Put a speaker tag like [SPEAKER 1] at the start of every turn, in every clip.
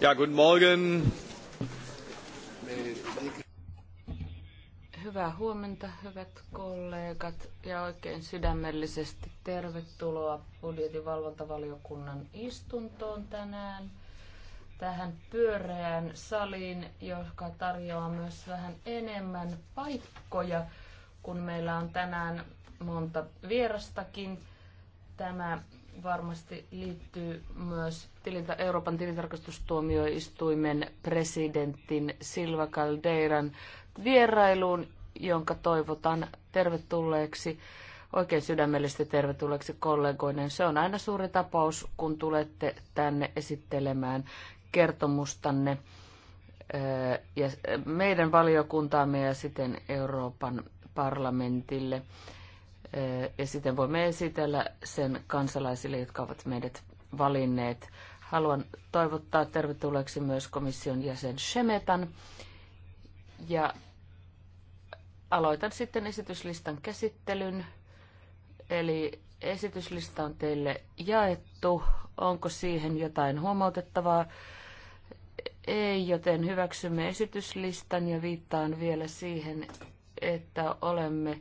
[SPEAKER 1] Ja, guten Morgen.
[SPEAKER 2] Hyvää huomenta, hyvät kollegat, ja oikein sydämellisesti tervetuloa budjetin valvontavaliokunnan istuntoon tänään tähän pyöreään saliin, joka tarjoaa myös vähän enemmän paikkoja, kun meillä on tänään monta vierastakin. Tämä varmasti liittyy myös tilinta, Euroopan tilintarkastustuomioistuimen presidentin Silva Caldeiran vierailuun, jonka toivotan tervetulleeksi, oikein sydämellisesti tervetulleeksi kollegoinen. Se on aina suuri tapaus, kun tulette tänne esittelemään kertomustanne eh, ja eh, meidän valiokuntaamme ja siten Euroopan parlamentille ja sitten voimme esitellä sen kansalaisille, jotka ovat meidät valinneet. Haluan toivottaa tervetulleeksi myös komission jäsen Shemetan ja aloitan sitten esityslistan käsittelyn. Eli esityslista on teille jaettu. Onko siihen jotain huomautettavaa? Ei, joten hyväksymme esityslistan ja viittaan vielä siihen, että olemme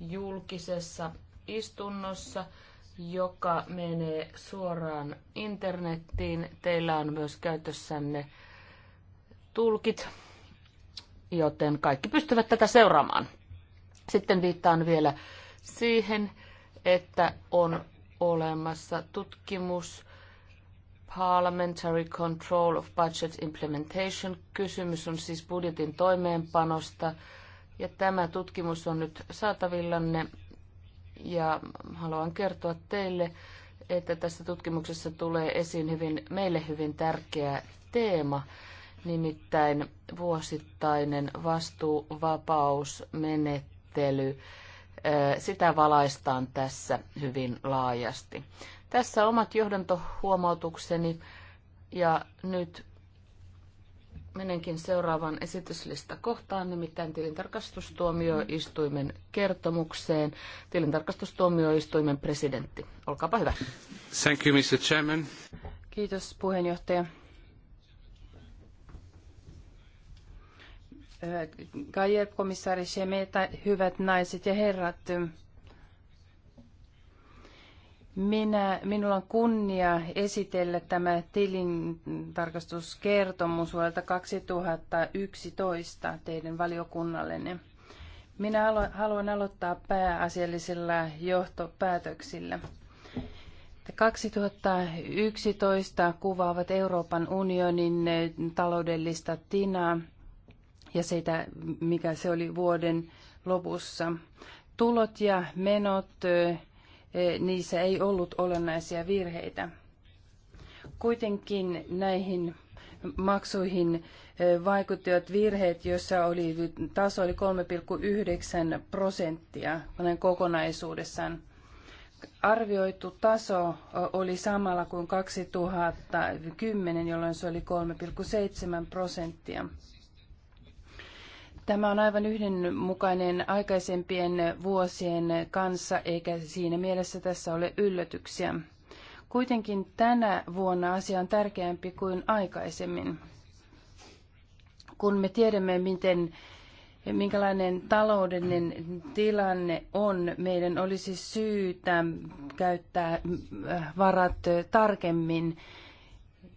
[SPEAKER 2] julkisessa istunnossa, joka menee suoraan internettiin. Teillä on myös käytössänne tulkit, joten kaikki pystyvät tätä seuraamaan. Sitten viittaan vielä siihen, että on olemassa tutkimus Parliamentary Control of Budget Implementation. Kysymys on siis budjetin toimeenpanosta ja tämä tutkimus on nyt saatavillanne ja haluan kertoa teille, että tässä tutkimuksessa tulee esiin hyvin, meille hyvin tärkeä teema, nimittäin vuosittainen vastuuvapausmenettely. Sitä valaistaan tässä hyvin laajasti. Tässä omat johdantohuomautukseni ja nyt menenkin seuraavan esityslista kohtaan, nimittäin tilintarkastustuomioistuimen kertomukseen. Tilintarkastustuomioistuimen presidentti, olkaapa hyvä. Thank
[SPEAKER 3] you, Mr. Chairman.
[SPEAKER 2] Kiitos puheenjohtaja.
[SPEAKER 1] Gajer, komissaari Shemeta, hyvät naiset ja herrat. Minä, minulla on kunnia esitellä tämä tilintarkastuskertomus vuodelta 2011 teidän valiokunnallenne. Minä alo- haluan aloittaa pääasiallisilla johtopäätöksillä. 2011 kuvaavat Euroopan unionin taloudellista tinaa ja sitä, mikä se oli vuoden lopussa. Tulot ja menot E, niissä ei ollut olennaisia virheitä. Kuitenkin näihin maksuihin e, vaikuttivat virheet, joissa oli, taso oli 3,9 prosenttia kokonaisuudessaan. Arvioitu taso e, oli samalla kuin 2010, jolloin se oli 3,7 prosenttia. Tämä on aivan yhdenmukainen aikaisempien vuosien kanssa, eikä siinä mielessä tässä ole yllätyksiä. Kuitenkin tänä vuonna asia on tärkeämpi kuin aikaisemmin. Kun me tiedämme, miten, minkälainen taloudellinen tilanne on, meidän olisi syytä käyttää äh, varat tarkemmin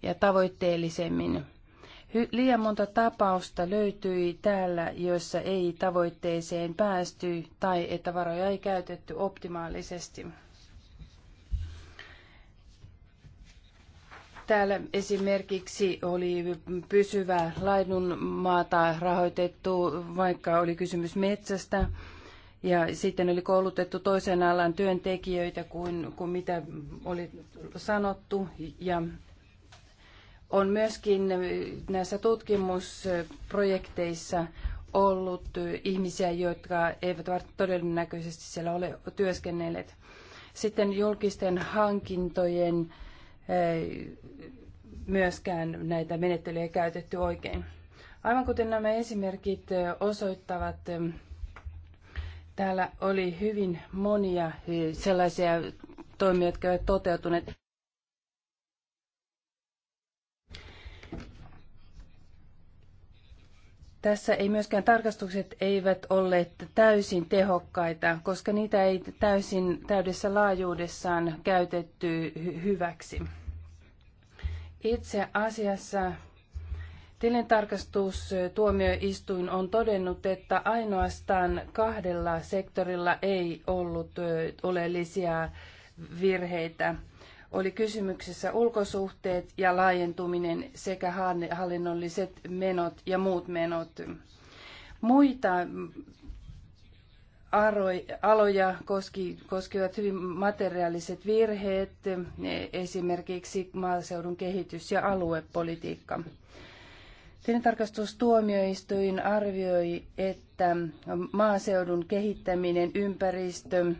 [SPEAKER 1] ja tavoitteellisemmin liian monta tapausta löytyi täällä, joissa ei tavoitteeseen päästy tai että varoja ei käytetty optimaalisesti. Täällä esimerkiksi oli pysyvä laidunmaata rahoitettu, vaikka oli kysymys metsästä. Ja sitten oli koulutettu toisen alan työntekijöitä kuin, kuin mitä oli sanottu. Ja on myöskin näissä tutkimusprojekteissa ollut ihmisiä, jotka eivät todennäköisesti siellä ole työskennelleet. Sitten julkisten hankintojen eh, myöskään näitä menettelyjä käytetty oikein. Aivan kuten nämä esimerkit eh, osoittavat, eh, täällä oli hyvin monia sellaisia toimia, jotka ovat toteutuneet. Tässä ei myöskään tarkastukset eivät olleet täysin tehokkaita, koska niitä ei täysin täydessä laajuudessaan käytetty hyväksi. Itse asiassa tilintarkastustuomioistuin on todennut, että ainoastaan kahdella sektorilla ei ollut oleellisia virheitä oli kysymyksessä ulkosuhteet ja laajentuminen sekä hallinnolliset menot ja muut menot. Muita aloja koski, koskivat hyvin materiaaliset virheet, esimerkiksi maaseudun kehitys- ja aluepolitiikka. Tilintarkastustuomioistuin arvioi, että maaseudun kehittäminen, ympäristö,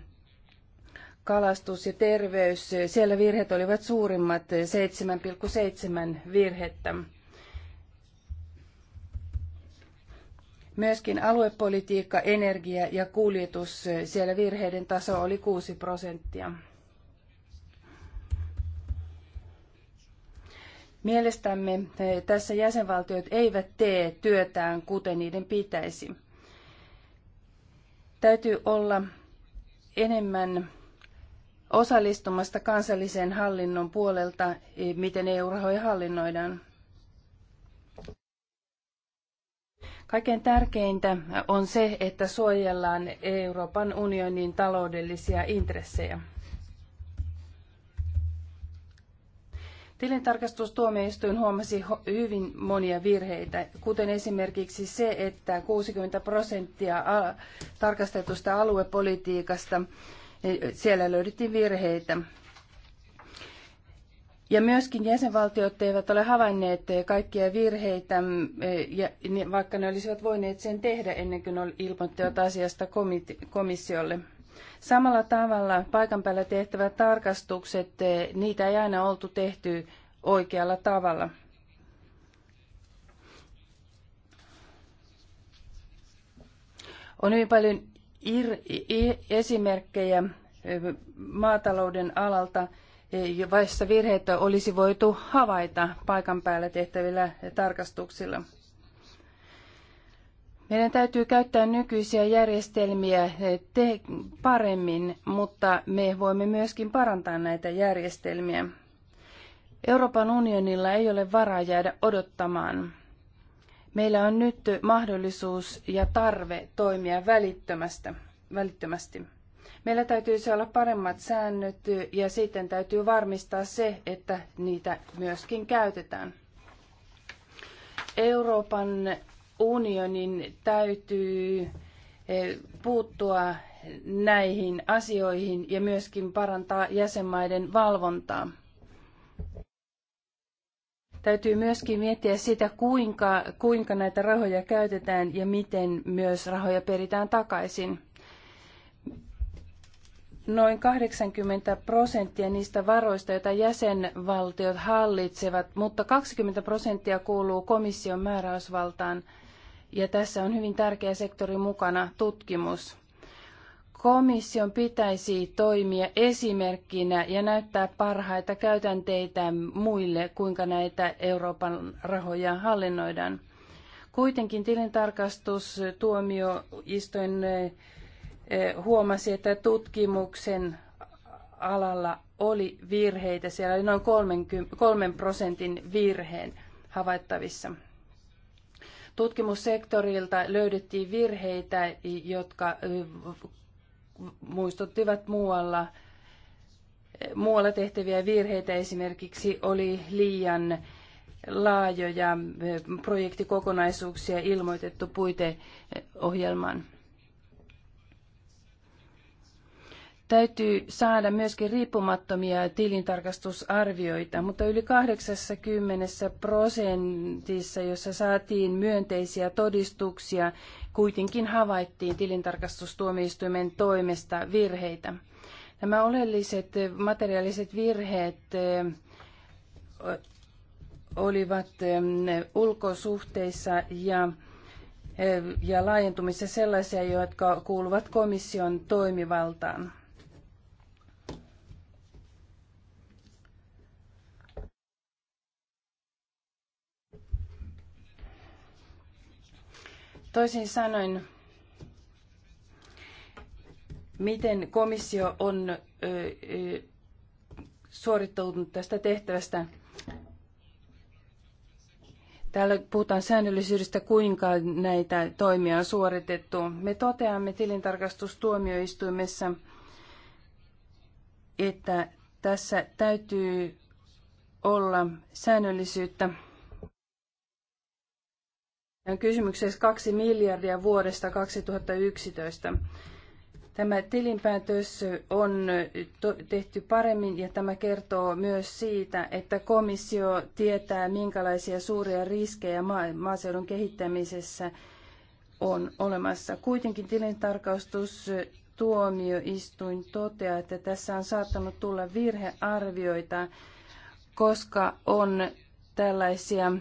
[SPEAKER 1] kalastus ja terveys, siellä virheet olivat suurimmat, 7,7 virhettä. Myöskin aluepolitiikka, energia ja kuljetus, siellä virheiden taso oli 6 prosenttia. Mielestämme eh, tässä jäsenvaltiot eivät tee työtään kuten niiden pitäisi. Täytyy olla enemmän osallistumasta kansallisen hallinnon puolelta, e, miten EU-rahoja hallinnoidaan. Kaikkein tärkeintä on se, että suojellaan Euroopan unionin taloudellisia intressejä. Tilintarkastustuomioistuin huomasi hyvin monia virheitä, kuten esimerkiksi se, että 60 prosenttia tarkastetusta aluepolitiikasta siellä löydettiin virheitä. Ja myöskin jäsenvaltiot eivät ole havainneet kaikkia virheitä, vaikka ne olisivat voineet sen tehdä ennen kuin ne ilmoittivat asiasta komissiolle. Samalla tavalla paikan päällä tehtävät tarkastukset, niitä ei aina oltu tehty oikealla tavalla. On hyvin paljon esimerkkejä maatalouden alalta, e, joissa virheitä olisi voitu havaita paikan päällä tehtävillä tarkastuksilla. Meidän täytyy käyttää nykyisiä järjestelmiä e, paremmin, mutta me voimme myöskin parantaa näitä järjestelmiä. Euroopan unionilla ei ole varaa jäädä odottamaan. Meillä on nyt mahdollisuus ja tarve toimia välittömästi. Meillä täytyisi olla paremmat säännöt ja sitten täytyy varmistaa se, että niitä myöskin käytetään. Euroopan unionin täytyy eh, puuttua näihin asioihin ja myöskin parantaa jäsenmaiden valvontaa. Täytyy myöskin miettiä sitä, kuinka, kuinka näitä rahoja käytetään ja miten myös rahoja peritään takaisin. Noin 80 prosenttia niistä varoista, joita jäsenvaltiot hallitsevat, mutta 20 prosenttia kuuluu komission määräysvaltaan. Ja tässä on hyvin tärkeä sektori mukana tutkimus. Komission pitäisi toimia esimerkkinä ja näyttää parhaita käytänteitä muille, kuinka näitä Euroopan rahoja hallinnoidaan. Kuitenkin tilintarkastustuomioistuin eh, eh, huomasi, että tutkimuksen alalla oli virheitä. Siellä oli noin 30, 3 prosentin virheen havaittavissa. Tutkimussektorilta löydettiin virheitä, jotka eh, muistuttivat muualla, muualla tehtäviä virheitä. Esimerkiksi oli liian laajoja eh, projektikokonaisuuksia ilmoitettu puiteohjelman. täytyy saada myöskin riippumattomia tilintarkastusarvioita, mutta yli 80 prosentissa, jossa saatiin myönteisiä todistuksia, kuitenkin havaittiin tilintarkastustuomioistuimen toimesta virheitä. Nämä oleelliset materiaaliset virheet eh, olivat eh, ulkosuhteissa ja eh, ja laajentumissa sellaisia, jotka kuuluvat komission toimivaltaan. Toisin sanoen, miten komissio on suorittautunut tästä tehtävästä? Täällä puhutaan säännöllisyydestä, kuinka näitä toimia on suoritettu. Me toteamme tilintarkastustuomioistuimessa, että tässä täytyy olla säännöllisyyttä kysymyksessä 2 miljardia vuodesta 2011. Tämä tilinpäätös on tehty paremmin ja tämä kertoo myös siitä, että komissio tietää, minkälaisia suuria riskejä maaseudun kehittämisessä on olemassa. Kuitenkin tilintarkastustuomioistuin toteaa, että tässä on saattanut tulla virhearvioita, koska on tällaisia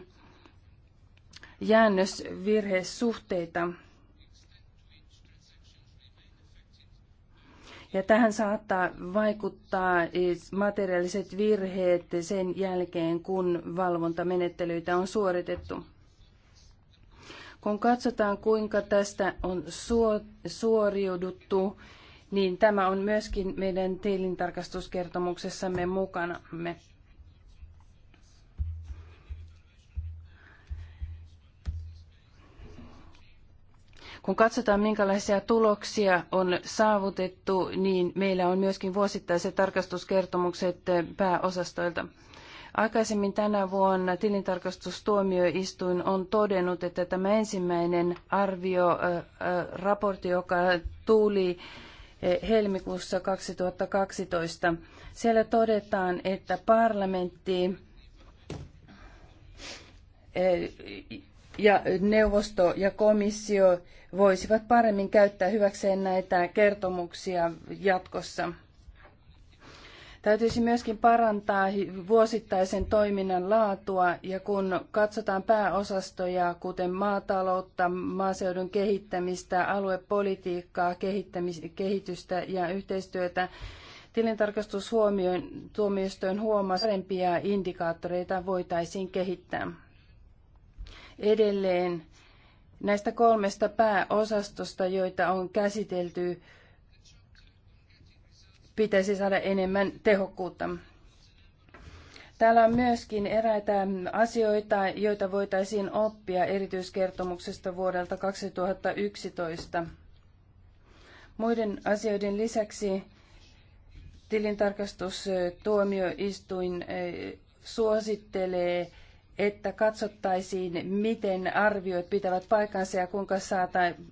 [SPEAKER 1] jäännösvirhesuhteita. Ja tähän saattaa vaikuttaa materiaaliset virheet sen jälkeen, kun valvontamenettelyitä on suoritettu. Kun katsotaan, kuinka tästä on suoriuduttu, niin tämä on myöskin meidän tilintarkastuskertomuksessamme mukana. Kun katsotaan, minkälaisia tuloksia on saavutettu, niin meillä on myöskin vuosittaiset tarkastuskertomukset pääosastoilta. Aikaisemmin tänä vuonna tilintarkastustuomioistuin on todennut, että tämä ensimmäinen arvioraportti, joka tuli helmikuussa 2012, siellä todetaan, että parlamentti ja neuvosto ja komissio voisivat paremmin käyttää hyväkseen näitä kertomuksia jatkossa. Täytyisi myöskin parantaa vuosittaisen toiminnan laatua ja kun katsotaan pääosastoja, kuten maataloutta, maaseudun kehittämistä, aluepolitiikkaa, kehitystä ja yhteistyötä, tilintarkastustuomioistuin huomaa parempia indikaattoreita voitaisiin kehittää. Edelleen Näistä kolmesta pääosastosta, joita on käsitelty, pitäisi saada enemmän tehokkuutta. Täällä on myöskin eräitä asioita, joita voitaisiin oppia erityiskertomuksesta vuodelta 2011. Muiden asioiden lisäksi tilintarkastustuomioistuin eh, suosittelee että katsottaisiin, miten arviot pitävät paikkansa ja kuinka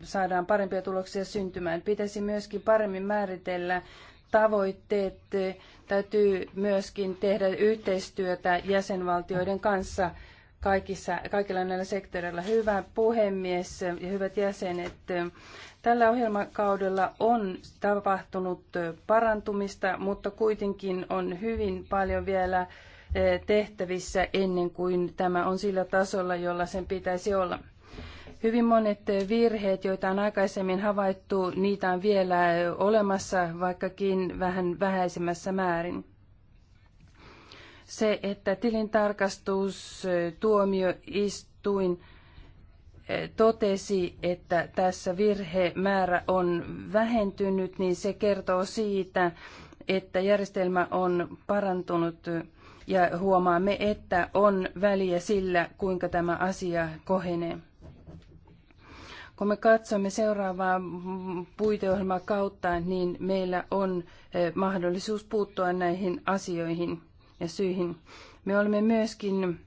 [SPEAKER 1] saadaan parempia tuloksia syntymään. Pitäisi myöskin paremmin määritellä tavoitteet. Täytyy myöskin tehdä yhteistyötä jäsenvaltioiden kanssa kaikissa, kaikilla näillä sektoreilla. Hyvä puhemies ja hyvät jäsenet, tällä ohjelmakaudella on tapahtunut parantumista, mutta kuitenkin on hyvin paljon vielä Eh, tehtävissä ennen kuin tämä on sillä tasolla, jolla sen pitäisi olla. Hyvin monet eh, virheet, joita on aikaisemmin havaittu, niitä on vielä eh, olemassa, vaikkakin vähän vähäisemmässä määrin. Se, että tilintarkastustuomioistuin totesi, että tässä virhemäärä on vähentynyt, niin se kertoo siitä, että järjestelmä on parantunut ja huomaamme, että on väliä sillä, kuinka tämä asia kohenee. Kun me katsomme seuraavaa puiteohjelmaa kautta, niin meillä on eh, mahdollisuus puuttua näihin asioihin ja syihin. Me olemme myöskin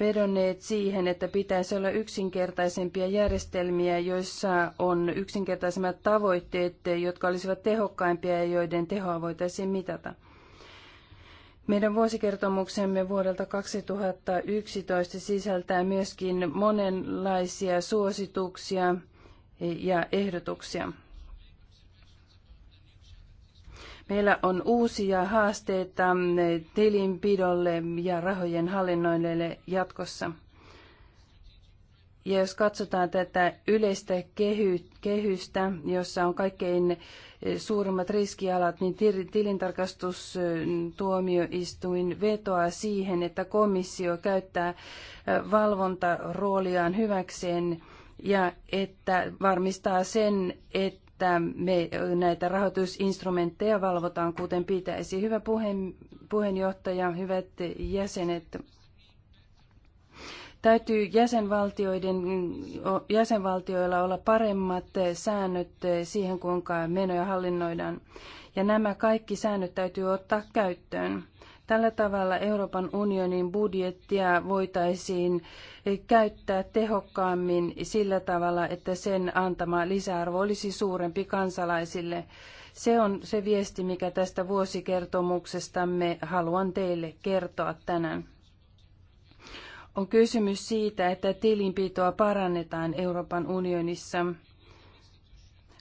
[SPEAKER 1] vedonneet siihen, että pitäisi olla yksinkertaisempia järjestelmiä, joissa on yksinkertaisemmat tavoitteet, jotka olisivat tehokkaimpia ja joiden tehoa voitaisiin mitata. Meidän vuosikertomuksemme vuodelta 2011 sisältää myöskin monenlaisia suosituksia ja ehdotuksia. Meillä on uusia haasteita tilinpidolle ja rahojen hallinnoinnille jatkossa. Ja jos katsotaan tätä yleistä kehy, kehystä, jossa on kaikkein eh, suurimmat riskialat, niin tilintarkastustuomioistuin vetoaa siihen, että komissio käyttää eh, valvontarooliaan hyväkseen ja että varmistaa sen, että me eh, näitä rahoitusinstrumentteja valvotaan kuten pitäisi. Hyvä puheen, puheenjohtaja, hyvät jäsenet. Täytyy jäsenvaltioiden, jäsenvaltioilla olla paremmat säännöt siihen, kuinka menoja hallinnoidaan. Ja nämä kaikki säännöt täytyy ottaa käyttöön. Tällä tavalla Euroopan unionin budjettia voitaisiin käyttää tehokkaammin sillä tavalla, että sen antama lisäarvo olisi suurempi kansalaisille. Se on se viesti, mikä tästä vuosikertomuksestamme haluan teille kertoa tänään on kysymys siitä, että tilinpitoa parannetaan Euroopan unionissa.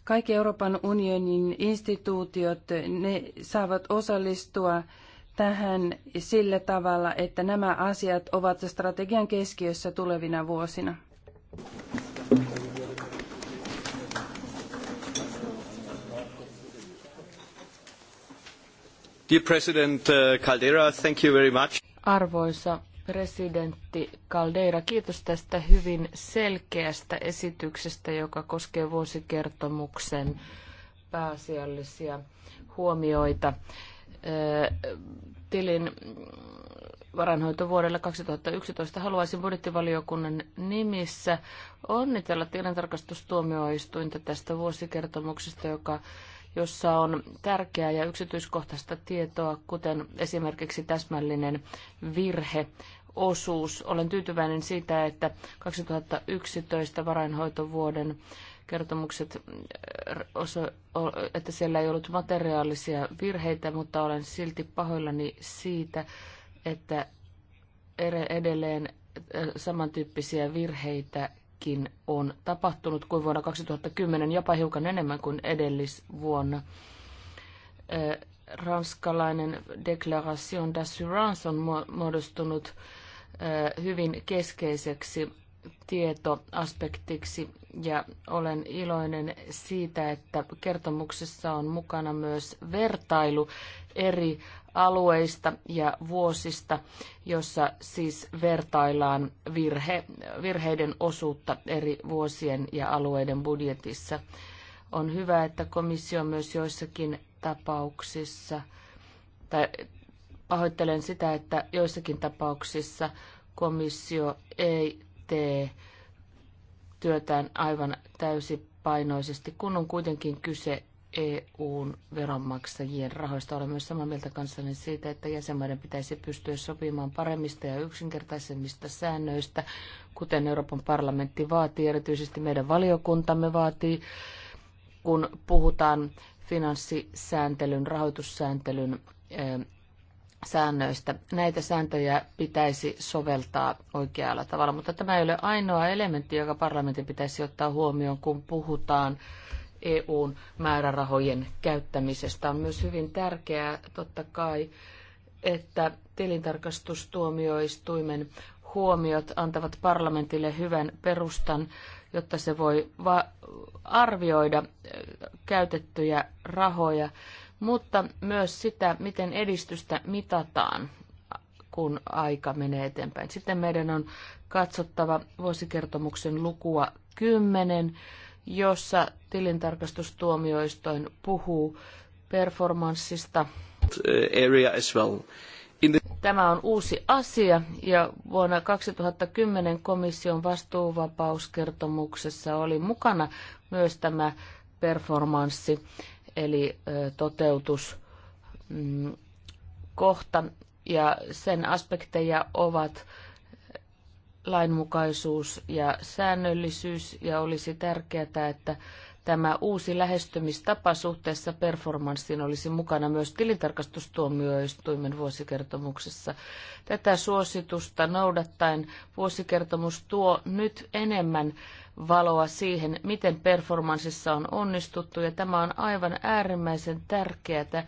[SPEAKER 1] Kaikki Euroopan unionin instituutiot ne saavat osallistua tähän sillä tavalla, että nämä asiat ovat strategian keskiössä tulevina vuosina. Dear President uh, Caldera, thank you very much.
[SPEAKER 2] Arvoisa presidentti Caldeira. Kiitos tästä hyvin selkeästä esityksestä, joka koskee vuosikertomuksen pääasiallisia huomioita. Tilin varainhoitovuodelle 2011 haluaisin budjettivaliokunnan nimissä onnitella tilintarkastustuomioistuinta tästä vuosikertomuksesta, joka jossa on tärkeää ja yksityiskohtaista tietoa, kuten esimerkiksi täsmällinen virhe osuus. Olen tyytyväinen siitä, että 2011 varainhoitovuoden kertomukset, äh, että siellä ei ollut materiaalisia virheitä, mutta olen silti pahoillani siitä, että edelleen äh, samantyyppisiä virheitäkin on tapahtunut kuin vuonna 2010, jopa hiukan enemmän kuin edellisvuonna. Äh, ranskalainen Declaration d'assurance on muodostunut hyvin keskeiseksi tietoaspektiksi ja olen iloinen siitä, että kertomuksessa on mukana myös vertailu eri alueista ja vuosista, jossa siis vertaillaan virhe, virheiden osuutta eri vuosien ja alueiden budjetissa. On hyvä, että komissio myös joissakin tapauksissa tai pahoittelen sitä, että joissakin tapauksissa komissio ei tee työtään aivan täysipainoisesti, kun on kuitenkin kyse EUn veronmaksajien rahoista. Olen myös samaa mieltä kanssani siitä, että jäsenmaiden pitäisi pystyä sopimaan paremmista ja yksinkertaisemmista säännöistä, kuten Euroopan parlamentti vaatii, erityisesti meidän valiokuntamme vaatii, kun puhutaan finanssisääntelyn, rahoitussääntelyn eh, säännöistä. Näitä sääntöjä pitäisi soveltaa oikealla tavalla, mutta tämä ei ole ainoa elementti, joka parlamentin pitäisi ottaa huomioon, kun puhutaan EUn määrärahojen käyttämisestä. On myös hyvin tärkeää totta kai, että tilintarkastustuomioistuimen huomiot antavat parlamentille hyvän perustan, jotta se voi arvioida käytettyjä rahoja mutta myös sitä, miten edistystä mitataan, kun aika menee eteenpäin. Sitten meidän on katsottava vuosikertomuksen lukua 10, jossa tilintarkastustuomioistoin puhuu performanssista. Area as well. Tämä on uusi asia ja vuonna 2010 komission vastuuvapauskertomuksessa oli mukana myös tämä performanssi eli toteutus mm, kohta ja sen aspekteja ovat lainmukaisuus ja säännöllisyys ja olisi tärkeää, että tämä uusi lähestymistapa suhteessa performanssiin olisi mukana myös tilintarkastustuomioistuimen vuosikertomuksessa. Tätä suositusta noudattaen vuosikertomus tuo nyt enemmän valoa siihen, miten performanssissa on onnistuttu, ja tämä on aivan äärimmäisen tärkeää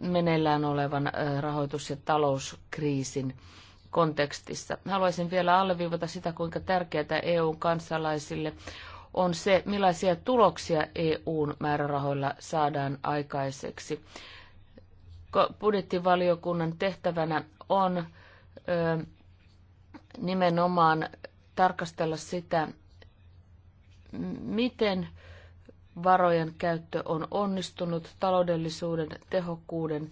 [SPEAKER 2] meneillään olevan rahoitus- ja talouskriisin kontekstissa. Haluaisin vielä alleviivata sitä, kuinka tärkeää EU-kansalaisille on se, millaisia tuloksia EUn määrärahoilla saadaan aikaiseksi. Budjettivaliokunnan tehtävänä on nimenomaan tarkastella sitä, miten varojen käyttö on onnistunut taloudellisuuden, tehokkuuden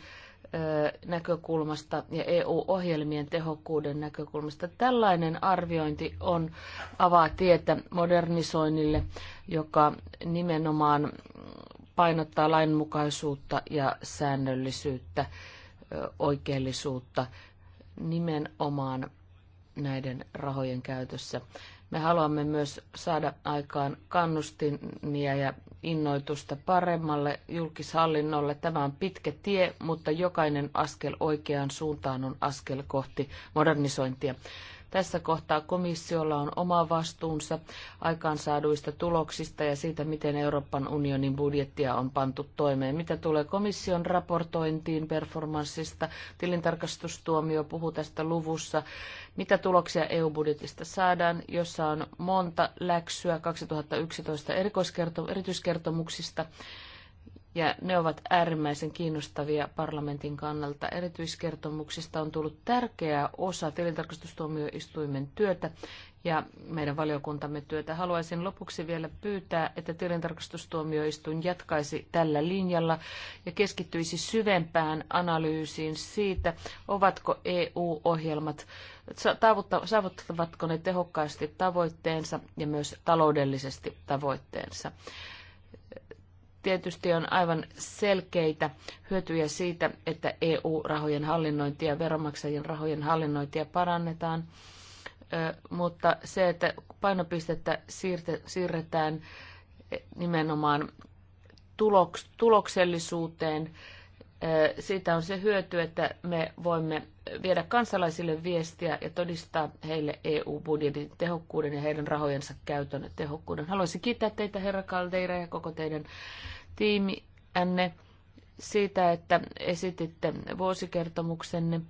[SPEAKER 2] näkökulmasta ja EU-ohjelmien tehokkuuden näkökulmasta. Tällainen arviointi on avaa tietä modernisoinnille, joka nimenomaan painottaa lainmukaisuutta ja säännöllisyyttä, oikeellisuutta nimenomaan näiden rahojen käytössä. Me haluamme myös saada aikaan kannustimia ja innoitusta paremmalle julkishallinnolle. Tämä on pitkä tie, mutta jokainen askel oikeaan suuntaan on askel kohti modernisointia. Tässä kohtaa komissiolla on oma vastuunsa aikaansaaduista tuloksista ja siitä, miten Euroopan unionin budjettia on pantu toimeen. Mitä tulee komission raportointiin performanssista, tilintarkastustuomio puhuu tästä luvussa. Mitä tuloksia EU-budjetista saadaan, jossa on monta läksyä 2011 erityiskertomuksista ja ne ovat äärimmäisen kiinnostavia parlamentin kannalta. Erityiskertomuksista on tullut tärkeä osa tilintarkastustuomioistuimen työtä ja meidän valiokuntamme työtä. Haluaisin lopuksi vielä pyytää, että tilintarkastustuomioistuin jatkaisi tällä linjalla ja keskittyisi syvempään analyysiin siitä, ovatko EU-ohjelmat, saavuttavatko ne tehokkaasti tavoitteensa ja myös taloudellisesti tavoitteensa tietysti on aivan selkeitä hyötyjä siitä, että EU-rahojen hallinnointia ja veronmaksajien rahojen hallinnointia parannetaan, mutta se, että painopistettä siirretään e, nimenomaan tuloksellisuuteen, siitä on se hyöty, että me voimme viedä kansalaisille viestiä ja todistaa heille EU-budjetin tehokkuuden ja heidän rahojensa käytön tehokkuuden. Haluaisin kiittää teitä, herra Kaldeira, ja koko teidän tiimiänne siitä, että esititte vuosikertomuksenne.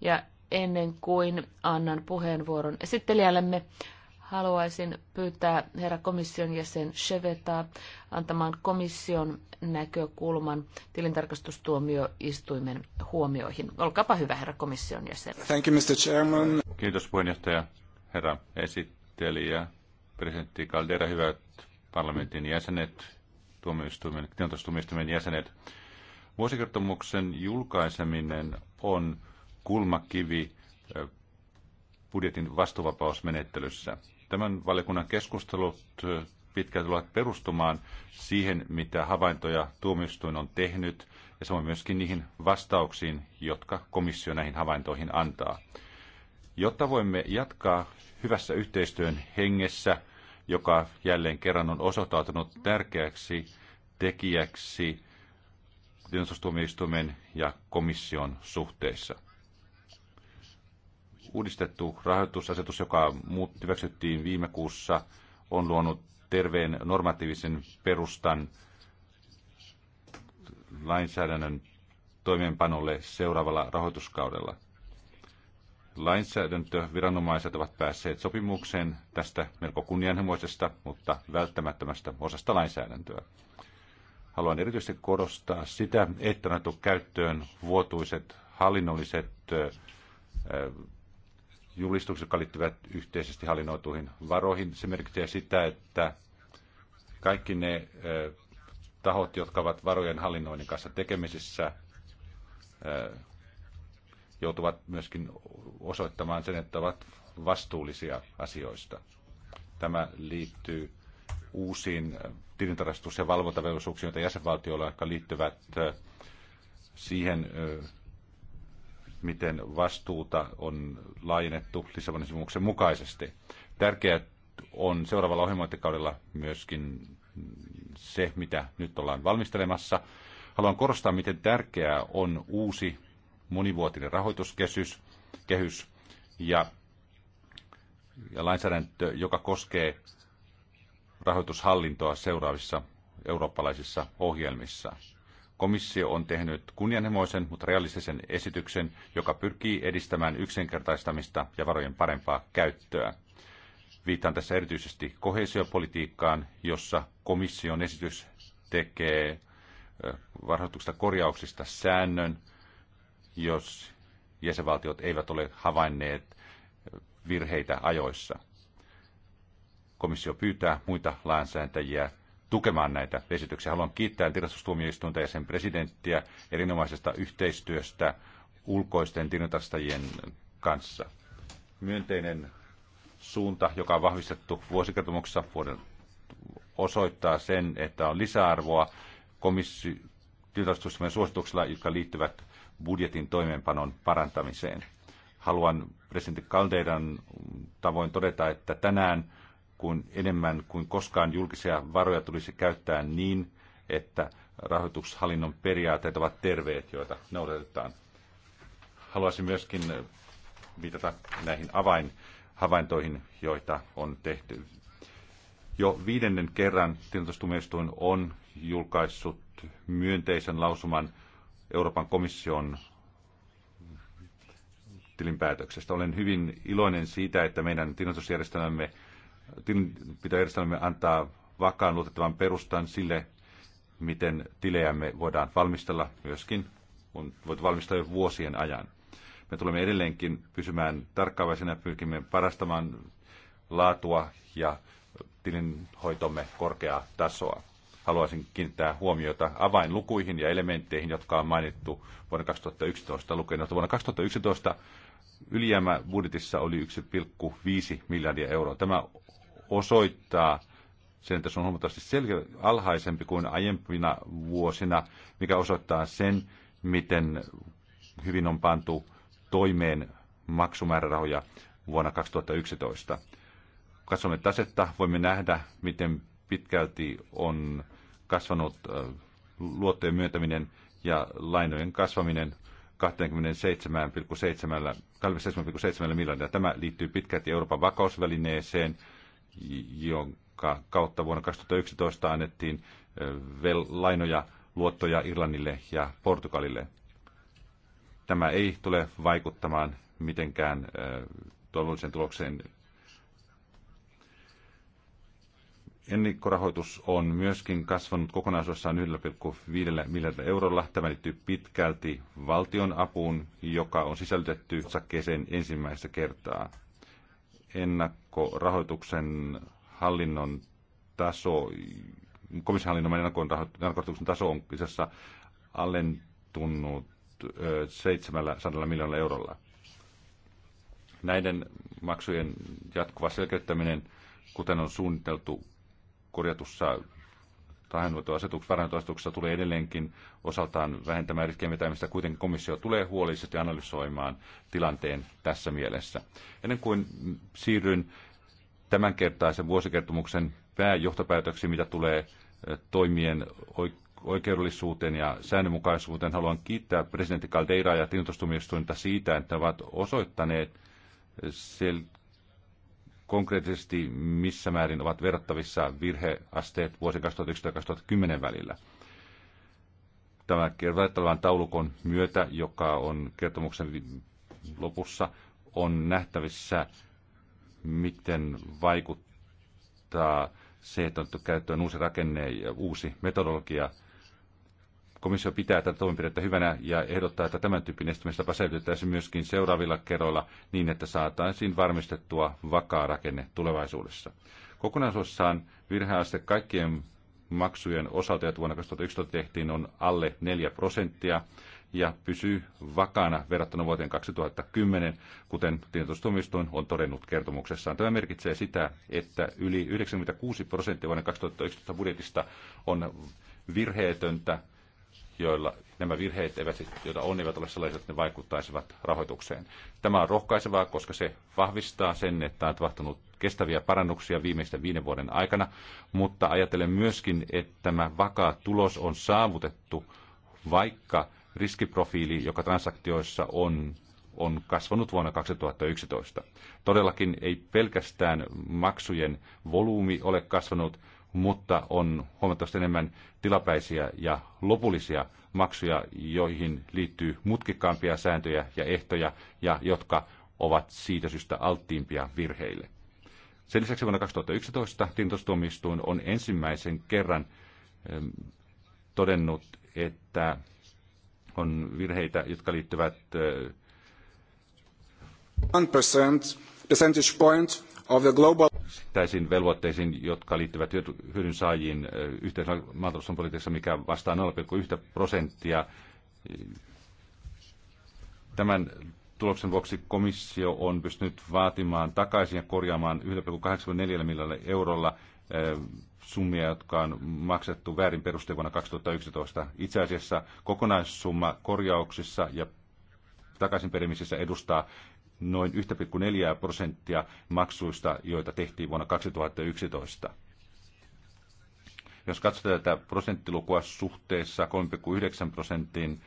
[SPEAKER 2] Ja ennen kuin annan puheenvuoron esittelijällemme, haluaisin pyytää herra komission jäsen Shevetaa antamaan komission näkökulman tilintarkastustuomioistuimen huomioihin. Olkaapa hyvä, herra komission jäsen. Thank you, Mr. Chairman.
[SPEAKER 3] Kiitos puheenjohtaja, herra esittelijä, presidentti Caldera, hyvät parlamentin jäsenet, tuomioistuimen, tilintarkastustuomioistuimen jäsenet. Vuosikertomuksen julkaiseminen on kulmakivi budjetin vastuuvapausmenettelyssä tämän valiokunnan keskustelut pitkään tulevat perustumaan siihen, mitä havaintoja tuomioistuin on tehnyt, ja samoin myöskin niihin vastauksiin, jotka komissio näihin havaintoihin antaa. Jotta voimme jatkaa hyvässä yhteistyön hengessä, joka jälleen kerran on osoittautunut tärkeäksi tekijäksi tilintustuomioistuimen ja komission suhteissa uudistettu rahoitusasetus, joka hyväksyttiin viime kuussa, on luonut terveen normatiivisen perustan lainsäädännön toimeenpanolle seuraavalla rahoituskaudella. Lainsäädäntöviranomaiset ovat päässeet sopimukseen tästä melko kunnianhimoisesta, mutta välttämättömästä osasta lainsäädäntöä. Haluan erityisesti korostaa sitä, että on käyttöön vuotuiset hallinnolliset julistukset, jotka liittyvät yhteisesti hallinnoituihin varoihin. Se merkitsee sitä, että kaikki ne tahot, jotka ovat varojen hallinnoinnin kanssa tekemisissä, joutuvat myöskin osoittamaan sen, että ovat vastuullisia asioista. Tämä liittyy uusiin tilintarkastus- ja valvontavelvollisuuksiin, joita jäsenvaltioilla, jotka liittyvät siihen, miten vastuuta on laajennettu Lissabonin sopimuksen mukaisesti. Tärkeää on seuraavalla ohjelmointikaudella myöskin se, mitä nyt ollaan valmistelemassa. Haluan korostaa, miten tärkeää on uusi monivuotinen rahoituskehys kehys, ja, ja lainsäädäntö, joka koskee rahoitushallintoa seuraavissa eurooppalaisissa ohjelmissa. Komissio on tehnyt kunnianhimoisen, mutta realistisen esityksen, joka pyrkii edistämään yksinkertaistamista ja varojen parempaa käyttöä. Viittaan tässä erityisesti kohesiopolitiikkaan, jossa komission esitys tekee varhoituksesta korjauksista säännön, jos jäsenvaltiot eivät ole havainneet virheitä ajoissa. Komissio pyytää muita lainsäätäjiä tukemaan näitä esityksiä. Haluan kiittää tilastustuomioistuinta ja sen presidenttiä erinomaisesta yhteistyöstä ulkoisten tilintarkastajien kanssa. Myönteinen suunta, joka on vahvistettu vuosikertomuksessa vuoden osoittaa sen, että on lisäarvoa komissi- tilintarkastustoimen suosituksilla, jotka liittyvät budjetin toimeenpanon parantamiseen. Haluan presidentti Kaldeidan tavoin todeta, että tänään kuin enemmän kuin koskaan julkisia varoja tulisi käyttää niin, että rahoitushallinnon periaatteet ovat terveet, joita noudatetaan. Haluaisin myöskin viitata näihin avainhavaintoihin, joita on tehty. Jo viidennen kerran tilintustumistuin on julkaissut myönteisen lausuman Euroopan komission tilinpäätöksestä. Olen hyvin iloinen siitä, että meidän tilintusjärjestelmämme tilinpitojärjestelmämme antaa vakaan luotettavan perustan sille, miten tilejämme voidaan valmistella myöskin, on voitu valmistella jo vuosien ajan. Me tulemme edelleenkin pysymään tarkkaavaisena, pyrkimme parastamaan laatua ja tilinhoitomme korkeaa tasoa. Haluaisin kiinnittää huomiota avainlukuihin ja elementteihin, jotka on mainittu vuonna 2011 lukien. Vuonna 2011 ylijäämä budjetissa oli 1,5 miljardia euroa. Tämä osoittaa sen, että se on huomattavasti selkeä, alhaisempi kuin aiempina vuosina, mikä osoittaa sen, miten hyvin on pantu toimeen maksumäärärahoja vuonna 2011. Katsomme tasetta, voimme nähdä, miten pitkälti on kasvanut luottojen myöntäminen ja lainojen kasvaminen 27,7 miljardia. Tämä liittyy pitkälti Euroopan vakausvälineeseen, jonka kautta vuonna 2011 annettiin lainoja, luottoja Irlannille ja Portugalille. Tämä ei tule vaikuttamaan mitenkään toivolliseen tulokseen. Ennikkorahoitus on myöskin kasvanut kokonaisuudessaan 1,5 miljardilla eurolla. Tämä liittyy pitkälti valtion apuun, joka on sisällytetty sakkeeseen ensimmäistä kertaa ennakkorahoituksen hallinnon taso, komission hallinnon ennakkorahoituksen taso on itse alentunut 700 miljoonalla eurolla. Näiden maksujen jatkuva selkeyttäminen, kuten on suunniteltu korjatussa varainhoitoasetuksessa tulee edelleenkin osaltaan vähentämään riskien vetämistä. Kuitenkin komissio tulee huolellisesti analysoimaan tilanteen tässä mielessä. Ennen kuin siirryn tämänkertaisen vuosikertomuksen pääjohtopäätöksiin, mitä tulee eh, toimien oikeudellisuuteen ja säännönmukaisuuteen, haluan kiittää presidentti Caldeiraa ja tilintostumistuinta siitä, että ovat osoittaneet konkreettisesti missä määrin ovat verrattavissa virheasteet vuosien 2011 2010 välillä. Tämä verrattavan taulukon myötä, joka on kertomuksen lopussa, on nähtävissä, miten vaikuttaa se, että on käyttöön uusi rakenne ja uusi metodologia – Komissio pitää tätä toimenpidettä hyvänä ja ehdottaa, että tämän tyyppinen estämistapa säilytettäisiin myöskin seuraavilla kerroilla niin, että saataisiin varmistettua vakaa rakenne tulevaisuudessa. Kokonaisuudessaan virheaste kaikkien maksujen osalta, joita vuonna 2011 tehtiin, on alle 4 prosenttia ja pysyy vakaana verrattuna vuoteen 2010, kuten tietotustuomistuin on todennut kertomuksessaan. Tämä merkitsee sitä, että yli 96 prosenttia vuoden 2011 budjetista on virheetöntä joilla nämä virheet, eivät, joita on, eivät ole sellaiset, että ne vaikuttaisivat rahoitukseen. Tämä on rohkaisevaa, koska se vahvistaa sen, että on tapahtunut kestäviä parannuksia viimeisten viiden vuoden aikana, mutta ajattelen myöskin, että tämä vakaa tulos on saavutettu, vaikka riskiprofiili, joka transaktioissa on, on kasvanut vuonna 2011. Todellakin ei pelkästään maksujen volyymi ole kasvanut, mutta on huomattavasti enemmän tilapäisiä ja lopullisia maksuja, joihin liittyy mutkikkaampia sääntöjä ja ehtoja ja jotka ovat siitä syystä alttiimpia virheille. Sen lisäksi vuonna 2011 tintostuomioistuin on ensimmäisen kerran todennut, että on virheitä, jotka liittyvät 1% percentage point of the global yksittäisiin velvoitteisiin, jotka liittyvät hyödyn saajiin yhteisellä maatalouspolitiikassa, mikä vastaa 0,1 prosenttia. Tämän tuloksen vuoksi komissio on pystynyt vaatimaan takaisin ja korjaamaan 1,84 miljoonalla eurolla summia, jotka on maksettu väärin perustein vuonna 2011. Itse asiassa kokonaissumma korjauksissa ja takaisinperimisissä edustaa noin 1,4 prosenttia maksuista, joita tehtiin vuonna 2011. Jos katsotaan tätä prosenttilukua suhteessa 3,9 prosentin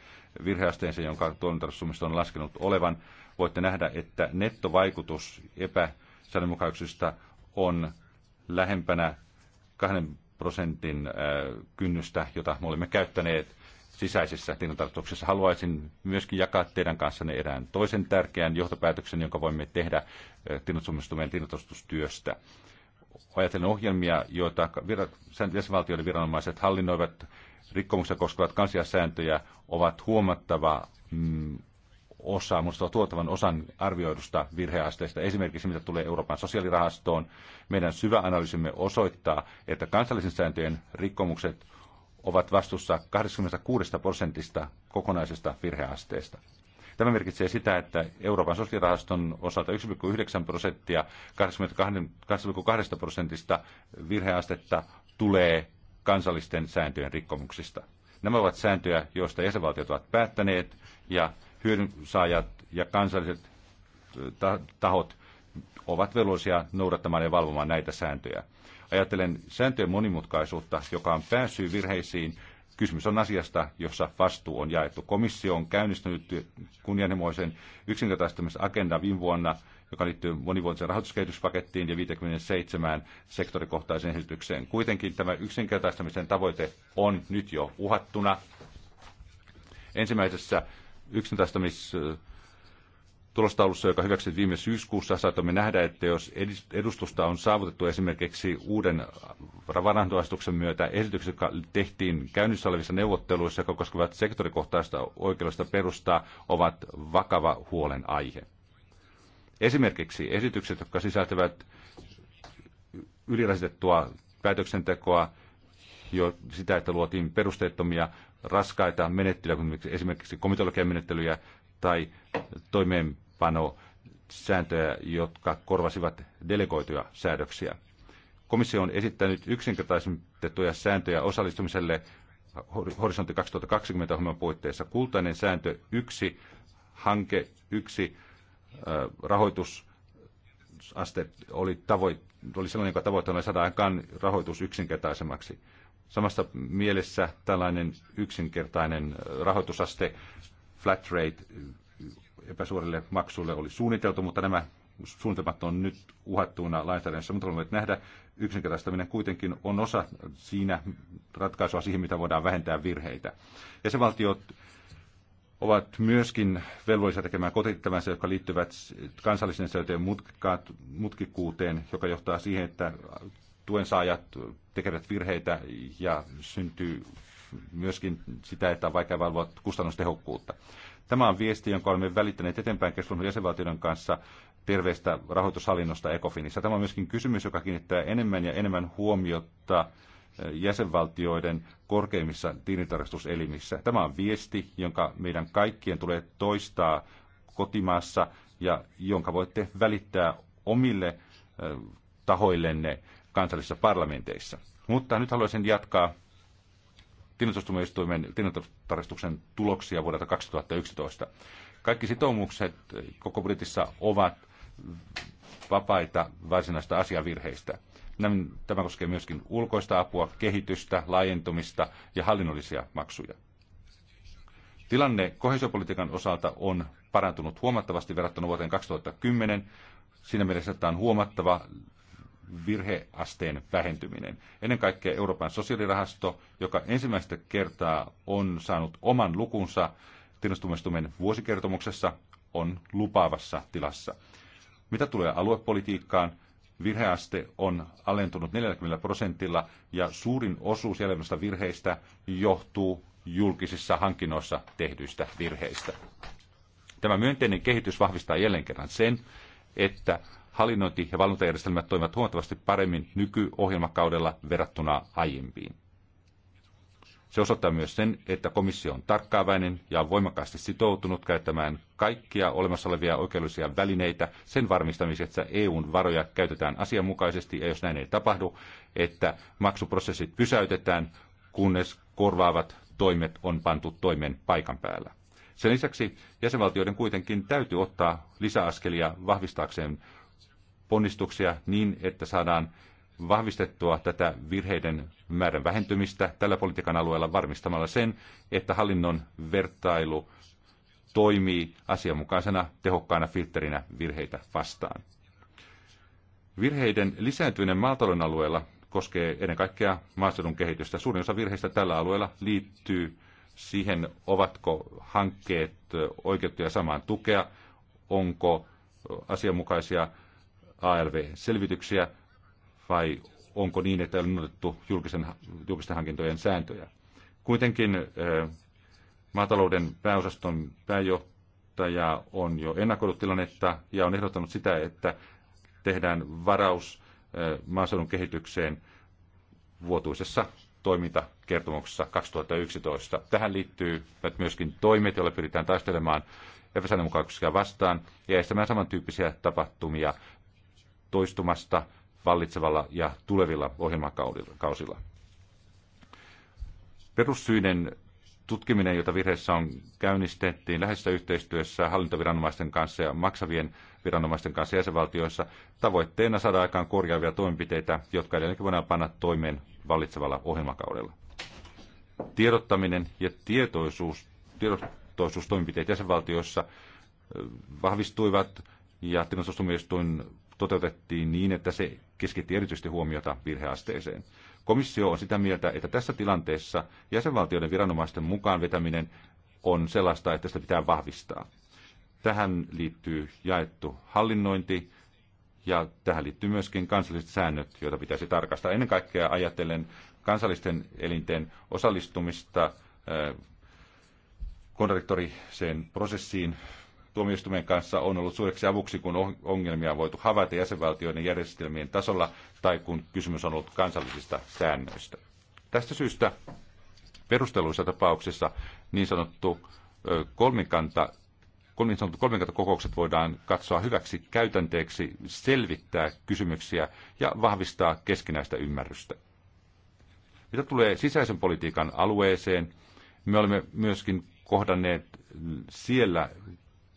[SPEAKER 3] virheasteeseen, jonka toimintarastumista on laskenut olevan, voitte nähdä, että nettovaikutus epäsäännönmukaisuuksista on lähempänä 2 prosentin kynnystä, jota me olemme käyttäneet sisäisessä tilintarkastuksessa. Haluaisin myöskin jakaa teidän kanssanne erään toisen tärkeän johtopäätöksen, jonka voimme tehdä eh, tilintarkastustumien tilintarkastustyöstä. Ajatellen ohjelmia, joita jäsenvaltioiden viranomaiset hallinnoivat, rikkomuksia koskevat kansiasääntöjä ovat huomattava mm, osa, minusta tuottavan osan arvioidusta virheasteista. Esimerkiksi mitä tulee Euroopan sosiaalirahastoon, meidän syvä analyysimme osoittaa, että kansallisen sääntöjen rikkomukset ovat vastuussa 86 prosentista kokonaisesta virheasteesta. Tämä merkitsee sitä, että Euroopan sosiaalirahaston osalta 1,9 prosenttia 2,2 prosentista virheastetta tulee kansallisten sääntöjen rikkomuksista. Nämä ovat sääntöjä, joista jäsenvaltiot ovat päättäneet ja hyödynsaajat ja kansalliset äh, tahot ovat velvollisia noudattamaan ja valvomaan näitä sääntöjä. Ajatellen sääntöjen monimutkaisuutta, joka on pääsyy virheisiin. Kysymys on asiasta, jossa vastuu on jaettu. Komissio on käynnistänyt kunnianhimoisen yksinkertaistamisagendan viime vuonna, joka liittyy monivuotiseen rahoituskehityspakettiin ja 57 sektorikohtaiseen esitykseen. Kuitenkin tämä yksinkertaistamisen tavoite on nyt jo uhattuna. Ensimmäisessä yksinkertaistamisessa tulostaulussa, joka hyväksyttiin viime syyskuussa, saatamme nähdä, että jos edustusta on saavutettu esimerkiksi uuden varantoasetuksen myötä, esitykset, jotka tehtiin käynnissä olevissa neuvotteluissa, jotka koskevat sektorikohtaista oikeudesta perustaa, ovat vakava huolen aihe. Esimerkiksi esitykset, jotka sisältävät ylirasitettua päätöksentekoa, jo sitä, että luotiin perusteettomia raskaita menettelyjä, esimerkiksi komitologian menettelyjä, tai toimeenpano sääntöjä, jotka korvasivat delegoituja säädöksiä. Komissio on esittänyt yksinkertaisimmitettuja sääntöjä osallistumiselle Horisontti 2020 ohjelman puitteissa. Kultainen sääntö yksi hanke yksi rahoitusaste oli, tavoit, oli sellainen, joka tavoitteena oli saada aikaan rahoitus yksinkertaisemmaksi. Samassa mielessä tällainen yksinkertainen rahoitusaste flat rate epäsuorille maksuille oli suunniteltu, mutta nämä suunnitelmat on nyt uhattuina lainsäädännössä, mutta haluamme nähdä, yksinkertaistaminen kuitenkin on osa siinä ratkaisua siihen, mitä voidaan vähentää virheitä. Jäsenvaltiot ovat myöskin velvollisia tekemään kotittävänsä, jotka liittyvät kansallisen sääntöjen mutkikkuuteen, joka johtaa siihen, että tuen saajat tekevät virheitä ja syntyy myöskin sitä, että on vaikea valvoa kustannustehokkuutta. Tämä on viesti, jonka olemme välittäneet eteenpäin keskustelun jäsenvaltioiden kanssa terveestä rahoitushallinnosta ECOFINissa. Tämä on myöskin kysymys, joka kiinnittää enemmän ja enemmän huomiota eh, jäsenvaltioiden korkeimmissa tiinitarkastuselimissä. Tämä on viesti, jonka meidän kaikkien tulee toistaa kotimaassa ja jonka voitte välittää omille eh, tahoillenne kansallisissa parlamenteissa. Mutta nyt haluaisin jatkaa tilintarkastustuomioistuimen tilintarkastuksen tuloksia vuodelta 2011. Kaikki sitoumukset koko budjetissa ovat vapaita varsinaista asiavirheistä. Tämä koskee myöskin ulkoista apua, kehitystä, laajentumista ja hallinnollisia maksuja. Tilanne kohesiopolitiikan osalta on parantunut huomattavasti verrattuna vuoteen 2010. Siinä mielessä, tämä on huomattava virheasteen vähentyminen. Ennen kaikkea Euroopan sosiaalirahasto, joka ensimmäistä kertaa on saanut oman lukunsa tilastumistumen vuosikertomuksessa, on lupaavassa tilassa. Mitä tulee aluepolitiikkaan, virheaste on alentunut 40 prosentilla ja suurin osuus jäljellä virheistä johtuu julkisissa hankinnoissa tehdyistä virheistä. Tämä myönteinen kehitys vahvistaa jälleen kerran sen, että hallinnointi- ja valvontajärjestelmät toimivat huomattavasti paremmin nykyohjelmakaudella verrattuna aiempiin. Se osoittaa myös sen, että komissio on tarkkaavainen ja on voimakkaasti sitoutunut käyttämään kaikkia olemassa olevia oikeudellisia välineitä sen varmistamiseksi, että EUn varoja käytetään asianmukaisesti ja jos näin ei tapahdu, että maksuprosessit pysäytetään, kunnes korvaavat toimet on pantu toimen paikan päällä. Sen lisäksi jäsenvaltioiden kuitenkin täytyy ottaa lisäaskelia vahvistaakseen ponnistuksia niin, että saadaan vahvistettua tätä virheiden määrän vähentymistä tällä politiikan alueella varmistamalla sen, että hallinnon vertailu toimii asianmukaisena tehokkaana filterinä virheitä vastaan. Virheiden lisääntyminen maatalouden alueella koskee ennen kaikkea maaseudun kehitystä. Suurin osa virheistä tällä alueella liittyy siihen, ovatko hankkeet oikeuttuja samaan tukea, onko asianmukaisia ALV-selvityksiä vai onko niin, että on otettu julkisen, julkisten hankintojen sääntöjä. Kuitenkin eh, maatalouden pääosaston pääjohtaja on jo ennakoinut tilannetta ja on ehdottanut sitä, että tehdään varaus eh, maaseudun kehitykseen vuotuisessa toimintakertomuksessa 2011. Tähän liittyy myöskin toimet, joilla pyritään taistelemaan epäsäännönmukaisuuksia vastaan ja estämään samantyyppisiä tapahtumia toistumasta vallitsevalla ja tulevilla ohjelmakausilla. Perussyinen tutkiminen, jota virheessä on käynnistettiin läheisessä yhteistyössä hallintoviranomaisten kanssa ja maksavien viranomaisten kanssa jäsenvaltioissa, tavoitteena saada aikaan korjaavia toimenpiteitä, jotka edelleenkin voidaan panna toimeen vallitsevalla ohjelmakaudella. Tiedottaminen ja tietoisuus, tietoisuustoimenpiteet jäsenvaltioissa äh, vahvistuivat ja tilastustumistuin toteutettiin niin, että se keskitti erityisesti huomiota virheasteeseen. Komissio on sitä mieltä, että tässä tilanteessa jäsenvaltioiden viranomaisten mukaan vetäminen on sellaista, että sitä pitää vahvistaa. Tähän liittyy jaettu hallinnointi ja tähän liittyy myöskin kansalliset säännöt, joita pitäisi tarkastaa. Ennen kaikkea ajatellen kansallisten elinten osallistumista eh, kontradiktoriseen prosessiin tuomioistuimen kanssa on ollut suureksi avuksi, kun ongelmia on voitu havaita jäsenvaltioiden järjestelmien tasolla tai kun kysymys on ollut kansallisista säännöistä. Tästä syystä perusteluissa tapauksissa niin sanottu kolmikanta niin sanotut kolmikantakokoukset voidaan katsoa hyväksi käytänteeksi selvittää kysymyksiä ja vahvistaa keskinäistä ymmärrystä. Mitä tulee sisäisen politiikan alueeseen, me olemme myöskin kohdanneet siellä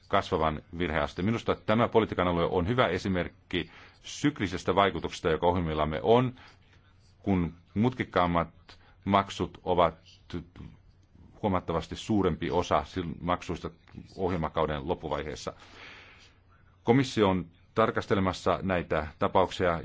[SPEAKER 3] kasvavan virheasteen. Minusta tämä politiikan alue on hyvä esimerkki syklisestä vaikutuksesta, joka ohjelmillamme on, kun mutkikkaammat maksut ovat huomattavasti suurempi osa maksuista ohjelmakauden loppuvaiheessa. Komissio on tarkastelemassa näitä tapauksia,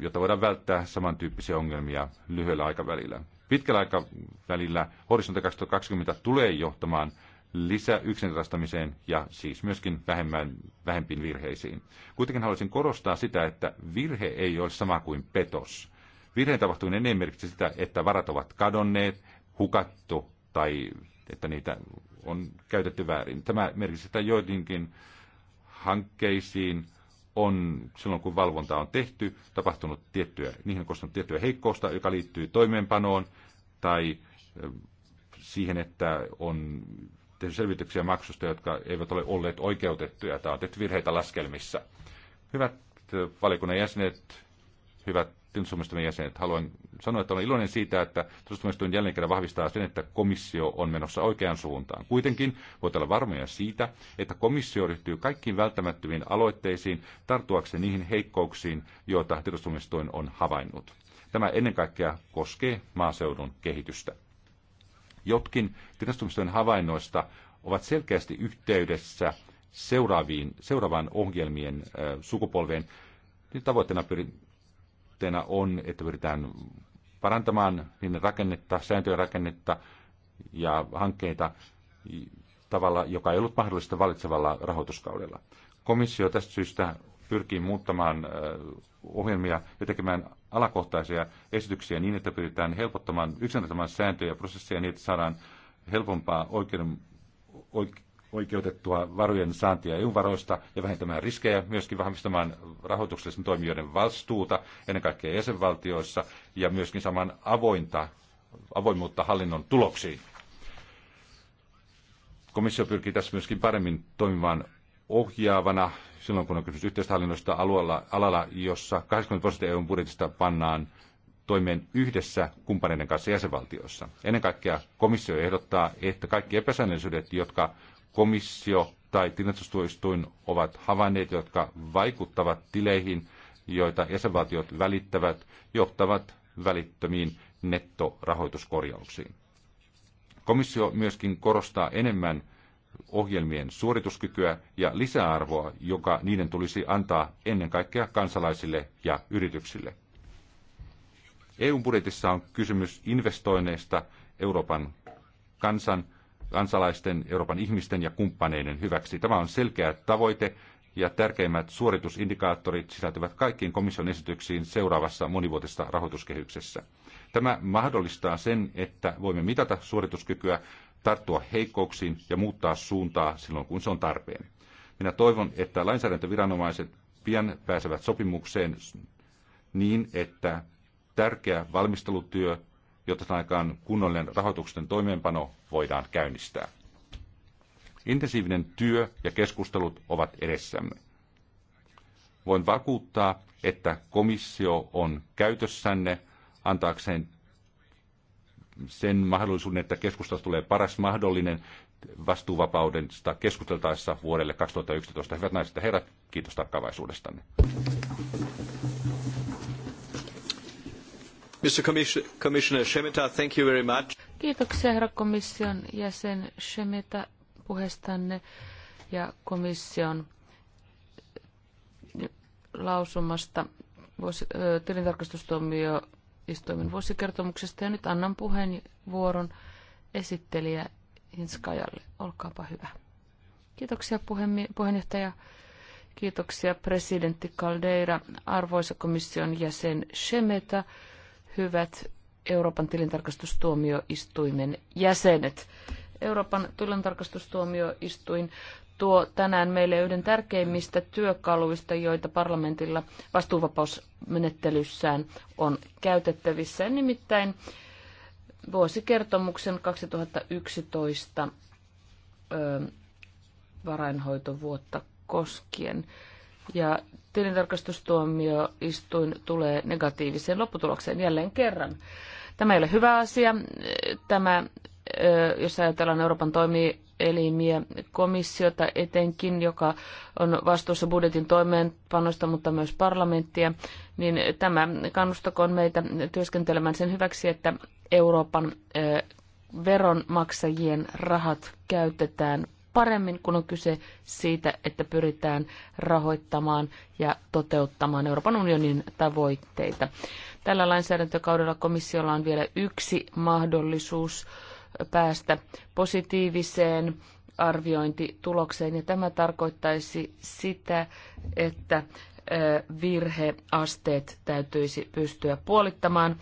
[SPEAKER 3] jotta voidaan välttää samantyyppisiä ongelmia lyhyellä aikavälillä. Pitkällä aikavälillä horisontti 2020 tulee johtamaan lisäyksinkertaistamiseen ja siis myöskin vähemmän, vähempiin virheisiin. Kuitenkin haluaisin korostaa sitä, että virhe ei ole sama kuin petos. Virheen tapahtuminen ei merkitse sitä, että varat ovat kadonneet, hukattu tai että niitä on käytetty väärin. Tämä merkitsee sitä joidenkin hankkeisiin on silloin, kun valvonta on tehty, tapahtunut tiettyä, niihin on kostunut tiettyä heikkousta, joka liittyy toimeenpanoon tai siihen, että on tehty selvityksiä maksusta, jotka eivät ole olleet oikeutettuja tai on tehty virheitä laskelmissa. Hyvät valiokunnan jäsenet, hyvät tunnustamisten jäsenet, haluan sanoa, että olen iloinen siitä, että tunnustamisten jälleen kerran vahvistaa sen, että komissio on menossa oikeaan suuntaan. Kuitenkin voit olla varmoja siitä, että komissio ryhtyy kaikkiin välttämättömiin aloitteisiin tarttuakseen niihin heikkouksiin, joita tunnustamisten on havainnut. Tämä ennen kaikkea koskee maaseudun kehitystä. Jotkin tilastomistojen havainnoista ovat selkeästi yhteydessä seuraaviin, seuraavaan ohjelmien sukupolveen. Niin tavoitteena pyritteenä on, että pyritään parantamaan niiden rakennetta, sääntöjen rakennetta ja hankkeita tavalla, joka ei ollut mahdollista valitsevalla rahoituskaudella. Komissio tästä syystä pyrkii muuttamaan ohjelmia ja tekemään alakohtaisia esityksiä niin, että pyritään helpottamaan, yksinkertaistamaan sääntöjä ja prosesseja niin, että saadaan helpompaa oikeuden, oike, oikeutettua varojen saantia EU-varoista ja vähentämään riskejä, myöskin vahvistamaan rahoituksellisten toimijoiden vastuuta ennen kaikkea jäsenvaltioissa ja myöskin saman avointa, avoimuutta hallinnon tuloksiin. Komissio pyrkii tässä myöskin paremmin toimimaan ohjaavana silloin, kun on kysymys yhteishallinnosta alueella, alalla, jossa 80 prosenttia EUn budjetista pannaan toimeen yhdessä kumppaneiden kanssa jäsenvaltioissa. Ennen kaikkea komissio ehdottaa, että kaikki epäsäännöllisyydet, jotka komissio tai tilintarkastustuistuin ovat havainneet, jotka vaikuttavat tileihin, joita jäsenvaltiot välittävät, johtavat välittömiin nettorahoituskorjauksiin. Komissio myöskin korostaa enemmän ohjelmien suorituskykyä ja lisäarvoa, joka niiden tulisi antaa ennen kaikkea kansalaisille ja yrityksille. EU-budjetissa on kysymys investoinneista Euroopan kansan, kansalaisten, Euroopan ihmisten ja kumppaneiden hyväksi. Tämä on selkeä tavoite ja tärkeimmät suoritusindikaattorit sisältyvät kaikkiin komission esityksiin seuraavassa monivuotisessa rahoituskehyksessä. Tämä mahdollistaa sen, että voimme mitata suorituskykyä tarttua heikkouksiin ja muuttaa suuntaa silloin, kun se on tarpeen. Minä toivon, että lainsäädäntöviranomaiset pian pääsevät sopimukseen niin, että tärkeä valmistelutyö, jota aikaan kunnollinen rahoituksen toimeenpano voidaan käynnistää. Intensiivinen työ ja keskustelut ovat edessämme. Voin vakuuttaa, että komissio on käytössänne antaakseen sen mahdollisuuden, että keskustasta tulee paras mahdollinen vastuuvapaudesta keskusteltaessa vuodelle 2011. Hyvät naiset ja herrat, kiitos tarkkaavaisuudestanne.
[SPEAKER 2] Mr. Commissioner Shemeta, thank you very much. Kiitoksia herra komission jäsen Shemeta puheestanne ja komission lausumasta tilintarkastustuomio Istuimen vuosikertomuksesta. Ja nyt annan puheenvuoron esittelijä Hinskajalle. Olkaapa hyvä. Kiitoksia puhemi- puheenjohtaja. Kiitoksia presidentti Caldeira, arvoisa komission jäsen Shemeta, hyvät Euroopan tilintarkastustuomioistuimen jäsenet. Euroopan tilintarkastustuomioistuin tuo tänään meille yhden tärkeimmistä työkaluista, joita parlamentilla vastuuvapausmenettelyssään on käytettävissä, nimittäin vuosikertomuksen 2011 ö, varainhoitovuotta koskien. Ja tilintarkastustuomioistuin tulee negatiiviseen lopputulokseen jälleen kerran. Tämä ei ole hyvä asia. Tämä jos ajatellaan Euroopan toimielimiä, komissiota etenkin, joka on vastuussa budjetin toimeenpanosta, mutta myös parlamenttia, niin tämä kannustakoon meitä työskentelemään sen hyväksi, että Euroopan veronmaksajien rahat käytetään paremmin, kun on kyse siitä, että pyritään rahoittamaan ja toteuttamaan Euroopan unionin tavoitteita. Tällä lainsäädäntökaudella komissiolla on vielä yksi mahdollisuus päästä positiiviseen arviointitulokseen. Ja tämä tarkoittaisi sitä, että virheasteet täytyisi pystyä puolittamaan.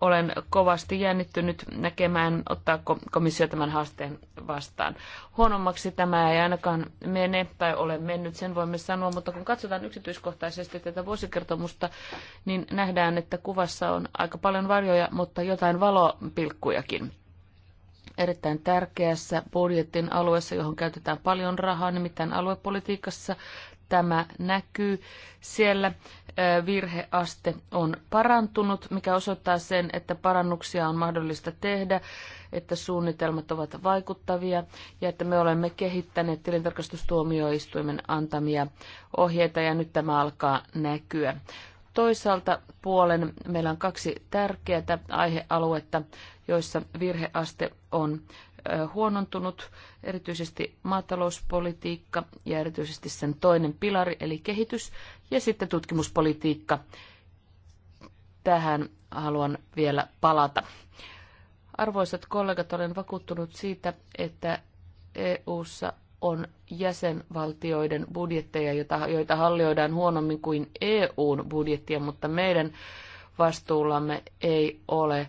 [SPEAKER 2] Olen kovasti jännittynyt näkemään, ottaako komissio tämän haasteen vastaan. Huonommaksi tämä ei ainakaan mene tai ole mennyt, sen voimme sanoa, mutta kun katsotaan yksityiskohtaisesti tätä vuosikertomusta, niin nähdään, että kuvassa on aika paljon varjoja, mutta jotain valopilkkujakin erittäin tärkeässä budjetin alueessa, johon käytetään paljon rahaa, nimittäin aluepolitiikassa. Tämä näkyy. Siellä virheaste on parantunut, mikä osoittaa sen, että parannuksia on mahdollista tehdä, että suunnitelmat ovat vaikuttavia ja että me olemme kehittäneet tilintarkastustuomioistuimen antamia ohjeita ja nyt tämä alkaa näkyä. Toisaalta puolen meillä on kaksi tärkeää aihealuetta, joissa virheaste on huonontunut, erityisesti maatalouspolitiikka ja erityisesti sen toinen pilari eli kehitys ja sitten tutkimuspolitiikka. Tähän haluan vielä palata. Arvoisat kollegat, olen vakuuttunut siitä, että EU:ssa on jäsenvaltioiden budjetteja, joita hallioidaan huonommin kuin EUn budjettia, mutta meidän vastuullamme ei ole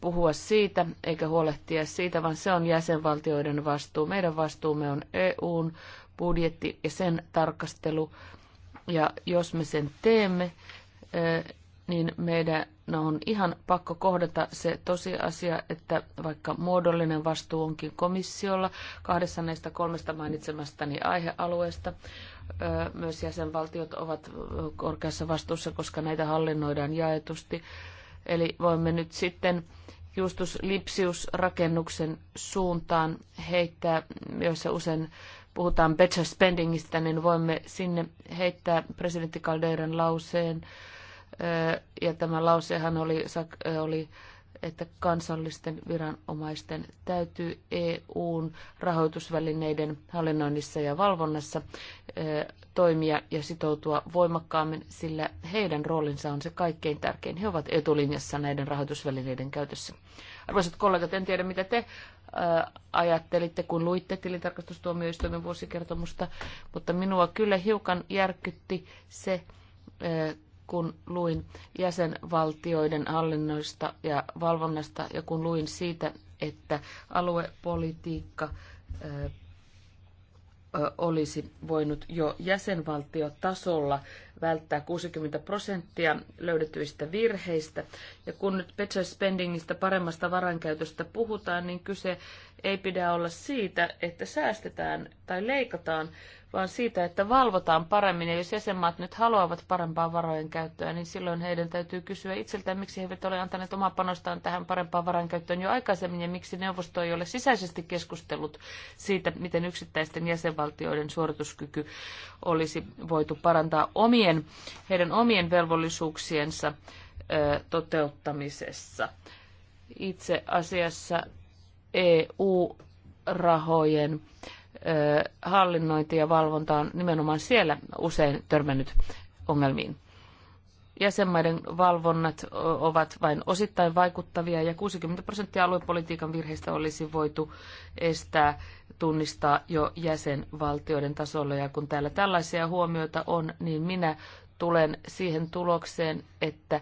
[SPEAKER 2] puhua siitä eikä huolehtia siitä, vaan se on jäsenvaltioiden vastuu. Meidän vastuumme on EUn budjetti ja sen tarkastelu. Ja jos me sen teemme, niin meidän on ihan pakko kohdata se tosiasia, että vaikka muodollinen vastuu onkin komissiolla kahdessa näistä kolmesta mainitsemastani aihealueesta, myös jäsenvaltiot ovat korkeassa vastuussa, koska näitä hallinnoidaan jaetusti. Eli voimme nyt sitten Justus Lipsius-rakennuksen suuntaan heittää, joissa usein puhutaan better spendingistä, niin voimme sinne heittää presidentti Calderan lauseen, ja tämä lausehan oli, oli että kansallisten viranomaisten täytyy EUn rahoitusvälineiden hallinnoinnissa ja valvonnassa toimia ja sitoutua voimakkaammin, sillä heidän roolinsa on se kaikkein tärkein. He ovat etulinjassa näiden rahoitusvälineiden käytössä. Arvoisat kollegat, en tiedä mitä te ajattelitte, kun luitte tilintarkastustuomioistuimen vuosikertomusta, mutta minua kyllä hiukan järkytti se kun luin jäsenvaltioiden hallinnoista ja valvonnasta ja kun luin siitä, että aluepolitiikka olisi voinut jo jäsenvaltiotasolla välttää 60 prosenttia löydetyistä virheistä. Ja kun nyt better spendingistä paremmasta varankäytöstä puhutaan, niin kyse ei pidä olla siitä, että säästetään tai leikataan, vaan siitä, että valvotaan paremmin. Ja jos jäsenmaat nyt haluavat parempaa varojen käyttöä, niin silloin heidän täytyy kysyä itseltään, miksi he eivät ole antaneet omaa panostaan tähän parempaan varojen käyttöön jo aikaisemmin, ja miksi neuvosto ei ole sisäisesti keskustellut siitä, miten yksittäisten jäsenvaltioiden suorituskyky olisi voitu parantaa omien, heidän omien velvollisuuksiensa toteuttamisessa. Itse asiassa EU-rahojen äh, hallinnointi ja valvonta on nimenomaan siellä usein törmännyt ongelmiin. Jäsenmaiden valvonnat ovat vain osittain vaikuttavia ja 60 prosenttia aluepolitiikan virheistä olisi voitu estää tunnistaa jo jäsenvaltioiden tasolla. Ja kun täällä tällaisia huomioita on, niin minä tulen siihen tulokseen, että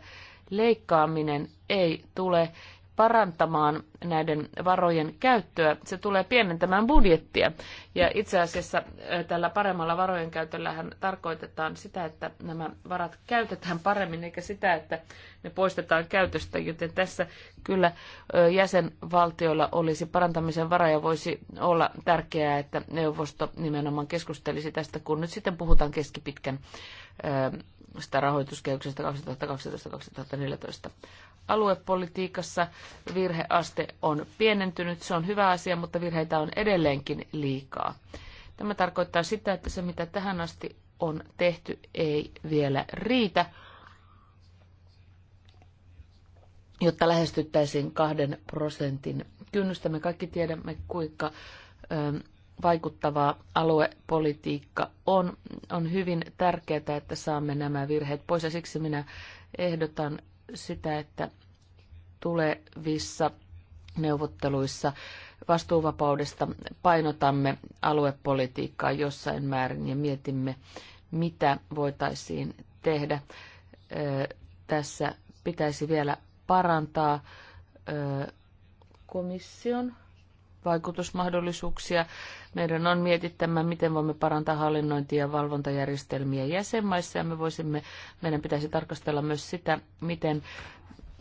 [SPEAKER 2] leikkaaminen ei tule parantamaan näiden varojen käyttöä. Se tulee pienentämään budjettia. Ja itse asiassa tällä paremmalla varojen käytöllähän tarkoitetaan sitä, että nämä varat käytetään paremmin, eikä sitä, että ne poistetaan käytöstä. Joten tässä kyllä jäsenvaltioilla olisi parantamisen vara ja voisi olla tärkeää, että neuvosto nimenomaan keskustelisi tästä, kun nyt sitten puhutaan keskipitkän rahoituskehyksestä 2012-2014. Aluepolitiikassa virheaste on pienentynyt, se on hyvä asia, mutta virheitä on edelleenkin liikaa. Tämä tarkoittaa sitä, että se mitä tähän asti on tehty ei vielä riitä, jotta lähestyttäisiin kahden prosentin kynnystä. Me kaikki tiedämme, kuinka vaikuttavaa aluepolitiikka on. On hyvin tärkeää, että saamme nämä virheet pois ja siksi minä ehdotan sitä, että tulevissa neuvotteluissa vastuuvapaudesta painotamme aluepolitiikkaa jossain määrin ja mietimme, mitä voitaisiin tehdä. Tässä pitäisi vielä parantaa komission vaikutusmahdollisuuksia. Meidän on mietittämä, miten voimme parantaa hallinnointia ja valvontajärjestelmiä jäsenmaissa, ja me voisimme, meidän pitäisi tarkastella myös sitä, miten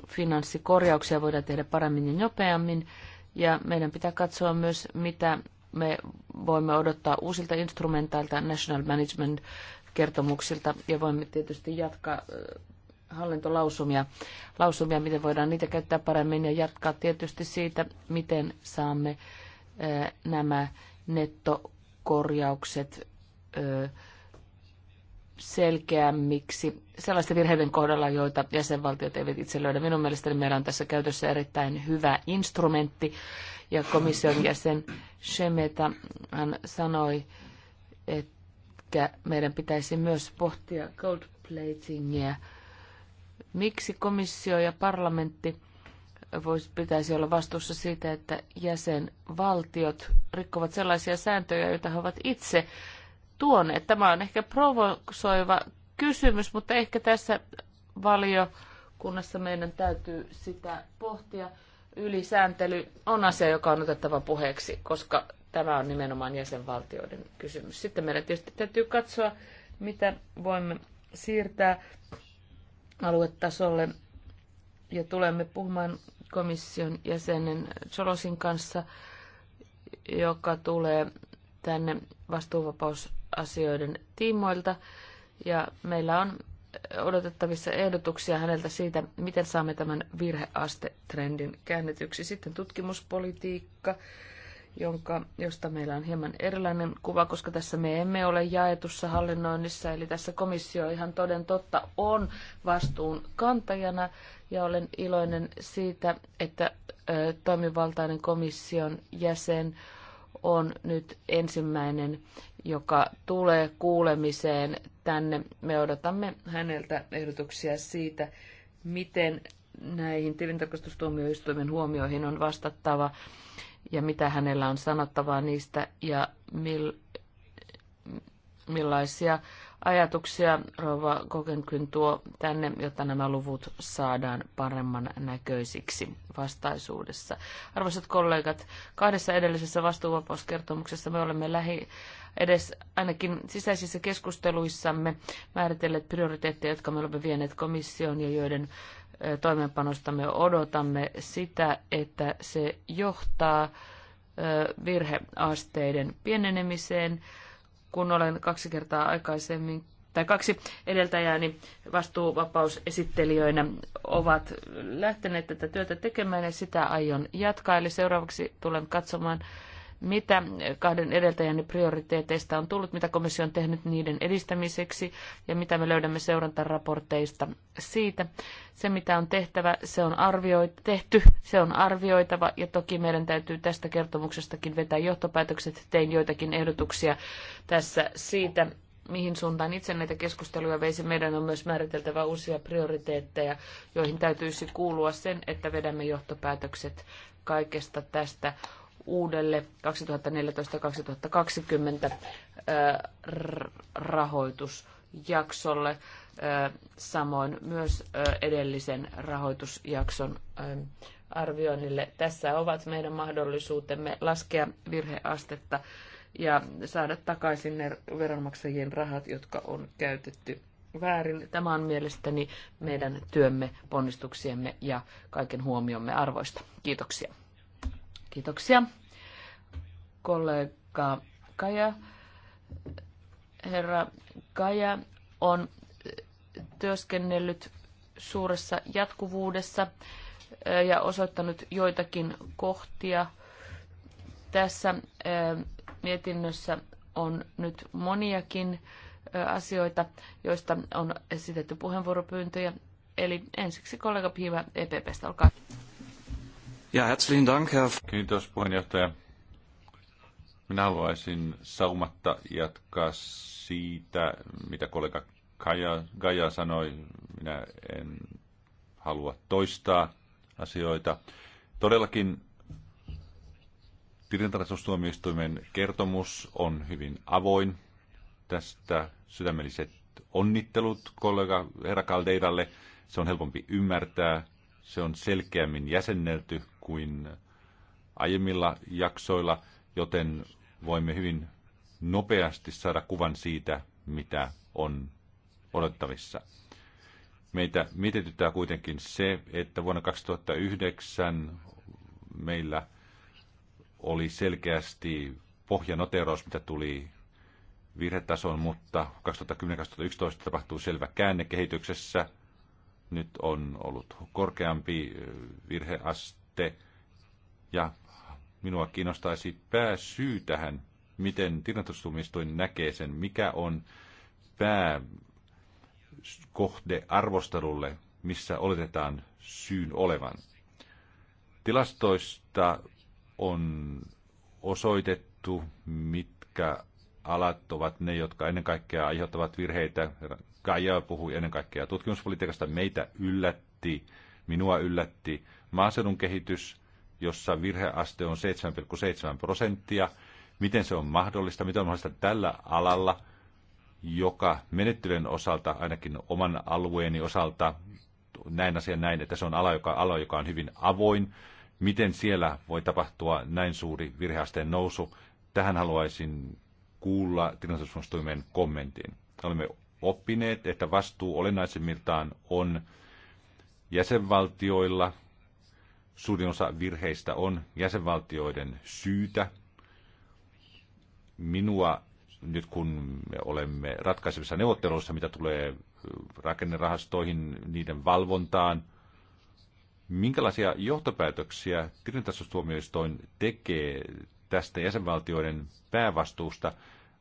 [SPEAKER 2] finanssikorjauksia voidaan tehdä paremmin ja nopeammin, ja meidän pitää katsoa myös, mitä me voimme odottaa uusilta instrumentailta National Management kertomuksilta ja voimme tietysti jatkaa hallintolausumia, lausumia, miten voidaan niitä käyttää paremmin ja jatkaa tietysti siitä, miten saamme nämä nettokorjaukset selkeämmiksi sellaisten virheiden kohdalla, joita jäsenvaltiot eivät itse löydä. Minun mielestäni meillä on tässä käytössä erittäin hyvä instrumentti ja komission jäsen Shemeta hän sanoi, että meidän pitäisi myös pohtia gold platingia Miksi komissio ja parlamentti voisi pitäisi olla vastuussa siitä, että jäsenvaltiot rikkovat sellaisia sääntöjä, joita he ovat itse tuoneet? Tämä on ehkä provosoiva kysymys, mutta ehkä tässä valiokunnassa meidän täytyy sitä pohtia. Ylisääntely on asia, joka on otettava puheeksi, koska tämä on nimenomaan jäsenvaltioiden kysymys. Sitten meidän tietysti täytyy katsoa, mitä voimme siirtää aluetasolle ja tulemme puhumaan komission jäsenen Cholosin kanssa, joka tulee tänne vastuuvapausasioiden tiimoilta. Ja meillä on odotettavissa ehdotuksia häneltä siitä, miten saamme tämän virheastetrendin käännetyksi. Sitten tutkimuspolitiikka, jonka, josta meillä on hieman erilainen kuva, koska tässä me emme ole jaetussa hallinnoinnissa, eli tässä komissio ihan toden totta on vastuun kantajana, ja olen iloinen siitä, että ö, toimivaltainen komission jäsen on nyt ensimmäinen, joka tulee kuulemiseen tänne. Me odotamme häneltä ehdotuksia siitä, miten näihin tilintarkastustuomioistuimen huomioihin on vastattava ja mitä hänellä on sanottavaa niistä ja mil, millaisia ajatuksia Rova Kokenkyn tuo tänne, jotta nämä luvut saadaan paremman näköisiksi vastaisuudessa. Arvoisat kollegat, kahdessa edellisessä vastuuvapauskertomuksessa me olemme lähi edes ainakin sisäisissä keskusteluissamme määritelleet prioriteetteja, jotka me olemme vieneet komissioon ja joiden toimeenpanosta me odotamme sitä, että se johtaa virheasteiden pienenemiseen. Kun olen kaksi kertaa aikaisemmin tai kaksi edeltäjääni vastuuvapausesittelijöinä ovat lähteneet tätä työtä tekemään ja sitä aion jatkaa. Eli seuraavaksi tulen katsomaan, mitä kahden edeltäjänne prioriteeteista on tullut, mitä komissio on tehnyt niiden edistämiseksi ja mitä me löydämme seurantaraporteista siitä. Se, mitä on tehtävä, se on arvioit- tehty, se on arvioitava ja toki meidän täytyy tästä kertomuksestakin vetää johtopäätökset. Tein joitakin ehdotuksia tässä siitä, mihin suuntaan itse näitä keskusteluja veisi. Meidän on myös määriteltävä uusia prioriteetteja, joihin täytyisi kuulua sen, että vedämme johtopäätökset kaikesta tästä uudelle 2014-2020 äh, rahoitusjaksolle, äh, samoin myös äh, edellisen rahoitusjakson arvioinnille. Tässä ovat meidän mahdollisuutemme laskea virheastetta ja saada takaisin ne veronmaksajien rahat, jotka on käytetty väärin. Tämä on mielestäni meidän työmme, ponnistuksiemme ja kaiken huomiomme arvoista. Kiitoksia. Kiitoksia. Kollega Kaja, herra Kaja on työskennellyt suuressa jatkuvuudessa ja osoittanut joitakin kohtia. Tässä mietinnössä on nyt moniakin asioita, joista on esitetty puheenvuoropyyntöjä. Eli ensiksi kollega Piima EPPstä, olkaa
[SPEAKER 3] ja, herzlichen Dank, Herr... Kiitos puheenjohtaja. Minä haluaisin saumatta jatkaa siitä, mitä kollega Kaja, Gaja sanoi. Minä en halua toistaa asioita. Todellakin tilintarkastustuomioistuimen kertomus on hyvin avoin. Tästä sydämelliset onnittelut kollega Herra Kaldeiralle. Se on helpompi ymmärtää, se on selkeämmin jäsennelty kuin aiemmilla jaksoilla, joten voimme hyvin nopeasti saada kuvan siitä, mitä on odottavissa. Meitä mietityttää kuitenkin se, että vuonna 2009 meillä oli selkeästi pohjanoteeraus, mitä tuli virhetasoon, mutta 2010-2011 tapahtuu selvä käänne kehityksessä. Nyt on ollut korkeampi virheaste puhutte. Ja minua kiinnostaisi pääsyy tähän, miten tilintarkastustuomioistuin näkee sen, mikä on pääkohde arvostelulle, missä oletetaan syyn olevan. Tilastoista on osoitettu, mitkä alat ovat ne, jotka ennen kaikkea aiheuttavat virheitä. Kaija puhui ennen kaikkea tutkimuspolitiikasta. Meitä yllätti, minua yllätti maaseudun kehitys, jossa virheaste on 7,7 prosenttia. Miten se on mahdollista? Mitä on mahdollista tällä alalla, joka menettelyn osalta, ainakin oman alueeni osalta, näin asia näin, että se on ala, joka, ala, joka on hyvin avoin. Miten siellä voi tapahtua näin suuri virheasteen nousu? Tähän haluaisin kuulla tilastustuomioistuimen kommentin. Olemme oppineet, että vastuu olennaisimmiltaan on jäsenvaltioilla, Suurin osa virheistä on jäsenvaltioiden syytä. Minua nyt kun me olemme ratkaisevissa neuvotteluissa, mitä tulee rakennerahastoihin, niiden valvontaan, minkälaisia johtopäätöksiä tilintasostuomioistoin tekee tästä jäsenvaltioiden päävastuusta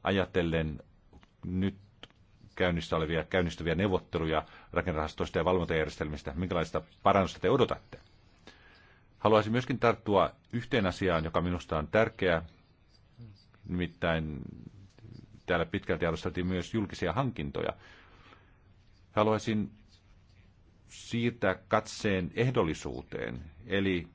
[SPEAKER 3] ajatellen nyt käynnissä olevia, käynnistyviä neuvotteluja rakennerahastoista ja valvontajärjestelmistä? Minkälaista parannusta te odotatte? Haluaisin myöskin tarttua yhteen asiaan, joka minusta on tärkeä. Nimittäin täällä pitkälti arvosteltiin myös julkisia hankintoja. Haluaisin siirtää katseen ehdollisuuteen. Eli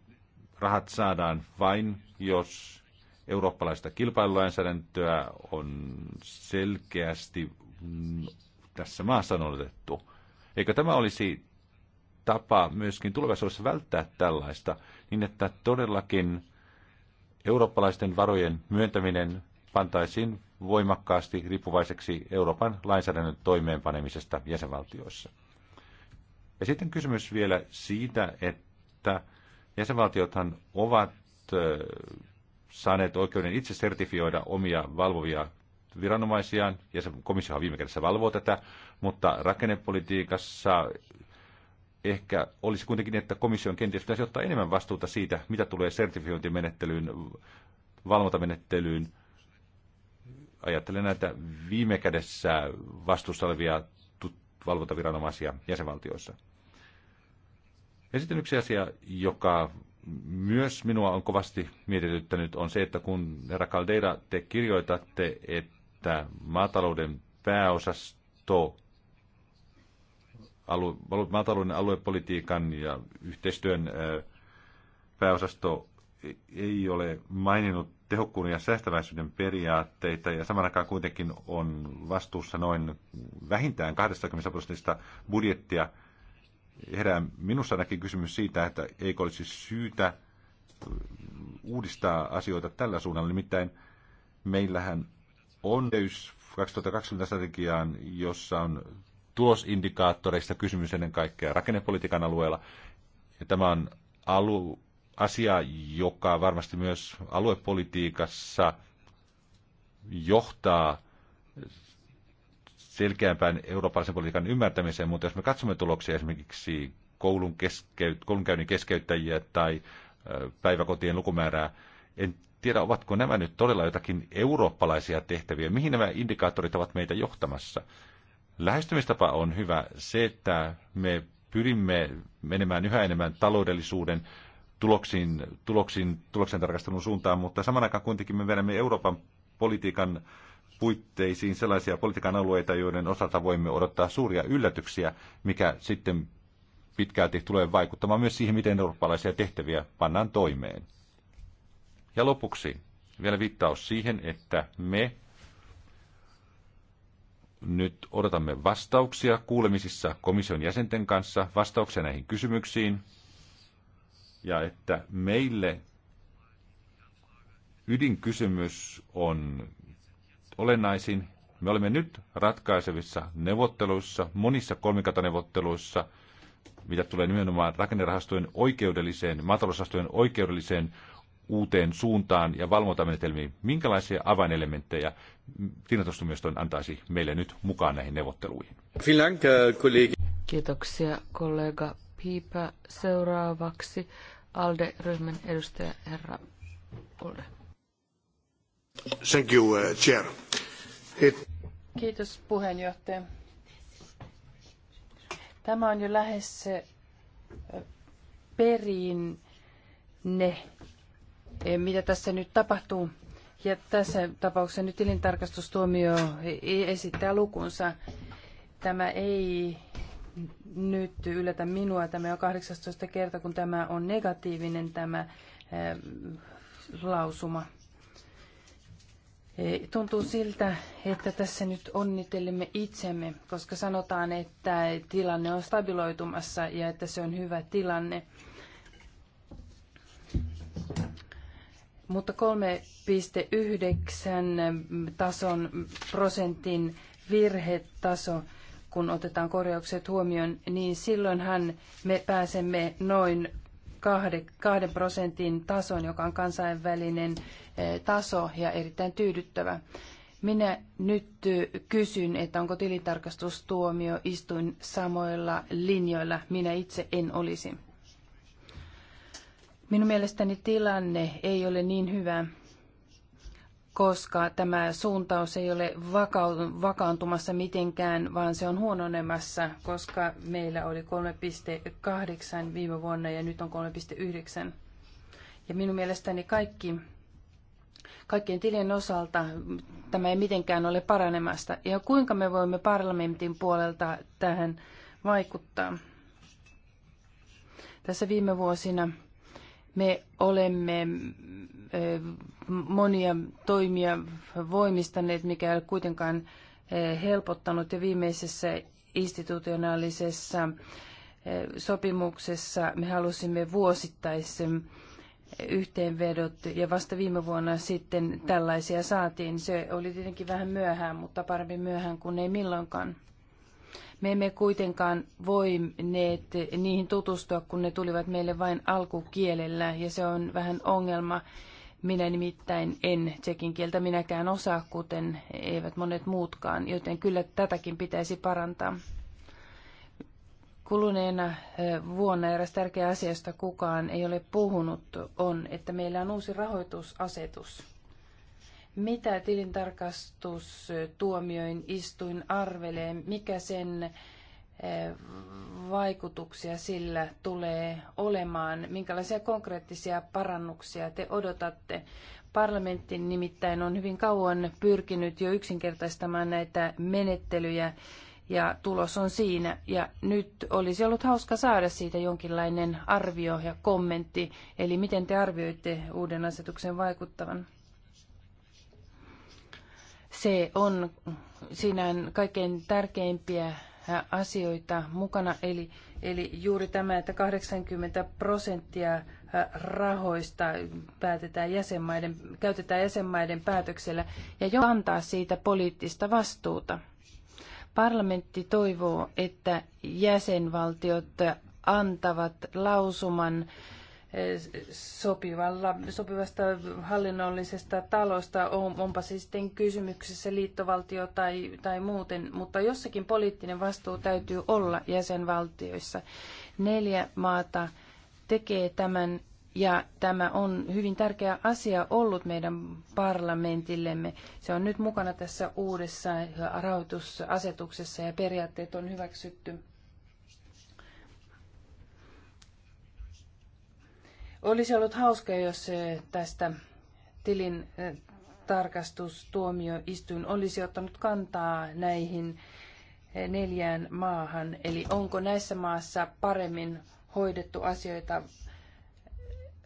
[SPEAKER 3] rahat saadaan vain, jos eurooppalaista kilpailulainsäädäntöä on selkeästi tässä maassa noudatettu. Eikö tämä olisi tapa myöskin tulevaisuudessa välttää tällaista, niin että todellakin eurooppalaisten varojen myöntäminen pantaisiin voimakkaasti riippuvaiseksi Euroopan lainsäädännön toimeenpanemisesta jäsenvaltioissa. Ja sitten kysymys vielä siitä, että jäsenvaltiothan ovat saaneet oikeuden itse sertifioida omia valvovia viranomaisiaan, ja se komissio viime kädessä valvoo tätä, mutta rakennepolitiikassa ehkä olisi kuitenkin, että komission kenties pitäisi ottaa enemmän vastuuta siitä, mitä tulee sertifiointimenettelyyn, valvontamenettelyyn. Ajattelen näitä viime kädessä vastuussa olevia valvontaviranomaisia jäsenvaltioissa. Ja sitten yksi asia, joka myös minua on kovasti mietityttänyt, on se, että kun herra Caldeira, te kirjoitatte, että maatalouden pääosasto alue, maatalouden aluepolitiikan ja yhteistyön pääosasto e-, ei ole maininnut tehokkuuden ja säästäväisyyden periaatteita ja saman aikaan kuitenkin on vastuussa noin vähintään 20 prosentista budjettia. Herää minussa ainakin kysymys siitä, että eikö olisi syytä uudistaa asioita tällä suunnalla. Nimittäin meillähän on 2020 strategiaan, jossa on tulosindikaattoreista kysymys ennen kaikkea rakennepolitiikan alueella. Ja tämä on alu, asia, joka varmasti myös aluepolitiikassa johtaa selkeämpään eurooppalaisen politiikan ymmärtämiseen, mutta jos me katsomme tuloksia esimerkiksi koulun keskeyt, koulunkäynnin keskeyttäjiä tai päiväkotien lukumäärää, en tiedä, ovatko nämä nyt todella jotakin eurooppalaisia tehtäviä. Mihin nämä indikaattorit ovat meitä johtamassa? lähestymistapa on hyvä. Se, että me pyrimme menemään yhä enemmän taloudellisuuden tuloksiin, tuloksiin, tuloksen tarkastelun suuntaan, mutta saman aikaan kuitenkin me vedämme Euroopan politiikan puitteisiin sellaisia politiikan alueita, joiden osalta voimme odottaa suuria yllätyksiä, mikä sitten pitkälti tulee vaikuttamaan myös siihen, miten eurooppalaisia tehtäviä pannaan toimeen. Ja lopuksi vielä viittaus siihen, että me nyt odotamme vastauksia kuulemisissa komission jäsenten kanssa, vastauksia näihin kysymyksiin. Ja että meille ydinkysymys on olennaisin. Me olemme nyt ratkaisevissa neuvotteluissa, monissa kolmikataneuvotteluissa, mitä tulee nimenomaan rakennerahastojen oikeudelliseen, maatalousrahastojen oikeudelliseen uuteen suuntaan ja valvontamenetelmiin. Minkälaisia avainelementtejä tilintarkastustuomioistuin antaisi meille nyt mukaan näihin neuvotteluihin? Äh,
[SPEAKER 2] Kiitoksia kollega Piipä. Seuraavaksi ALDE-ryhmän edustaja herra Olde.
[SPEAKER 1] Thank you, uh, chair. It... Kiitos puheenjohtaja. Tämä on jo lähes perin ne Eh, mitä tässä nyt tapahtuu. Ja tässä tapauksessa nyt tilintarkastustuomio e- e- esittää lukunsa. Tämä ei nyt yllätä minua. Tämä on 18 kerta, kun tämä on negatiivinen tämä eh, lausuma. Eh, tuntuu siltä, että tässä nyt onnittelemme itsemme, koska sanotaan, että tilanne on stabiloitumassa ja että se on hyvä tilanne. mutta 3,9 tason prosentin virhetaso, kun otetaan korjaukset huomioon, niin silloinhan me pääsemme noin kahden prosentin tason, joka on kansainvälinen eh, taso ja erittäin tyydyttävä. Minä nyt eh, kysyn, että onko tilintarkastustuomio istuin samoilla linjoilla. Minä itse en olisi. Minun mielestäni tilanne ei ole niin hyvä, koska tämä suuntaus ei ole vakaantumassa mitenkään, vaan se on huononemassa, koska meillä oli 3,8 viime vuonna ja nyt on 3,9. Ja minun mielestäni kaikki, kaikkien tilien osalta tämä ei mitenkään ole paranemasta. Ja kuinka me voimme parlamentin puolelta tähän vaikuttaa? Tässä viime vuosina me olemme monia toimia voimistaneet, mikä ei ole kuitenkaan helpottanut. Ja viimeisessä institutionaalisessa sopimuksessa me halusimme vuosittaisen yhteenvedot ja vasta viime vuonna sitten tällaisia saatiin. Se oli tietenkin vähän myöhään, mutta parempi myöhään kuin ei milloinkaan. Me emme kuitenkaan voineet niihin tutustua, kun ne tulivat meille vain alkukielellä, ja se on vähän ongelma. Minä nimittäin en tsekin kieltä minäkään osaa, kuten eivät monet muutkaan, joten kyllä tätäkin pitäisi parantaa. Kuluneena vuonna eräs tärkeä asia, josta kukaan ei ole puhunut, on, että meillä on uusi rahoitusasetus mitä tilintarkastustuomioin istuin arvelee, mikä sen eh, vaikutuksia sillä tulee olemaan, minkälaisia konkreettisia parannuksia te odotatte. Parlamentti nimittäin on hyvin kauan pyrkinyt jo yksinkertaistamaan näitä menettelyjä ja tulos on siinä. Ja nyt olisi ollut hauska saada siitä jonkinlainen arvio ja kommentti, eli miten te arvioitte uuden asetuksen vaikuttavan? Se on, siinä on kaikkein tärkeimpiä asioita mukana, eli, eli juuri tämä, että 80 prosenttia rahoista päätetään jäsenmaiden, käytetään jäsenmaiden päätöksellä ja jo antaa siitä poliittista vastuuta. Parlamentti toivoo, että jäsenvaltiot antavat lausuman sopivalla, sopivasta hallinnollisesta talosta, onpa se sitten kysymyksessä liittovaltio tai, tai muuten, mutta jossakin poliittinen vastuu täytyy olla jäsenvaltioissa. Neljä maata tekee tämän ja tämä on hyvin tärkeä asia ollut meidän parlamentillemme. Se on nyt mukana tässä uudessa rahoitusasetuksessa ja periaatteet on hyväksytty Olisi ollut hauska, jos eh, tästä tilin eh, tarkastustuomioistuin olisi ottanut kantaa näihin eh, neljään maahan. Eli onko näissä maassa paremmin hoidettu asioita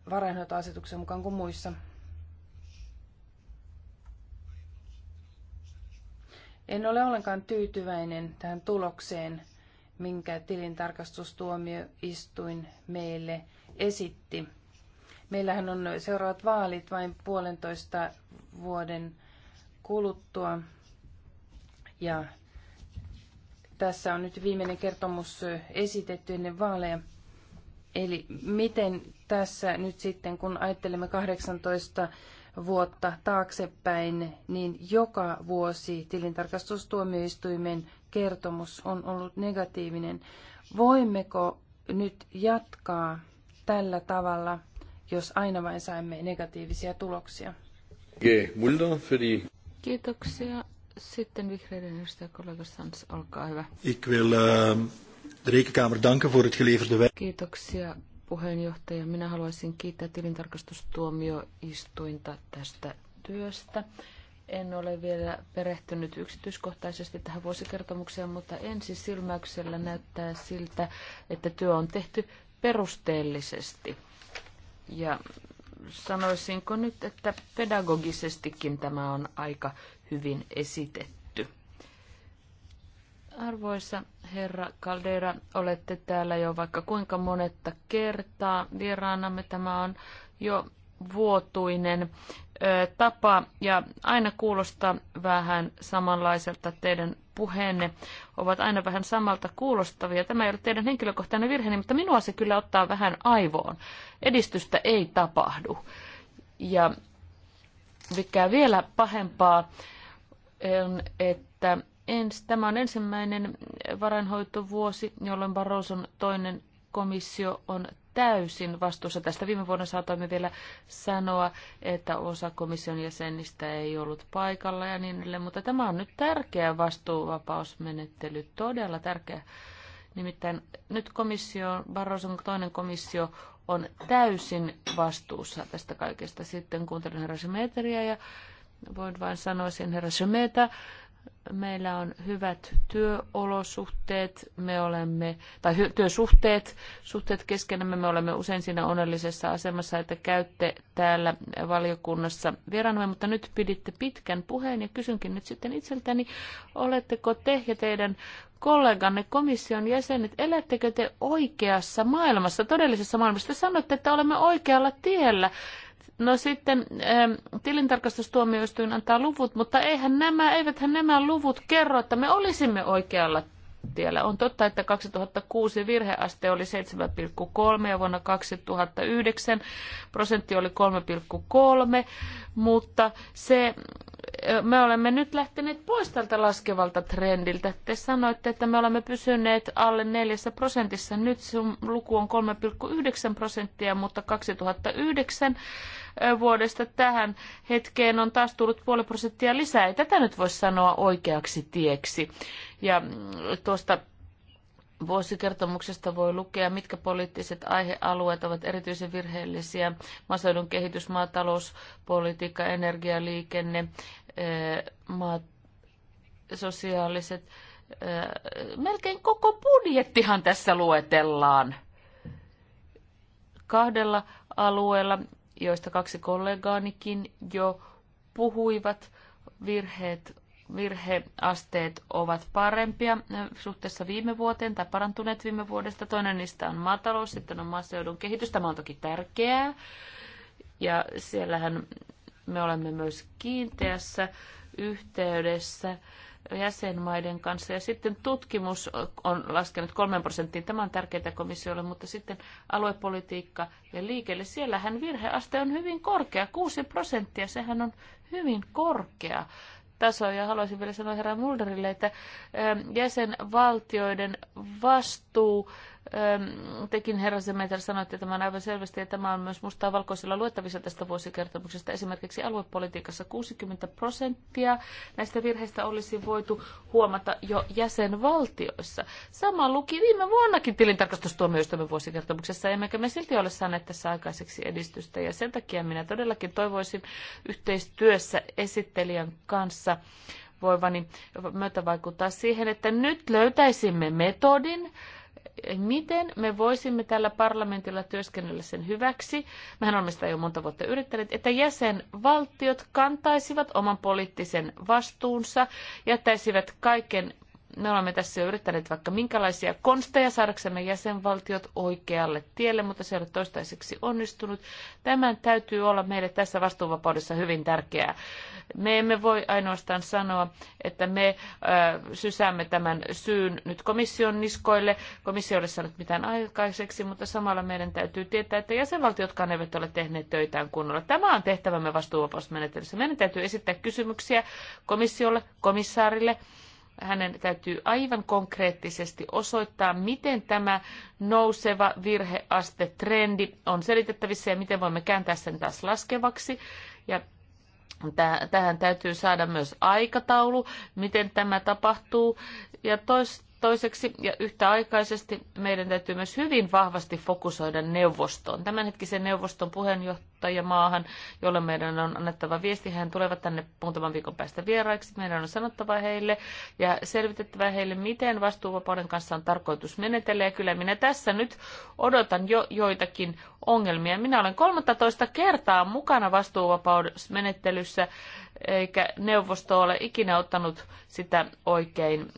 [SPEAKER 1] varainhoitoasetuksen mukaan kuin muissa? En ole ollenkaan tyytyväinen tähän tulokseen, minkä tilintarkastustuomioistuin meille esitti. Meillähän on seuraavat vaalit vain puolentoista vuoden kuluttua. Ja tässä on nyt viimeinen kertomus esitetty ennen vaaleja. Eli miten tässä nyt sitten, kun ajattelemme 18 vuotta taaksepäin, niin joka vuosi tilintarkastustuomioistuimen kertomus on ollut negatiivinen. Voimmeko nyt jatkaa tällä tavalla? jos aina vain saimme negatiivisia tuloksia.
[SPEAKER 2] Kiitoksia. Sitten vihreiden edustaja kollega Sans, olkaa hyvä.
[SPEAKER 3] Ik wil ehm, de rekenkamer danken voor het geleverde
[SPEAKER 2] Kiitoksia puheenjohtaja. Minä haluaisin kiittää tilintarkastustuomioistuinta tästä työstä. En ole vielä perehtynyt yksityiskohtaisesti tähän vuosikertomukseen, mutta ensi silmäyksellä näyttää siltä, että työ on tehty perusteellisesti. Ja sanoisinko nyt, että pedagogisestikin tämä on aika hyvin esitetty. Arvoisa herra Caldera, olette täällä jo vaikka kuinka monetta kertaa vieraanamme. Tämä on jo vuotuinen ö, tapa ja aina kuulostaa vähän samanlaiselta teidän puheenne ovat aina vähän samalta kuulostavia. Tämä ei ole teidän henkilökohtainen virheeni, mutta minua se kyllä ottaa vähän aivoon. Edistystä ei tapahdu. Ja mikä vielä pahempaa on, että ens, tämä on ensimmäinen varainhoitovuosi, jolloin Barroson toinen komissio on täysin vastuussa tästä. Viime vuonna saatoimme vielä sanoa, että osa komission jäsenistä ei ollut paikalla ja niin edelleen, mutta tämä on nyt tärkeä vastuuvapausmenettely, todella tärkeä. Nimittäin nyt komissio, Barroson toinen komissio on täysin vastuussa tästä kaikesta. Sitten kuuntelen herra Symeteriä ja voin vain sanoa sen herra Symetä, meillä on hyvät työolosuhteet, me olemme, tai työsuhteet, suhteet keskenämme, me olemme usein siinä onnellisessa asemassa, että käytte täällä valiokunnassa vieraanamme, mutta nyt piditte pitkän puheen ja kysynkin nyt sitten itseltäni, oletteko te ja teidän kolleganne komission jäsenet, elättekö te oikeassa maailmassa, todellisessa maailmassa? Te sanotte, että olemme oikealla tiellä No sitten ähm, tilintarkastustuomioistuin antaa luvut, mutta eihän nämä, eiväthän nämä luvut kerro, että me olisimme oikealla tiellä. On totta, että 2006 virheaste oli 7,3 ja vuonna 2009 prosentti oli 3,3, mutta se, äh, me olemme nyt lähteneet pois tältä laskevalta trendiltä. Te sanoitte, että me olemme pysyneet alle 4 prosentissa. Nyt se luku on 3,9 prosenttia, mutta 2009 vuodesta tähän hetkeen on taas tullut puoli prosenttia lisää. Ei tätä nyt voi sanoa oikeaksi tieksi. Ja mm, tuosta Vuosikertomuksesta voi lukea, mitkä poliittiset aihealueet ovat erityisen virheellisiä. Maaseudun kehitys, maatalouspolitiikka, energialiikenne, maat, sosiaaliset. Melkein koko budjettihan tässä luetellaan. Kahdella alueella joista kaksi kollegaanikin jo puhuivat. Virheet, virheasteet ovat parempia suhteessa viime vuoteen tai parantuneet viime vuodesta. Toinen niistä on maatalous, sitten on maaseudun kehitys. Tämä on toki tärkeää. Ja siellähän me olemme myös kiinteässä yhteydessä jäsenmaiden kanssa. Ja sitten tutkimus on laskenut 3 prosenttiin. Tämä on tärkeää komissiolle, mutta sitten aluepolitiikka ja liikelle. Siellähän virheaste on hyvin korkea, 6 prosenttia. Sehän on hyvin korkea taso. Ja haluaisin vielä sanoa herra Mulderille, että ähm, jäsenvaltioiden vastuu tekin herra Semeter sanoitte tämän aivan selvästi, että tämä on myös mustaa valkoisella luettavissa tästä vuosikertomuksesta. Esimerkiksi aluepolitiikassa 60 prosenttia näistä virheistä olisi voitu huomata jo jäsenvaltioissa. Sama luki viime vuonnakin tilintarkastustuomioistuimen vuosikertomuksessa, emmekä me silti ole saaneet tässä aikaiseksi edistystä, ja sen takia minä todellakin toivoisin yhteistyössä esittelijän kanssa voivani myötävaikuttaa siihen, että nyt löytäisimme metodin, miten me voisimme tällä parlamentilla työskennellä sen hyväksi, mehän olemme sitä jo monta vuotta yrittäneet, että jäsenvaltiot kantaisivat oman poliittisen vastuunsa, jättäisivät kaiken me olemme tässä jo yrittäneet vaikka minkälaisia konsteja saadaksemme jäsenvaltiot oikealle tielle, mutta se ei ole toistaiseksi onnistunut. Tämän täytyy olla meille tässä vastuuvapaudessa hyvin tärkeää. Me emme voi ainoastaan sanoa, että me ö, sysäämme tämän syyn nyt komission niskoille. Komissio ei ole saanut mitään aikaiseksi, mutta samalla meidän täytyy tietää, että jäsenvaltiotkaan eivät ole tehneet töitään kunnolla. Tämä on tehtävämme vastuuvapausmenettelyssä. Meidän täytyy esittää kysymyksiä komissiolle, komissaarille, hänen täytyy aivan konkreettisesti osoittaa, miten tämä nouseva virheaste trendi on selitettävissä ja miten voimme kääntää sen taas laskevaksi. Ja tähän täytyy saada myös aikataulu, miten tämä tapahtuu. Ja toista Toiseksi ja yhtäaikaisesti meidän täytyy myös hyvin vahvasti fokusoida neuvostoon. Tämänhetkisen neuvoston puheenjohtajamaahan, jolle meidän on annettava viesti, hän tulevat tänne muutaman viikon päästä vieraiksi. Meidän on sanottava heille ja selvitettävä heille, miten vastuuvapauden kanssa on tarkoitus menetellä. Ja kyllä minä tässä nyt odotan jo joitakin ongelmia. Minä olen 13 kertaa mukana vastuuvapausmenettelyssä eikä neuvosto ole ikinä ottanut sitä oikein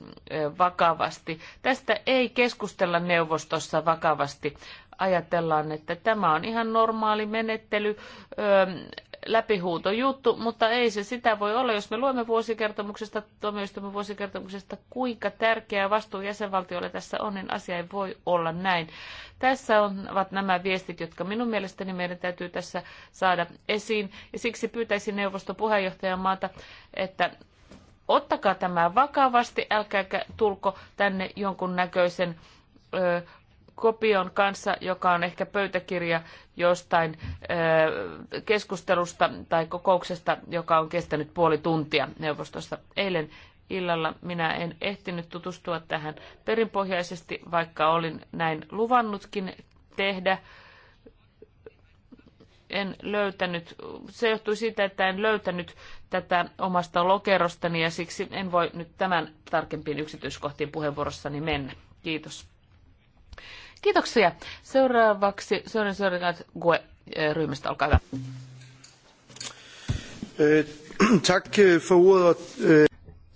[SPEAKER 2] vakavasti. Tästä ei keskustella neuvostossa vakavasti. Ajatellaan, että tämä on ihan normaali menettely läpihuutojuttu, mutta ei se sitä voi olla, jos me luemme vuosikertomuksesta, tuomioistuimen vuosikertomuksesta, kuinka tärkeä vastuu jäsenvaltiolle tässä on, niin asia ei voi olla näin. Tässä ovat nämä viestit, jotka minun mielestäni meidän täytyy tässä saada esiin, ja siksi pyytäisin neuvoston maata, että ottakaa tämä vakavasti, älkääkä tulko tänne jonkun näköisen kopion kanssa, joka on ehkä pöytäkirja jostain keskustelusta tai kokouksesta, joka on kestänyt puoli tuntia neuvostossa. Eilen illalla minä en ehtinyt tutustua tähän perinpohjaisesti, vaikka olin näin luvannutkin tehdä. En löytänyt, se johtui siitä, että en löytänyt tätä omasta lokerostani ja siksi en voi nyt tämän tarkempiin yksityiskohtiin puheenvuorossani mennä. Kiitos. Kiitoksia. Seuraavaksi Sören Sörgat Gue eh, ryhmästä, olkaa hyvä. Eh, Tack eh, för ordet.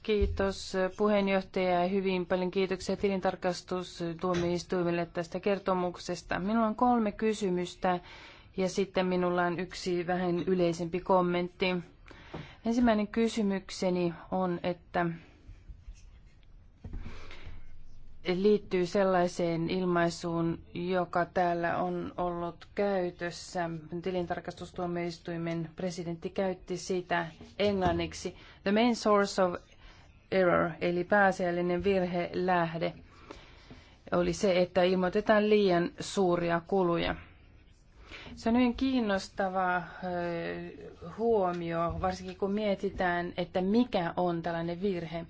[SPEAKER 1] Kiitos puheenjohtaja ja hyvin paljon kiitoksia tilintarkastustuomioistuimelle tästä kertomuksesta. Minulla on kolme kysymystä ja sitten minulla on yksi vähän yleisempi kommentti. Ensimmäinen kysymykseni on, että liittyy sellaiseen ilmaisuun, joka täällä on ollut käytössä. Tilintarkastustuomioistuimen presidentti käytti sitä englanniksi. The main source of error, eli pääasiallinen virhelähde, oli se, että ilmoitetaan liian suuria kuluja. Se on hyvin kiinnostava huomio, varsinkin kun mietitään, että mikä on tällainen virhe.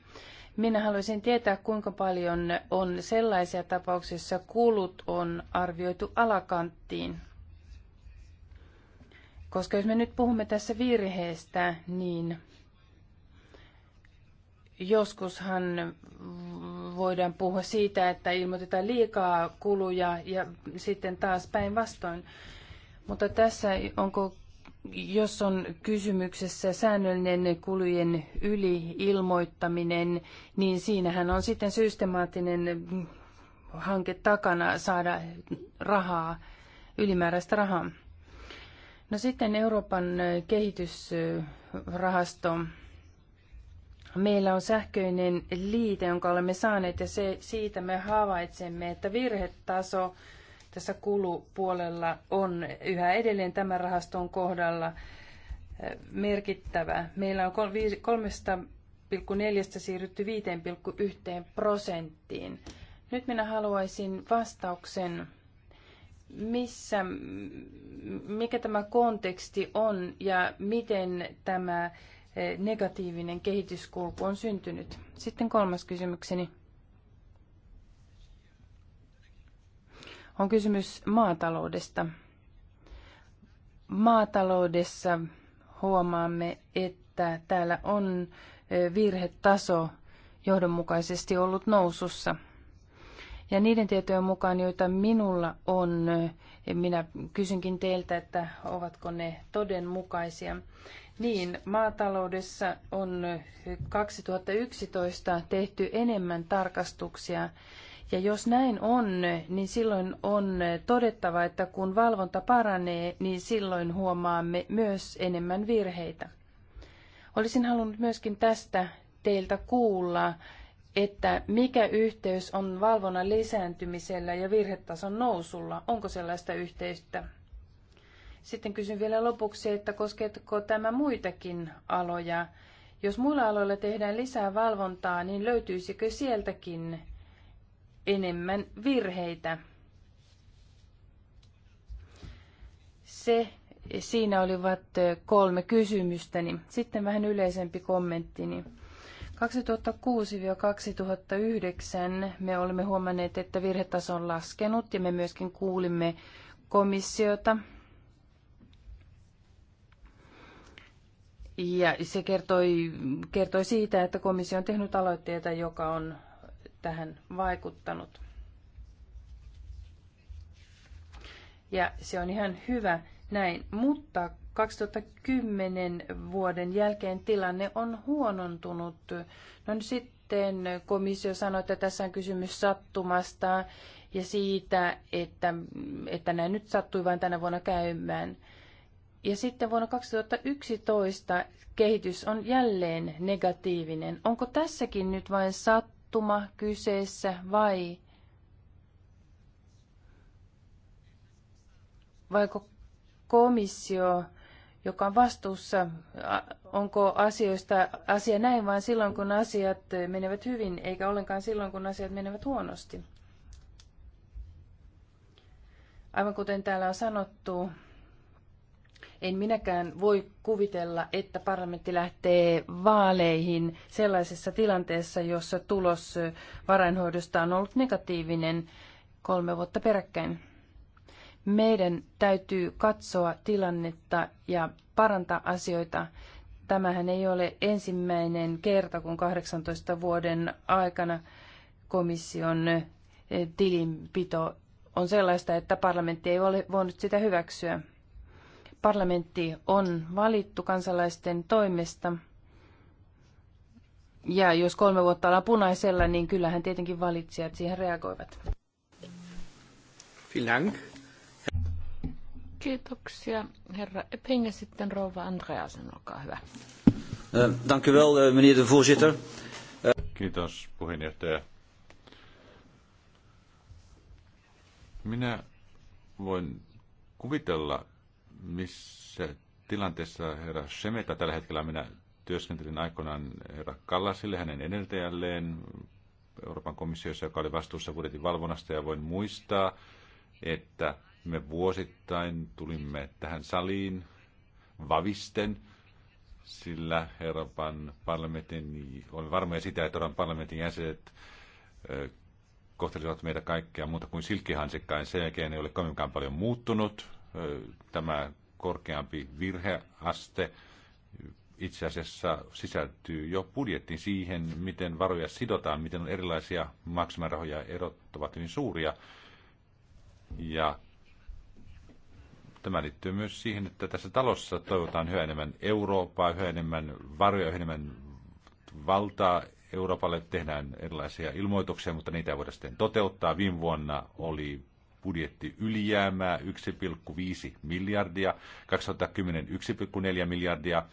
[SPEAKER 1] Minä haluaisin tietää, kuinka paljon on sellaisia tapauksia, joissa kulut on arvioitu alakanttiin. Koska jos me nyt puhumme tässä virheestä, niin joskushan voidaan puhua siitä, että ilmoitetaan liikaa kuluja ja sitten taas päinvastoin. Mutta tässä onko jos on kysymyksessä säännöllinen kulujen yliilmoittaminen, niin siinähän on sitten systemaattinen hanke takana saada rahaa, ylimääräistä rahaa. No sitten Euroopan kehitysrahasto. Meillä on sähköinen liite, jonka olemme saaneet, ja se, siitä me havaitsemme, että virhetaso tässä kulupuolella on yhä edelleen tämän rahaston kohdalla eh, merkittävä. Meillä on 3,4 siirrytty 5,1 prosenttiin. Nyt minä haluaisin vastauksen, missä, mikä tämä konteksti on ja miten tämä eh, negatiivinen kehityskulku on syntynyt. Sitten kolmas kysymykseni. on kysymys maataloudesta. Maataloudessa huomaamme, että täällä on virhetaso johdonmukaisesti ollut nousussa. Ja niiden tietojen mukaan, joita minulla on, minä kysynkin teiltä, että ovatko ne todenmukaisia. Niin, maataloudessa on 2011 tehty enemmän tarkastuksia ja jos näin on, niin silloin on todettava, että kun valvonta paranee, niin silloin huomaamme myös enemmän virheitä. Olisin halunnut myöskin tästä teiltä kuulla, että mikä yhteys on valvonnan lisääntymisellä ja virhetason nousulla? Onko sellaista yhteyttä? Sitten kysyn vielä lopuksi, että koskeeko tämä muitakin aloja? Jos muilla aloilla tehdään lisää valvontaa, niin löytyisikö sieltäkin enemmän virheitä. Se, siinä olivat kolme kysymystäni. Sitten vähän yleisempi kommenttini. 2006-2009 me olemme huomanneet, että virhetaso on laskenut ja me myöskin kuulimme komissiota. Ja se kertoi, kertoi siitä, että komissio on tehnyt aloitteita, joka on tähän vaikuttanut. Ja se on ihan hyvä näin, mutta 2010 vuoden jälkeen tilanne on huonontunut. No niin sitten komissio sanoi, että tässä on kysymys sattumasta ja siitä, että, että näin nyt sattui vain tänä vuonna käymään. Ja sitten vuonna 2011 kehitys on jälleen negatiivinen. Onko tässäkin nyt vain sattumasta? sattuma kyseessä vai vaiko komissio, joka on vastuussa, onko asioista asia näin vain silloin, kun asiat menevät hyvin, eikä ollenkaan silloin, kun asiat menevät huonosti. Aivan kuten täällä on sanottu, en minäkään voi kuvitella, että parlamentti lähtee vaaleihin sellaisessa tilanteessa, jossa tulos varainhoidosta on ollut negatiivinen kolme vuotta peräkkäin. Meidän täytyy katsoa tilannetta ja parantaa asioita. Tämähän ei ole ensimmäinen kerta, kun 18 vuoden aikana komission eh, tilinpito on sellaista, että parlamentti ei ole voinut sitä hyväksyä parlamentti on valittu kansalaisten toimesta. Ja jos kolme vuotta ollaan punaisella, niin kyllähän tietenkin valitsijat
[SPEAKER 2] siihen reagoivat. Kiitoksia, herra Epping. Ja sitten rouva Andreasen, olkaa hyvä.
[SPEAKER 3] Eh, dank u wel, eh, meneer de voorzitter. Eh, Kiitos, puheenjohtaja. Minä voin kuvitella, missä tilanteessa herra Shemeta tällä hetkellä minä työskentelin aikoinaan herra Kallasille, hänen edeltäjälleen Euroopan komissiossa, joka oli vastuussa budjetin valvonnasta, ja voin muistaa, että me vuosittain tulimme tähän saliin vavisten, sillä Euroopan parlamentin, olen varmoja sitä, että Euroopan parlamentin jäsenet kohtelisivat meitä kaikkea muuta kuin silkkihansikkain. Sen jälkeen ei ole kovinkaan paljon muuttunut tämä korkeampi virheaste itse asiassa sisältyy jo budjettiin siihen, miten varoja sidotaan, miten on erilaisia maksimarahoja erot ovat hyvin suuria. Ja tämä liittyy myös siihen, että tässä talossa toivotaan yhä enemmän Eurooppaa, yhä enemmän varoja, yhä enemmän valtaa Euroopalle. Tehdään erilaisia ilmoituksia, mutta niitä ei voida sitten toteuttaa. Viime vuonna oli budjetti ylijäämää 1,5 miljardia, 2010 1,4 miljardia.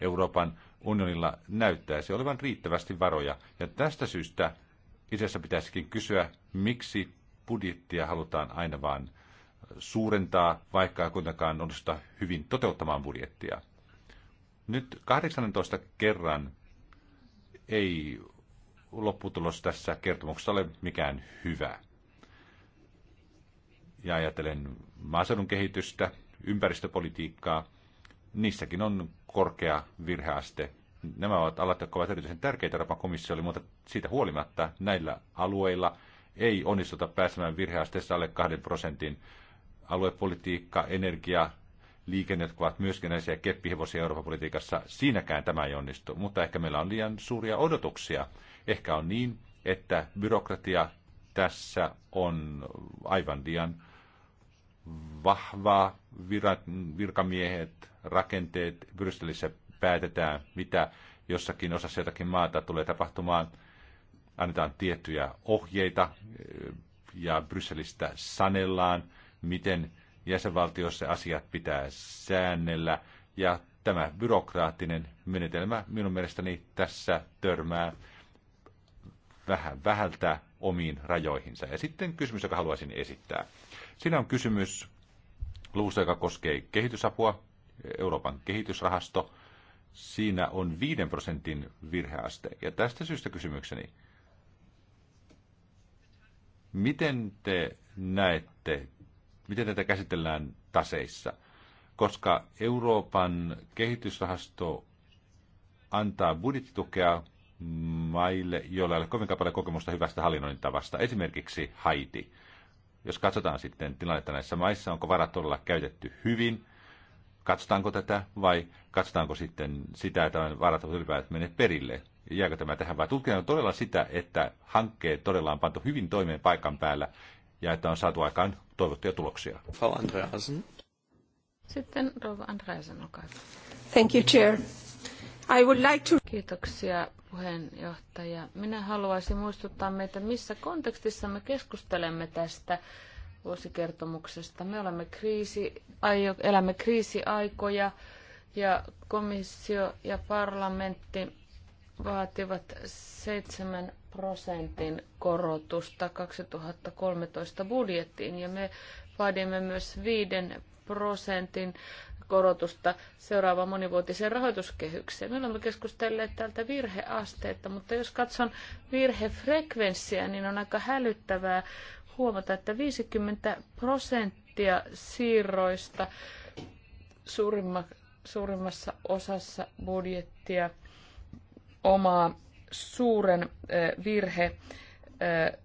[SPEAKER 3] Euroopan unionilla näyttäisi olevan riittävästi varoja. Ja tästä syystä itse asiassa pitäisikin kysyä, miksi budjettia halutaan aina vain suurentaa, vaikka ei kuitenkaan onnistuta hyvin toteuttamaan budjettia. Nyt 18 kerran ei lopputulos tässä kertomuksessa ole mikään hyvä ja ajatellen maaseudun kehitystä, ympäristöpolitiikkaa, niissäkin on korkea virheaste. Nämä ovat alat, jotka ovat erityisen tärkeitä Euroopan komissiolle, mutta siitä huolimatta näillä alueilla ei onnistuta pääsemään virheasteessa alle 2 prosentin. Aluepolitiikka, energia, liikenne, jotka ovat myöskin näisiä keppihevosia Euroopan politiikassa, siinäkään tämä ei onnistu. Mutta ehkä meillä on liian suuria odotuksia. Ehkä on niin, että byrokratia tässä on aivan liian vahva virat, virkamiehet, rakenteet. Brysselissä päätetään, mitä jossakin osassa jotakin maata tulee tapahtumaan. Annetaan tiettyjä ohjeita eh, ja Brysselistä sanellaan, miten jäsenvaltiossa asiat pitää säännellä. Ja tämä byrokraattinen menetelmä minun mielestäni tässä törmää vähän vähältä omiin rajoihinsa. Ja sitten kysymys, joka haluaisin esittää. Siinä on kysymys luvusta, joka koskee kehitysapua, Euroopan kehitysrahasto. Siinä on 5 prosentin virheaste. Ja tästä syystä kysymykseni. Miten te näette, miten tätä käsitellään taseissa? Koska Euroopan kehitysrahasto antaa budjettitukea maille, joilla ei ole kovinkaan paljon kokemusta hyvästä hallinnointitavasta, esimerkiksi Haiti – jos katsotaan sitten tilannetta näissä maissa, onko varat todella käytetty hyvin, katsotaanko tätä vai katsotaanko sitten sitä, että varat ovat ylipäätään menneet perille. Jääkö tämä tähän vai tutkitaan todella sitä, että hankkeet todella on pantu hyvin toimeen paikan päällä ja että on saatu aikaan toivottuja tuloksia. Frau Andreasen.
[SPEAKER 2] Sitten Rova Andreasen, olkaa Thank you, Chair. I would like to... Kiitoksia puheenjohtaja. Minä haluaisin muistuttaa meitä, missä kontekstissa me keskustelemme tästä vuosikertomuksesta. Me olemme kriisi, elämme kriisiaikoja ja komissio ja parlamentti vaativat 7 prosentin korotusta 2013 budjettiin ja me vaadimme myös 5 prosentin korotusta seuraavaan monivuotiseen rahoituskehykseen. Me olemme keskustelleet täältä virheasteesta, mutta jos katson virhefrekvenssiä, niin on aika hälyttävää huomata, että 50 prosenttia siirroista suurimma, suurimmassa osassa budjettia omaa suuren virhe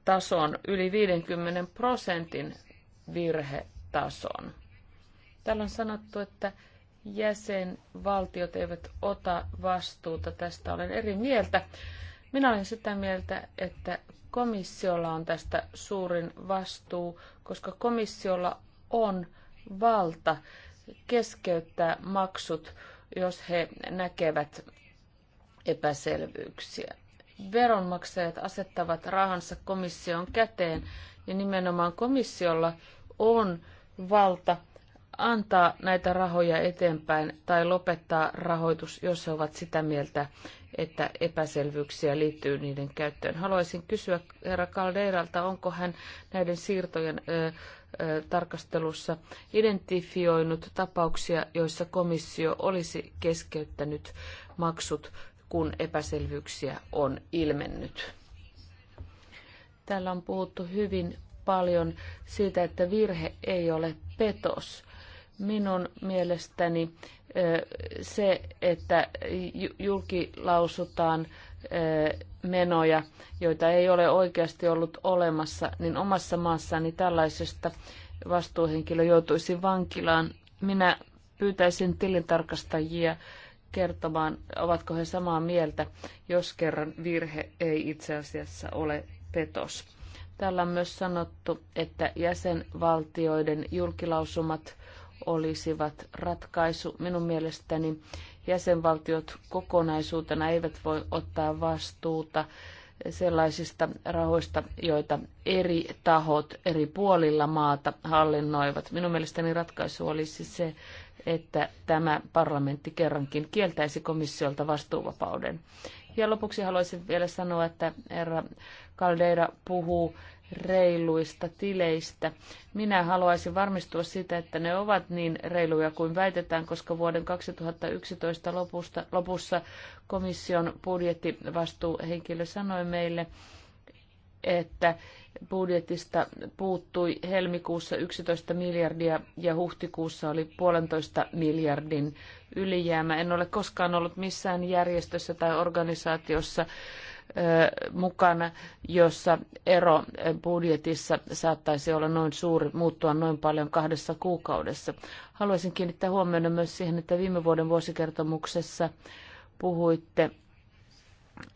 [SPEAKER 2] tason, yli 50 prosentin virhetason. Täällä on sanottu, että jäsenvaltiot eivät ota vastuuta. Tästä olen eri mieltä. Minä olen sitä mieltä, että komissiolla on tästä suurin vastuu, koska komissiolla on valta keskeyttää maksut, jos he näkevät epäselvyyksiä. Veronmaksajat asettavat rahansa komission käteen ja nimenomaan komissiolla on valta antaa näitä rahoja eteenpäin tai lopettaa rahoitus, jos he ovat sitä mieltä, että epäselvyyksiä liittyy niiden käyttöön. Haluaisin kysyä herra Kaldeiralta, onko hän näiden siirtojen ö, ö, tarkastelussa identifioinut tapauksia, joissa komissio olisi keskeyttänyt maksut, kun epäselvyyksiä on ilmennyt. Täällä on puhuttu hyvin paljon siitä, että virhe ei ole petos. Minun mielestäni se, että julkilausutaan menoja, joita ei ole oikeasti ollut olemassa, niin omassa maassani tällaisesta vastuuhenkilö joutuisi vankilaan. Minä pyytäisin tilintarkastajia kertomaan, ovatko he samaa mieltä, jos kerran virhe ei itse asiassa ole petos. Täällä on myös sanottu, että jäsenvaltioiden julkilausumat olisivat ratkaisu. Minun mielestäni jäsenvaltiot kokonaisuutena eivät voi ottaa vastuuta sellaisista rahoista, joita eri tahot eri puolilla maata hallinnoivat. Minun mielestäni ratkaisu olisi se, että tämä parlamentti kerrankin kieltäisi komissiolta vastuuvapauden. Ja lopuksi haluaisin vielä sanoa, että herra Caldeira puhuu reiluista tileistä. Minä haluaisin varmistua sitä, että ne ovat niin reiluja kuin väitetään, koska vuoden 2011 lopusta, lopussa komission budjettivastuuhenkilö sanoi meille, että budjetista puuttui helmikuussa 11 miljardia ja huhtikuussa oli puolentoista miljardin ylijäämä. En ole koskaan ollut missään järjestössä tai organisaatiossa, mukana, jossa ero budjetissa saattaisi olla noin suuri, muuttua noin paljon kahdessa kuukaudessa. Haluaisin kiinnittää huomioon myös siihen, että viime vuoden vuosikertomuksessa puhuitte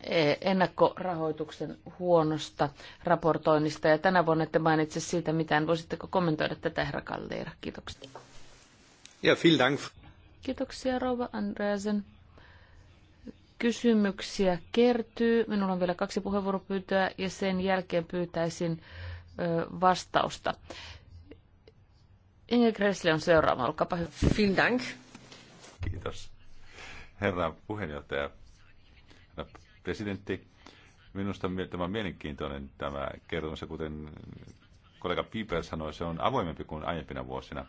[SPEAKER 2] e, ennakkorahoituksen huonosta raportoinnista ja tänä vuonna ette mainitse siitä mitään. Voisitteko kommentoida tätä, herra Kalleira? Kiitoksia. Ja, vielen Kiitoksia, rouva Andreasen kysymyksiä kertyy. Minulla on vielä kaksi puheenvuoropyyntöä ja sen jälkeen pyytäisin vastausta. Inge Gressle on seuraava, olkaapa hyvä. Vielen dank.
[SPEAKER 3] Kiitos. Herra puheenjohtaja, herra presidentti, minusta tämä on mielenkiintoinen tämä kertomus, kuten kollega Piper sanoi, se on avoimempi kuin aiempina vuosina.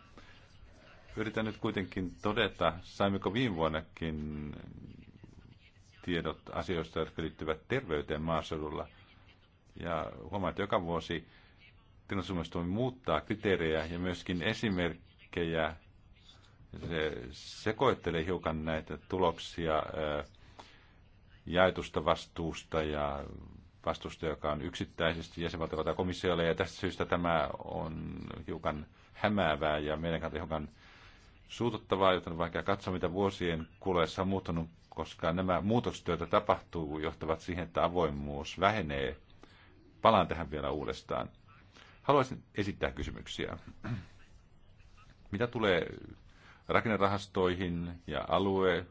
[SPEAKER 3] Yritän nyt kuitenkin todeta, saimmeko viime vuonnakin tiedot asioista, jotka liittyvät terveyteen maaseudulla. Ja huomaa, että joka vuosi tilastomistuomio muuttaa kriteerejä ja myöskin esimerkkejä. Se sekoittelee hiukan näitä tuloksia jaetusta vastuusta ja vastuusta, joka on yksittäisesti jäsenvaltiovalta komissiolle. Ja tästä syystä tämä on hiukan hämäävää ja meidän kannalta hiukan suututtavaa, joten on vaikea katsoa, mitä vuosien kuluessa on muuttunut koska nämä muutokset, joita tapahtuu, johtavat siihen, että avoimuus vähenee. Palaan tähän vielä uudestaan. Haluaisin esittää kysymyksiä. Mitä tulee rakennerahastoihin ja alue,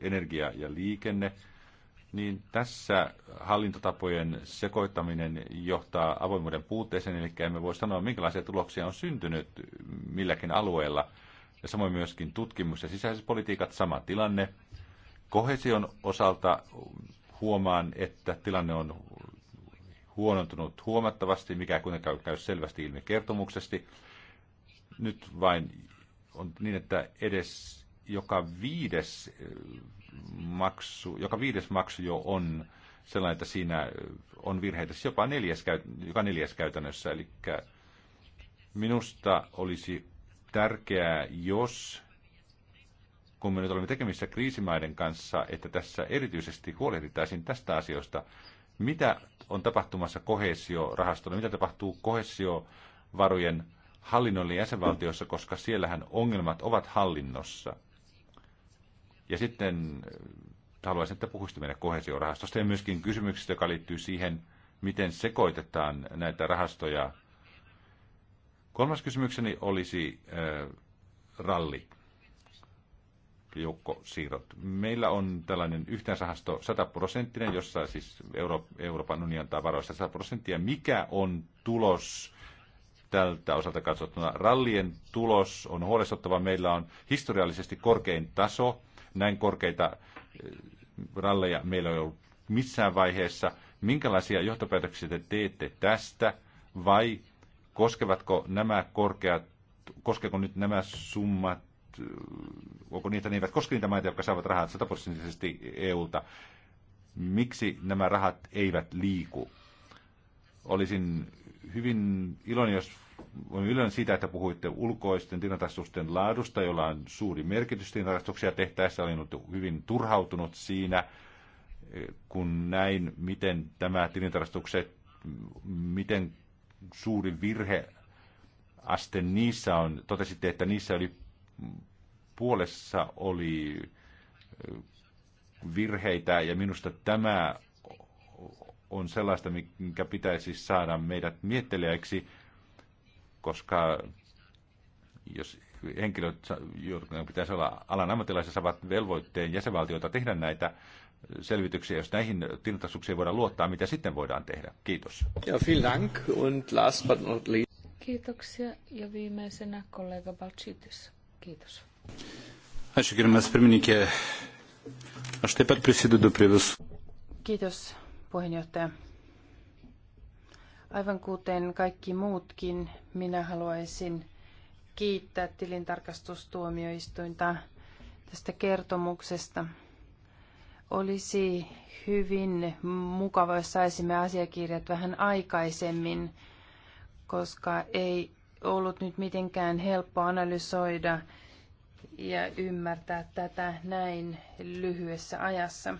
[SPEAKER 3] energia ja liikenne, niin tässä hallintotapojen sekoittaminen johtaa avoimuuden puutteeseen, eli emme voi sanoa, minkälaisia tuloksia on syntynyt milläkin alueella. Ja samoin myöskin tutkimus ja sisäiset politiikat, sama tilanne. Kohesion osalta huomaan, että tilanne on huonontunut huomattavasti, mikä kuitenkaan käy selvästi ilmi kertomuksesti. Nyt vain on niin, että edes joka viides eh, maksu, joka viides maksu jo on sellainen, että siinä eh, on virheitä siis jopa neljäs, joka neljäs käytännössä. Eli minusta olisi tärkeää, jos kun me nyt olemme tekemissä kriisimaiden kanssa, että tässä erityisesti huolehdittaisiin tästä asioista. Mitä on tapahtumassa kohesiorahastolla, Mitä tapahtuu kohesiovarojen hallinnolle jäsenvaltiossa, koska siellähän ongelmat ovat hallinnossa? Ja sitten äh, haluaisin, että puhuisitte meidän kohesiorahastosta ja myöskin kysymyksistä, joka liittyy siihen, miten sekoitetaan näitä rahastoja. Kolmas kysymykseni olisi äh, ralli joukkosiirrot. Meillä on tällainen yhteensahasto 100 prosenttinen, jossa siis Euro- Euroopan unioni antaa varoista 100 prosenttia. Mikä on tulos tältä osalta katsottuna? Rallien tulos on huolestuttava. Meillä on historiallisesti korkein taso. Näin korkeita eh, ralleja meillä ei ollut missään vaiheessa. Minkälaisia johtopäätöksiä te teette tästä vai koskevatko nämä korkeat, koskeeko nyt nämä summat onko niitä, ne eivät koske niitä maita, jotka saavat rahat sataprosenttisesti EUlta. Miksi nämä rahat eivät liiku? Olisin hyvin iloinen, jos olen iloinen siitä, että puhuitte ulkoisten tilintarkastusten laadusta, jolla on suuri merkitys tilintarkastuksia tehtäessä. Olin hyvin turhautunut siinä, kun näin, miten tämä tilintarkastukset, miten suuri virhe aste niissä on. Totesitte, että niissä oli puolessa oli virheitä ja minusta tämä on sellaista, mikä pitäisi saada meidät mietteleeksi, koska jos henkilöt, jotka pitäisi olla alan ammattilaisia, saavat velvoitteen jäsenvaltioita tehdä näitä selvityksiä. Jos näihin tilintasuksiin voidaan luottaa, mitä sitten voidaan tehdä? Kiitos. Ja vielen dank und last but not least.
[SPEAKER 2] Kiitoksia ja viimeisenä kollega Balchitis. Kiitos.
[SPEAKER 3] Ačiū, gerbiamas pirmininkė. Aš taip pat prisidedu prie visų.
[SPEAKER 1] Kiitos, puheenjohtaja. Aivan kuten kaikki muutkin, minä haluaisin kiittää tilintarkastustuomioistuinta tästä kertomuksesta. Olisi hyvin mukava, jos saisimme asiakirjat vähän aikaisemmin, koska ei ollut nyt mitenkään helppo analysoida ja ymmärtää tätä näin lyhyessä ajassa.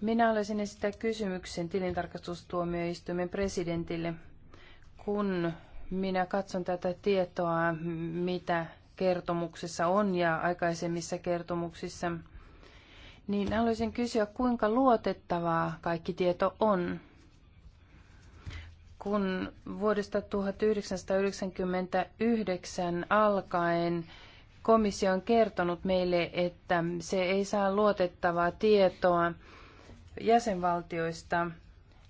[SPEAKER 1] Minä olisin esittää kysymyksen tilintarkastustuomioistuimen presidentille, kun minä katson tätä tietoa, mitä kertomuksessa on ja aikaisemmissa kertomuksissa, niin haluaisin kysyä, kuinka luotettavaa kaikki tieto on kun vuodesta 1999 alkaen komissio on kertonut meille, että se ei saa luotettavaa tietoa jäsenvaltioista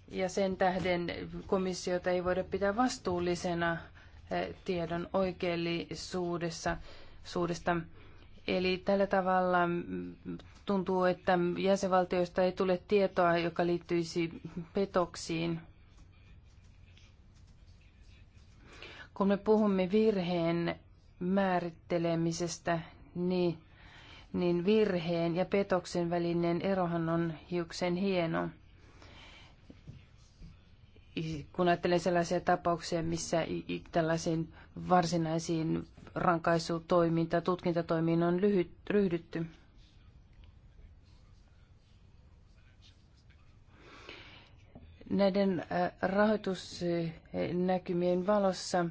[SPEAKER 1] ja sen tähden komissiota ei voida pitää vastuullisena eh, tiedon oikeellisuudessa. Suudesta. Eli tällä tavalla mm, tuntuu, että jäsenvaltioista ei tule tietoa, joka liittyisi petoksiin. Kun me puhumme virheen määrittelemisestä, niin, niin virheen ja petoksen välinen erohan on hiuksen hieno. Kun ajattelen sellaisia tapauksia, missä tällaisiin varsinaisiin rankaisutoimiin tai tutkintatoimiin on lyhyt, ryhdytty. näiden rahoitusnäkymien valossa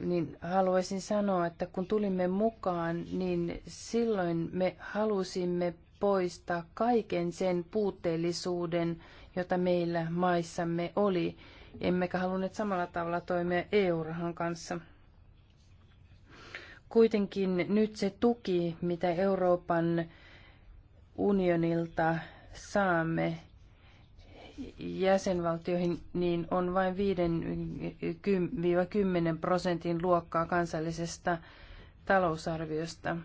[SPEAKER 1] niin haluaisin sanoa, että kun tulimme mukaan, niin silloin me halusimme poistaa kaiken sen puutteellisuuden, jota meillä maissamme oli, emmekä halunneet samalla tavalla toimia EU-rahan kanssa. Kuitenkin nyt se tuki, mitä Euroopan unionilta saamme, jäsenvaltioihin, niin on vain 5-10 prosentin luokkaa kansallisesta talousarviosta.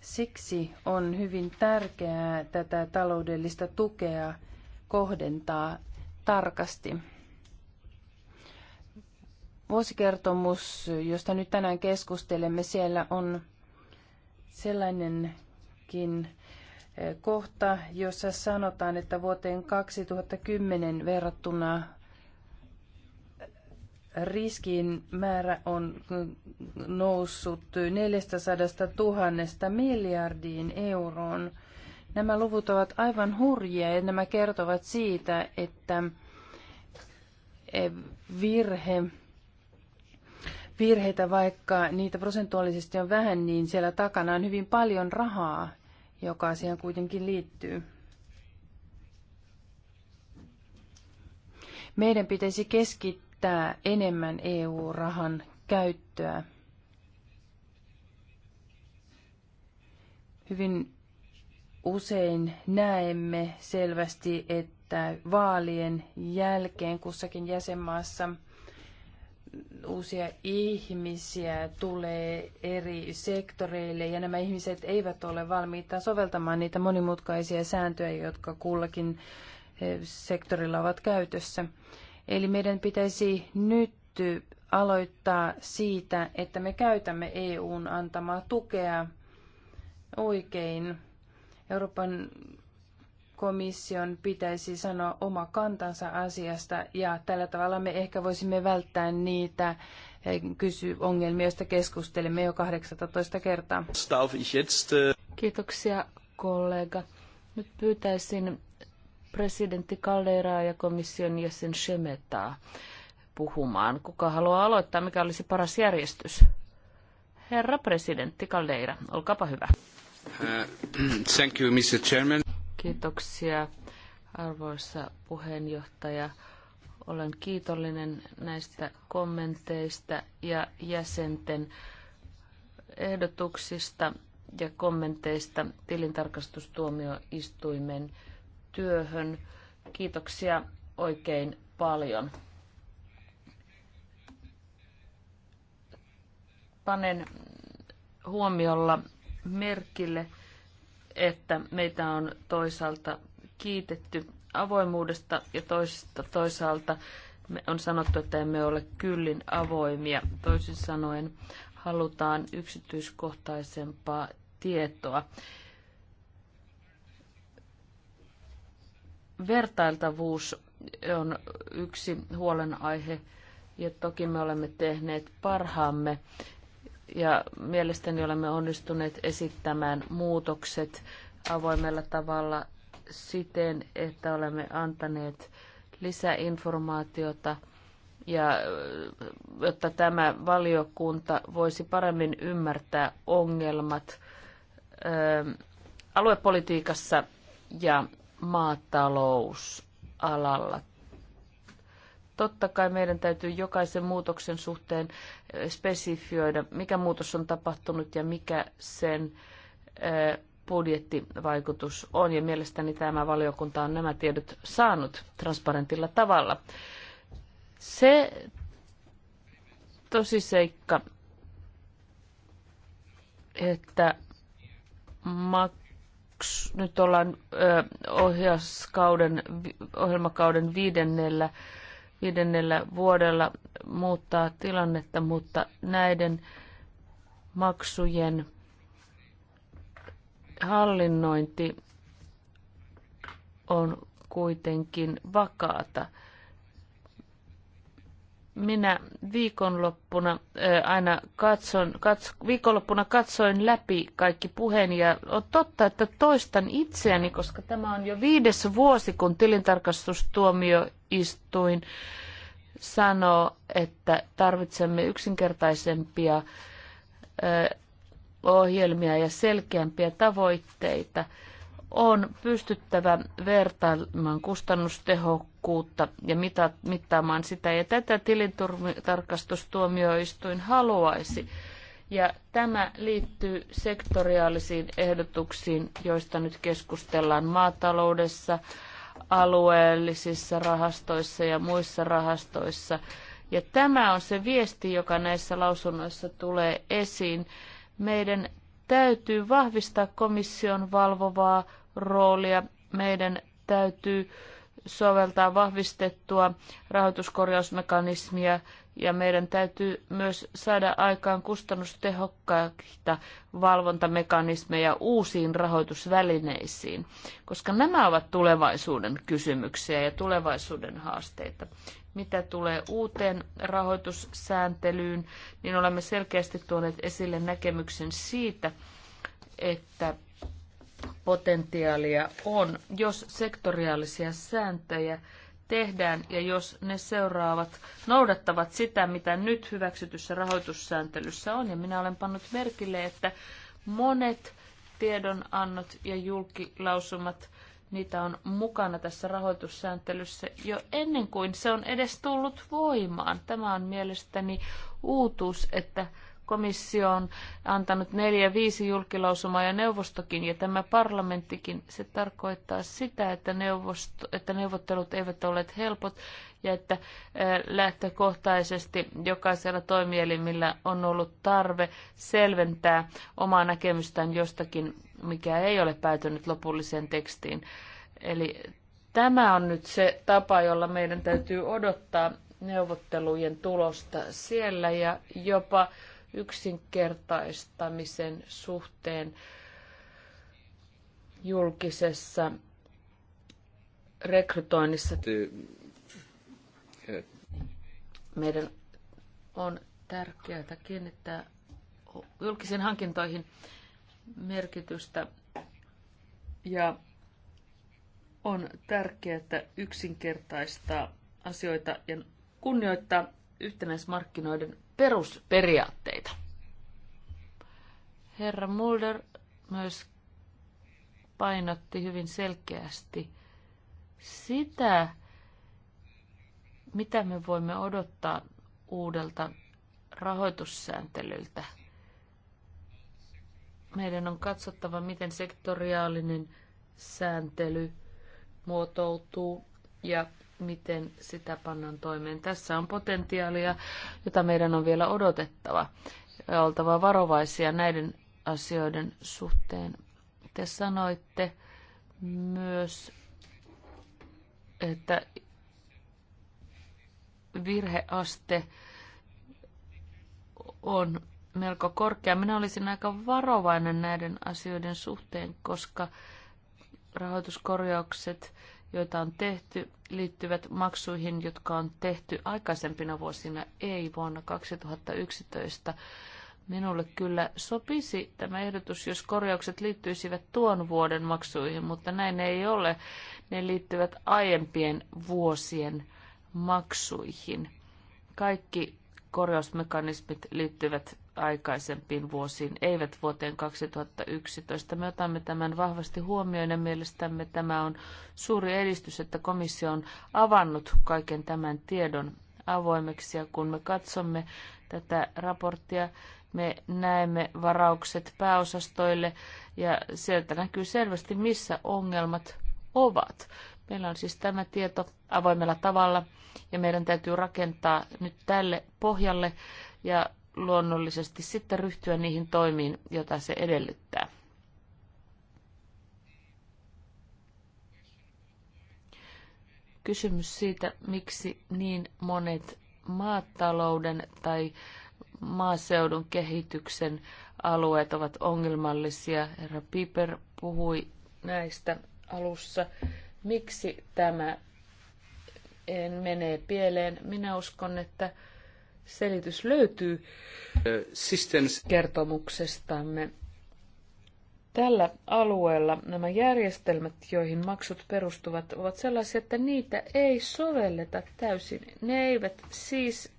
[SPEAKER 1] Siksi on hyvin tärkeää tätä taloudellista tukea kohdentaa tarkasti. Vuosikertomus, josta nyt tänään keskustelemme, siellä on sellainenkin kohta, jossa sanotaan, että vuoteen 2010 verrattuna riskin määrä on noussut 400 000 miljardiin euroon. Nämä luvut ovat aivan hurjia ja nämä kertovat siitä, että eh, virhe, virheitä, vaikka niitä prosentuaalisesti on vähän, niin siellä takana on hyvin paljon rahaa joka asiaan kuitenkin liittyy. Meidän pitäisi keskittää enemmän EU-rahan käyttöä. Hyvin usein näemme selvästi, että vaalien jälkeen kussakin jäsenmaassa – uusia ihmisiä tulee eri sektoreille ja nämä ihmiset eivät ole valmiita soveltamaan niitä monimutkaisia sääntöjä, jotka kullakin eh, sektorilla ovat käytössä. Eli meidän pitäisi nyt aloittaa siitä, että me käytämme EUn antamaa tukea oikein. Euroopan komission pitäisi sanoa oma kantansa asiasta ja tällä tavalla me ehkä voisimme välttää niitä eh, kysy ongelmia, joista
[SPEAKER 2] keskustelemme jo 18 kertaa.
[SPEAKER 1] Eh,
[SPEAKER 2] Kiitoksia kollega. Nyt pyytäisin presidentti Calderaa ja komission jäsen Shemetaa puhumaan. Kuka haluaa aloittaa? Mikä olisi paras järjestys? Herra presidentti Caldeira, olkaapa hyvä. Uh, thank you, Mr. Chairman. Kiitoksia, arvoisa puheenjohtaja. Olen kiitollinen näistä kommenteista ja jäsenten ehdotuksista ja kommenteista tilintarkastustuomioistuimen työhön. Kiitoksia oikein paljon. Panen huomiolla merkille että meitä on toisaalta kiitetty avoimuudesta ja toisista toisaalta me on sanottu, että emme ole kyllin avoimia. Toisin sanoen halutaan yksityiskohtaisempaa tietoa. Vertailtavuus on yksi huolenaihe ja toki me olemme tehneet parhaamme, ja mielestäni olemme onnistuneet esittämään muutokset avoimella tavalla siten, että olemme antaneet lisäinformaatiota, ja, jotta tämä valiokunta voisi paremmin ymmärtää ongelmat ö, ähm, aluepolitiikassa ja maatalousalalla Totta kai meidän täytyy jokaisen muutoksen suhteen eh, spesifioida, mikä muutos on tapahtunut ja mikä sen eh, budjettivaikutus on. Ja mielestäni tämä valiokunta on nämä tiedot saanut transparentilla tavalla. Se tosi seikka että maks, nyt ollaan eh, ohjauskauden, ohjelmakauden viidennellä viidennellä vuodella muuttaa tilannetta, mutta näiden maksujen hallinnointi on kuitenkin vakaata minä viikonloppuna aina katson, kats, viikonloppuna katsoin läpi kaikki puheen ja on totta, että toistan itseäni, koska tämä on jo viides vuosi, kun tilintarkastustuomioistuin sanoo, että tarvitsemme yksinkertaisempia ohjelmia ja selkeämpiä tavoitteita on pystyttävä vertailemaan kustannustehokkuutta ja mita- mittaamaan sitä. Ja tätä tilintarkastustuomioistuin haluaisi. Ja tämä liittyy sektoriaalisiin ehdotuksiin, joista nyt keskustellaan maataloudessa, alueellisissa rahastoissa ja muissa rahastoissa. Ja tämä on se viesti, joka näissä lausunnoissa tulee esiin. Meidän täytyy vahvistaa komission valvovaa roolia. Meidän täytyy soveltaa vahvistettua rahoituskorjausmekanismia ja meidän täytyy myös saada aikaan kustannustehokkaita valvontamekanismeja uusiin rahoitusvälineisiin, koska nämä ovat tulevaisuuden kysymyksiä ja tulevaisuuden haasteita. Mitä tulee uuteen rahoitussääntelyyn, niin olemme selkeästi tuoneet esille näkemyksen siitä, että potentiaalia on, jos sektoriaalisia sääntöjä tehdään ja jos ne seuraavat noudattavat sitä, mitä nyt hyväksytyssä rahoitussääntelyssä on. Ja minä olen pannut merkille, että monet tiedonannot ja julkilausumat, niitä on mukana tässä rahoitussääntelyssä jo ennen kuin se on edes tullut voimaan. Tämä on mielestäni uutuus, että komissio on antanut neljä viisi julkilausumaa ja neuvostokin ja tämä parlamenttikin. Se tarkoittaa sitä, että, neuvosto, että neuvottelut eivät olleet helpot ja että lähtökohtaisesti jokaisella toimielimillä on ollut tarve selventää omaa näkemystään jostakin, mikä ei ole päätynyt lopulliseen tekstiin. Eli tämä on nyt se tapa, jolla meidän täytyy odottaa neuvottelujen tulosta siellä ja jopa yksinkertaistamisen suhteen julkisessa rekrytoinnissa. Meidän on tärkeää kiinnittää julkisiin hankintoihin merkitystä ja on tärkeää yksinkertaistaa asioita ja kunnioittaa yhtenäismarkkinoiden perusperiaatteita. Herra Mulder myös painotti hyvin selkeästi sitä, mitä me voimme odottaa uudelta rahoitussääntelyltä. Meidän on katsottava, miten sektoriaalinen sääntely muotoutuu ja miten sitä pannaan toimeen. Tässä on potentiaalia, jota meidän on vielä odotettava ja oltava varovaisia näiden asioiden suhteen. Te sanoitte myös, että virheaste on melko korkea. Minä olisin aika varovainen näiden asioiden suhteen, koska rahoituskorjaukset joita on tehty, liittyvät maksuihin, jotka on tehty aikaisempina vuosina, ei vuonna 2011. Minulle kyllä sopisi tämä ehdotus, jos korjaukset liittyisivät tuon vuoden maksuihin, mutta näin ei ole. Ne liittyvät aiempien vuosien maksuihin. Kaikki korjausmekanismit liittyvät aikaisempiin vuosiin, eivät vuoteen 2011. Me otamme tämän vahvasti huomioon ja mielestämme tämä on suuri edistys, että komissio on avannut kaiken tämän tiedon avoimeksi. Ja kun me katsomme tätä raporttia, me näemme varaukset pääosastoille ja sieltä näkyy selvästi, missä ongelmat ovat. Meillä on siis tämä tieto avoimella tavalla ja meidän täytyy rakentaa nyt tälle pohjalle ja luonnollisesti sitten ryhtyä niihin toimiin, joita se edellyttää. Kysymys siitä, miksi niin monet maatalouden tai maaseudun kehityksen alueet ovat ongelmallisia. Herra Piper puhui näistä alussa. Miksi tämä en menee pieleen? Minä uskon, että Selitys löytyy systems. kertomuksestamme. Tällä alueella nämä järjestelmät, joihin maksut perustuvat, ovat sellaisia, että niitä ei sovelleta täysin. Ne eivät siis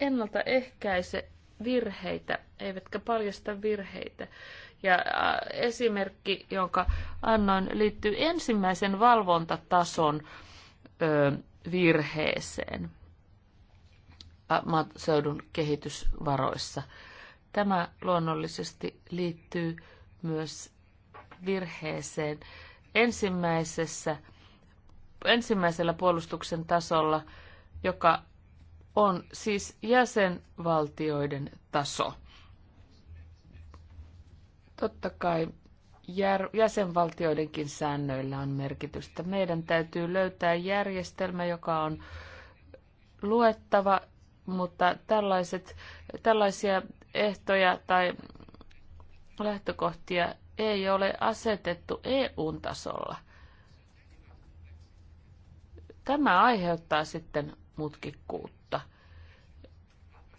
[SPEAKER 2] ennaltaehkäise virheitä, eivätkä paljasta virheitä. Ja esimerkki, jonka annoin, liittyy ensimmäisen valvontatason ö, virheeseen maaseudun kehitysvaroissa. Tämä luonnollisesti liittyy myös virheeseen. Ensimmäisessä, ensimmäisellä puolustuksen tasolla, joka on siis jäsenvaltioiden taso. Totta kai jäsenvaltioidenkin säännöillä on merkitystä. Meidän täytyy löytää järjestelmä, joka on luettava mutta tällaiset, tällaisia ehtoja tai lähtökohtia ei ole asetettu eu tasolla. Tämä aiheuttaa sitten mutkikkuutta.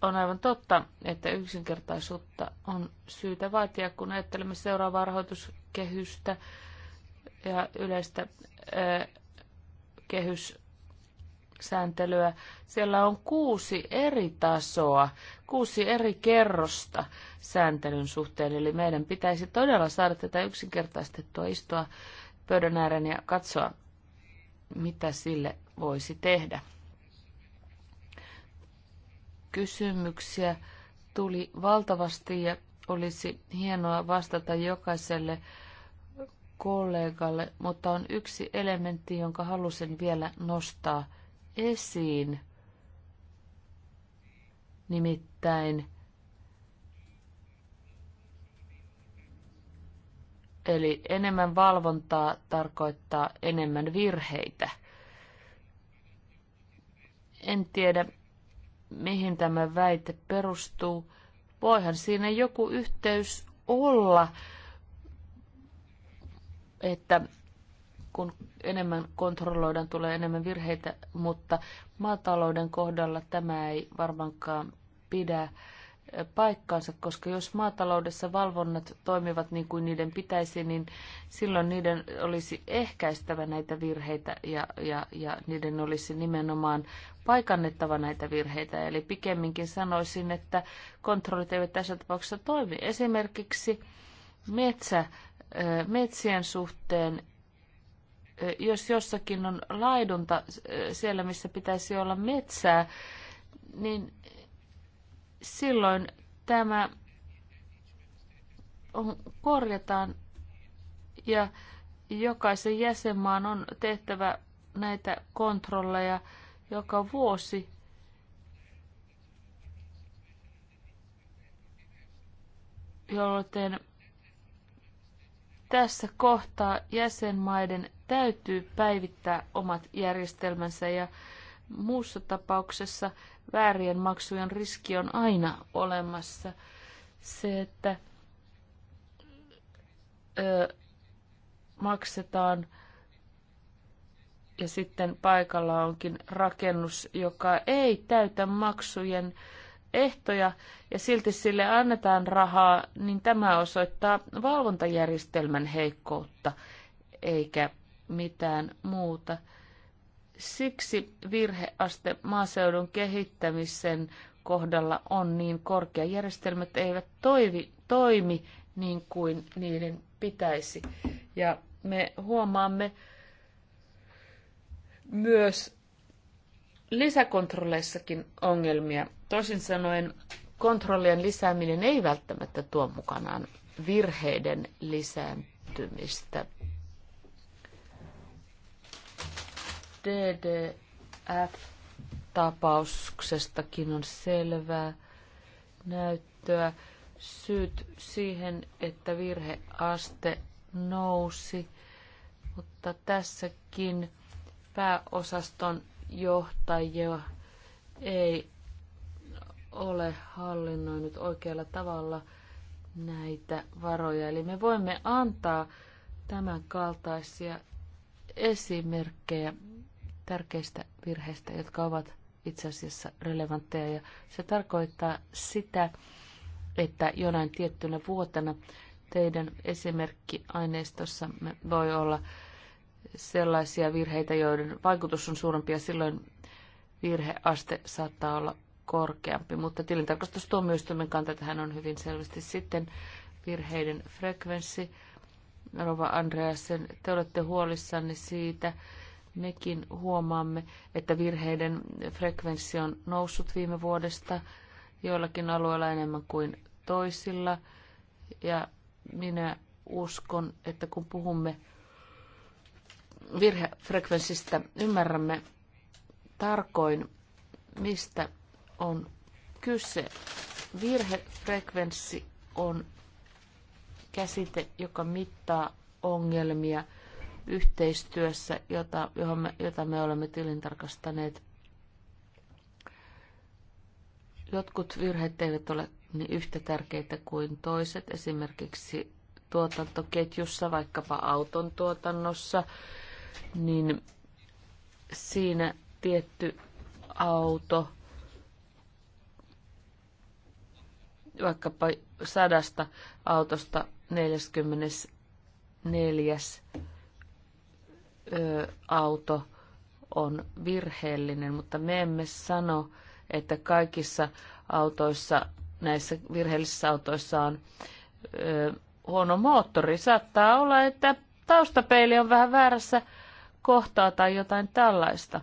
[SPEAKER 2] On aivan totta, että yksinkertaisuutta on syytä vaatia, kun ajattelemme seuraavaa rahoituskehystä ja yleistä kehys sääntelyä. Siellä on kuusi eri tasoa, kuusi eri kerrosta sääntelyn suhteen, eli meidän pitäisi todella saada tätä yksinkertaistettua istua pöydän ääreen ja katsoa, mitä sille voisi tehdä. Kysymyksiä tuli valtavasti ja olisi hienoa vastata jokaiselle kollegalle, mutta on yksi elementti, jonka halusin vielä nostaa esiin. Nimittäin Eli enemmän valvontaa tarkoittaa enemmän virheitä. En tiedä, mihin tämä väite perustuu. Voihan siinä joku yhteys olla, että kun enemmän kontrolloidaan, tulee enemmän virheitä, mutta maatalouden kohdalla tämä ei varmaankaan pidä eh, paikkaansa, koska jos maataloudessa valvonnat toimivat niin kuin niiden pitäisi, niin silloin niiden olisi ehkäistävä näitä virheitä ja, ja, ja niiden olisi nimenomaan paikannettava näitä virheitä. Eli pikemminkin sanoisin, että kontrollit eivät tässä tapauksessa toimi. Esimerkiksi metsä, eh, metsien suhteen jos jossakin on laidunta siellä, missä pitäisi olla metsää, niin silloin tämä on, korjataan ja jokaisen jäsenmaan on tehtävä näitä kontrolleja joka vuosi. Jolloin tässä kohtaa jäsenmaiden täytyy päivittää omat järjestelmänsä ja muussa tapauksessa väärien maksujen riski on aina olemassa. Se, että ö, maksetaan ja sitten paikalla onkin rakennus, joka ei täytä maksujen ehtoja ja silti sille annetaan rahaa, niin tämä osoittaa valvontajärjestelmän heikkoutta eikä mitään muuta. Siksi virheaste maaseudun kehittämisen kohdalla on niin korkea. Järjestelmät eivät toivi, toimi niin kuin niiden pitäisi. Ja me huomaamme myös lisäkontrolleissakin ongelmia. Toisin sanoen kontrollien lisääminen ei välttämättä tuo mukanaan virheiden lisääntymistä. DDF-tapauksestakin on selvää näyttöä. Syyt siihen, että virheaste nousi, mutta tässäkin pääosaston johtajia ei ole hallinnoinut oikealla tavalla näitä varoja. Eli me voimme antaa tämän kaltaisia esimerkkejä tärkeistä virheistä, jotka ovat itse asiassa relevantteja. Ja se tarkoittaa sitä, että jonain tiettynä vuotena teidän esimerkkiaineistossa voi olla sellaisia virheitä, joiden vaikutus on suurempi ja silloin virheaste saattaa olla korkeampi. Mutta tilintarkastustuomioistuimen kanta tähän on hyvin selvästi sitten virheiden frekvenssi. Rova Andreasen, te olette huolissanne siitä, mekin huomaamme, että virheiden frekvenssi on noussut viime vuodesta joillakin alueilla enemmän kuin toisilla. Ja minä uskon, että kun puhumme virhefrekvenssistä, ymmärrämme tarkoin, mistä on kyse. Virhefrekvenssi on käsite, joka mittaa ongelmia – yhteistyössä, jota, johon me, jota me olemme tilintarkastaneet. Jotkut virheet eivät ole niin yhtä tärkeitä kuin toiset, esimerkiksi tuotantoketjussa, vaikkapa auton tuotannossa, niin siinä tietty auto, vaikkapa sadasta autosta 44 auto on virheellinen, mutta me emme sano, että kaikissa autoissa, näissä virheellisissä autoissa on ö, huono moottori. Saattaa olla, että taustapeili on vähän väärässä kohtaa tai jotain tällaista.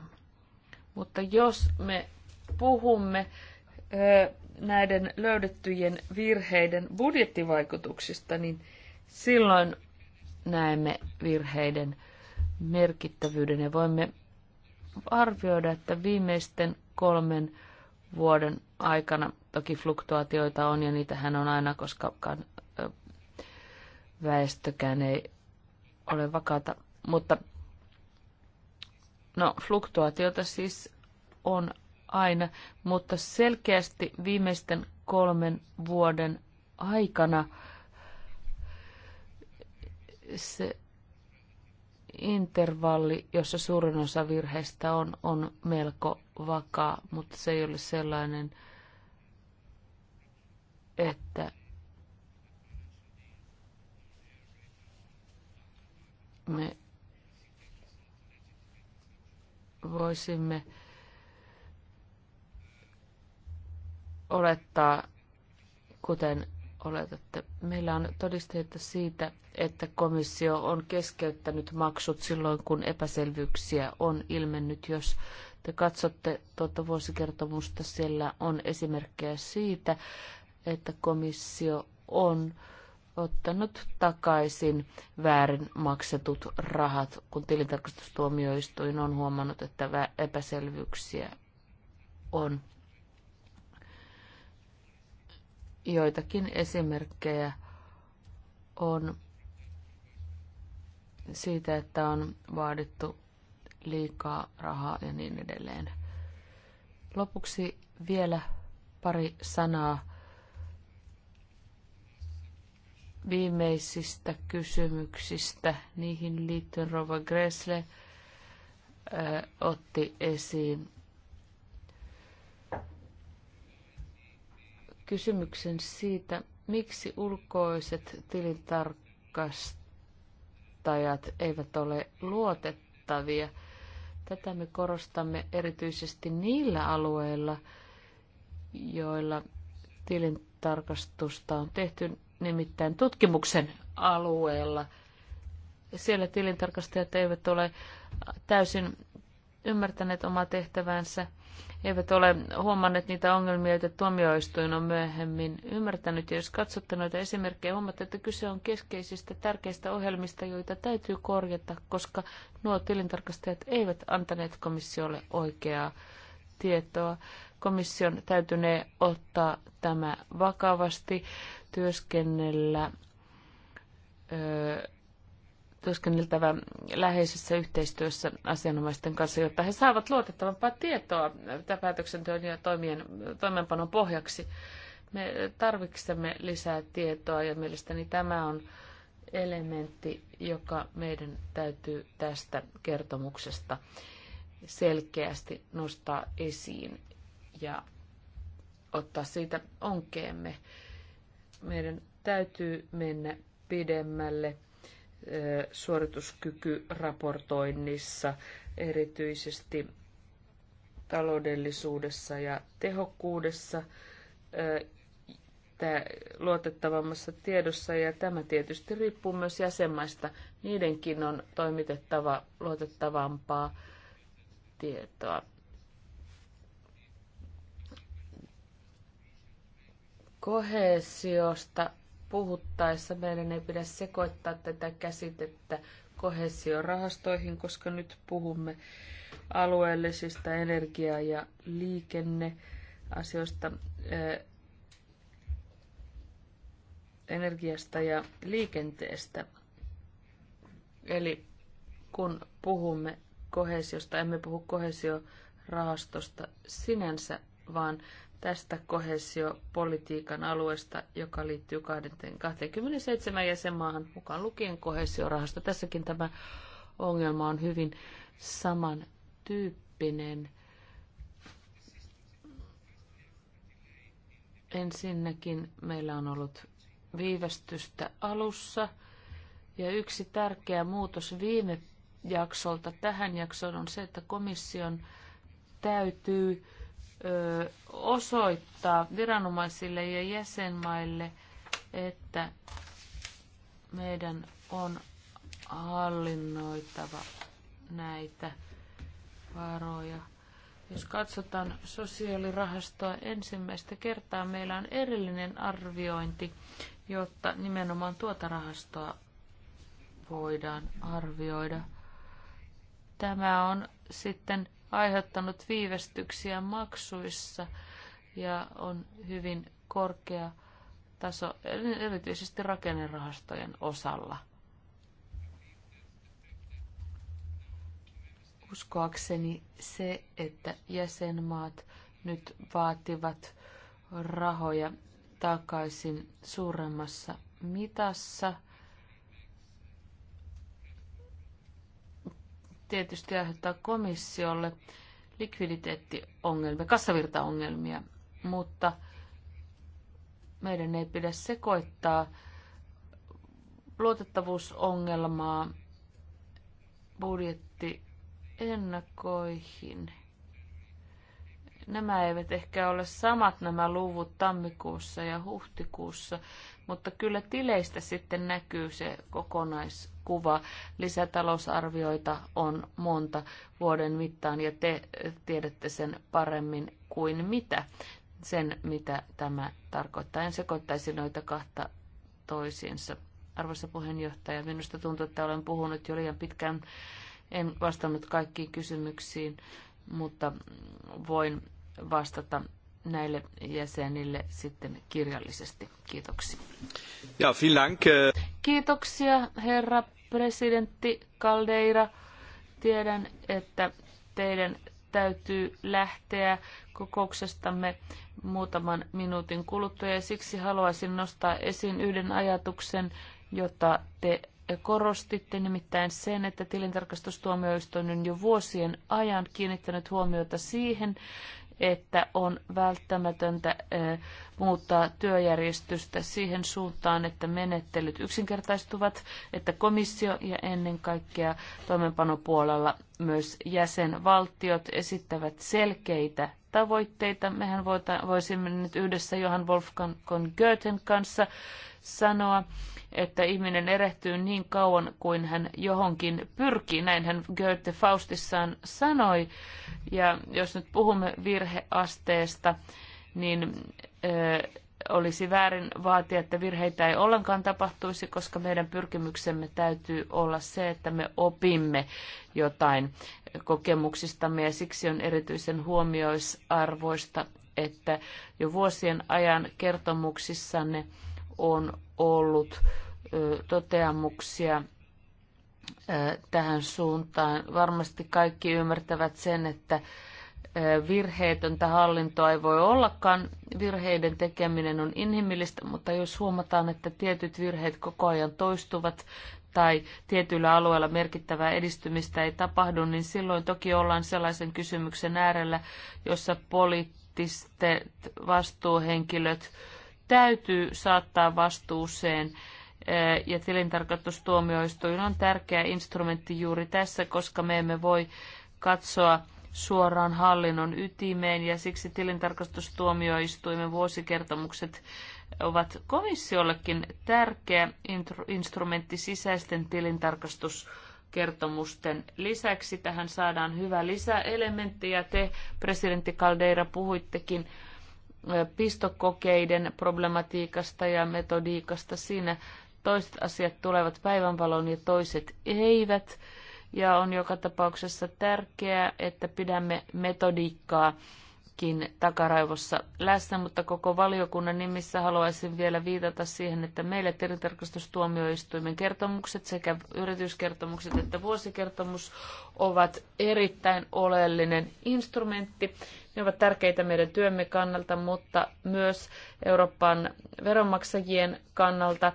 [SPEAKER 2] Mutta jos me puhumme ö, näiden löydettyjen virheiden budjettivaikutuksista, niin silloin näemme virheiden merkittävyyden ja voimme arvioida, että viimeisten kolmen vuoden aikana, toki fluktuaatioita on ja niitähän on aina, koska väestökään ei ole vakaata, mutta no fluktuaatiota siis on aina, mutta selkeästi viimeisten kolmen vuoden aikana se intervalli, jossa suurin osa virheistä on, on melko vakaa, mutta se ei ole sellainen, että me voisimme olettaa, kuten oletatte? Meillä on todisteita siitä, että komissio on keskeyttänyt maksut silloin, kun epäselvyyksiä on ilmennyt. Jos te katsotte tuota vuosikertomusta, siellä on esimerkkejä siitä, että komissio on ottanut takaisin väärin maksetut rahat, kun tilintarkastustuomioistuin on huomannut, että epäselvyyksiä on joitakin esimerkkejä on siitä, että on vaadittu liikaa rahaa ja niin edelleen. Lopuksi vielä pari sanaa viimeisistä kysymyksistä. Niihin liittyen Rova Gressle otti esiin kysymyksen siitä, miksi ulkoiset tilintarkastajat eivät ole luotettavia. Tätä me korostamme erityisesti niillä alueilla, joilla tilintarkastusta on tehty, nimittäin tutkimuksen alueella. Siellä tilintarkastajat eivät ole täysin ymmärtäneet omaa tehtävänsä, eivät ole huomanneet niitä ongelmia, joita tuomioistuin on myöhemmin ymmärtänyt. Ja jos katsotte noita esimerkkejä, huomaatte, että kyse on keskeisistä tärkeistä ohjelmista, joita täytyy korjata, koska nuo tilintarkastajat eivät antaneet komissiolle oikeaa tietoa. Komission täytynee ottaa tämä vakavasti, työskennellä öö, työskenneltävä läheisessä yhteistyössä asianomaisten kanssa, jotta he saavat luotettavampaa tietoa päätöksenteon ja toimien, toimeenpanon pohjaksi. Me tarvitsemme lisää tietoa ja mielestäni tämä on elementti, joka meidän täytyy tästä kertomuksesta selkeästi nostaa esiin ja ottaa siitä onkeemme. Meidän täytyy mennä pidemmälle – suorituskykyraportoinnissa, erityisesti taloudellisuudessa ja tehokkuudessa, luotettavammassa tiedossa ja tämä tietysti riippuu myös jäsenmaista. Niidenkin on toimitettava luotettavampaa tietoa. Kohesiosta puhuttaessa meidän ei pidä sekoittaa tätä käsitettä kohesiorahastoihin, koska nyt puhumme alueellisista energia- ja liikenneasioista, eh, energiasta ja liikenteestä. Eli kun puhumme kohesiosta, emme puhu kohesiorahastosta sinänsä, vaan tästä kohesiopolitiikan alueesta, joka liittyy 27 jäsenmaahan mukaan lukien kohesiorahasto. Tässäkin tämä ongelma on hyvin samantyyppinen. Ensinnäkin meillä on ollut viivästystä alussa ja yksi tärkeä muutos viime jaksolta tähän jaksoon on se, että komission täytyy osoittaa viranomaisille ja jäsenmaille, että meidän on hallinnoitava näitä varoja. Jos katsotaan sosiaalirahastoa ensimmäistä kertaa, meillä on erillinen arviointi, jotta nimenomaan tuota rahastoa voidaan arvioida. Tämä on sitten aiheuttanut viivästyksiä maksuissa ja on hyvin korkea taso erityisesti rakennerahastojen osalla. Uskoakseni se, että jäsenmaat nyt vaativat rahoja takaisin suuremmassa mitassa – tietysti aiheuttaa komissiolle likviditeettiongelmia, kassavirtaongelmia, mutta meidän ei pidä sekoittaa luotettavuusongelmaa budjettiennakoihin. Nämä eivät ehkä ole samat nämä luvut tammikuussa ja huhtikuussa mutta kyllä tileistä sitten näkyy se kokonaiskuva. Lisätalousarvioita on monta vuoden mittaan ja te tiedätte sen paremmin kuin mitä, sen mitä tämä tarkoittaa. En sekoittaisi noita kahta toisiinsa. Arvoisa puheenjohtaja, minusta tuntuu, että olen puhunut jo liian pitkään. En vastannut kaikkiin kysymyksiin, mutta voin vastata näille jäsenille sitten kirjallisesti. Kiitoksia. Ja, dank. Äh. Kiitoksia, herra presidentti Caldeira. Tiedän, että teidän täytyy lähteä kokouksestamme muutaman minuutin kuluttua ja siksi haluaisin nostaa esiin yhden ajatuksen, jota te korostitte, nimittäin sen, että tilintarkastustuomioistuin on jo vuosien ajan kiinnittänyt huomiota siihen, että on välttämätöntä muuttaa työjärjestystä siihen suuntaan, että menettelyt yksinkertaistuvat, että komissio ja ennen kaikkea toimenpanopuolella myös jäsenvaltiot esittävät selkeitä tavoitteita. Mehän voisimme nyt yhdessä Johan Wolfgang von Goethen kanssa sanoa, että ihminen erehtyy niin kauan kuin hän johonkin pyrkii. Näin hän Goethe Faustissaan sanoi. Ja jos nyt puhumme virheasteesta, niin olisi väärin vaatia, että virheitä ei ollenkaan tapahtuisi, koska meidän pyrkimyksemme täytyy olla se, että me opimme jotain kokemuksistamme ja siksi on erityisen huomioisarvoista, että jo vuosien ajan kertomuksissanne on ollut toteamuksia tähän suuntaan. Varmasti kaikki ymmärtävät sen, että virheetöntä hallintoa ei voi ollakaan. Virheiden tekeminen on inhimillistä, mutta jos huomataan, että tietyt virheet koko ajan toistuvat tai tietyillä alueilla merkittävää edistymistä ei tapahdu, niin silloin toki ollaan sellaisen kysymyksen äärellä, jossa poliittiset vastuuhenkilöt täytyy saattaa vastuuseen ja tilintarkastustuomioistuin on tärkeä instrumentti juuri tässä, koska me emme voi katsoa suoraan hallinnon ytimeen ja siksi tilintarkastustuomioistuimen vuosikertomukset ovat komissiollekin tärkeä instrumentti sisäisten tilintarkastuskertomusten lisäksi. Tähän saadaan hyvä lisäelementti ja te, presidentti Caldeira, puhuittekin pistokokeiden problematiikasta ja metodiikasta. Siinä toiset asiat tulevat päivänvaloon ja toiset eivät ja on joka tapauksessa tärkeää, että pidämme metodiikkaa takaraivossa läsnä, mutta koko valiokunnan nimissä haluaisin vielä viitata siihen, että meille tilintarkastustuomioistuimen kertomukset sekä yrityskertomukset että vuosikertomus ovat erittäin oleellinen instrumentti. Ne ovat tärkeitä meidän työmme kannalta, mutta myös Euroopan veronmaksajien kannalta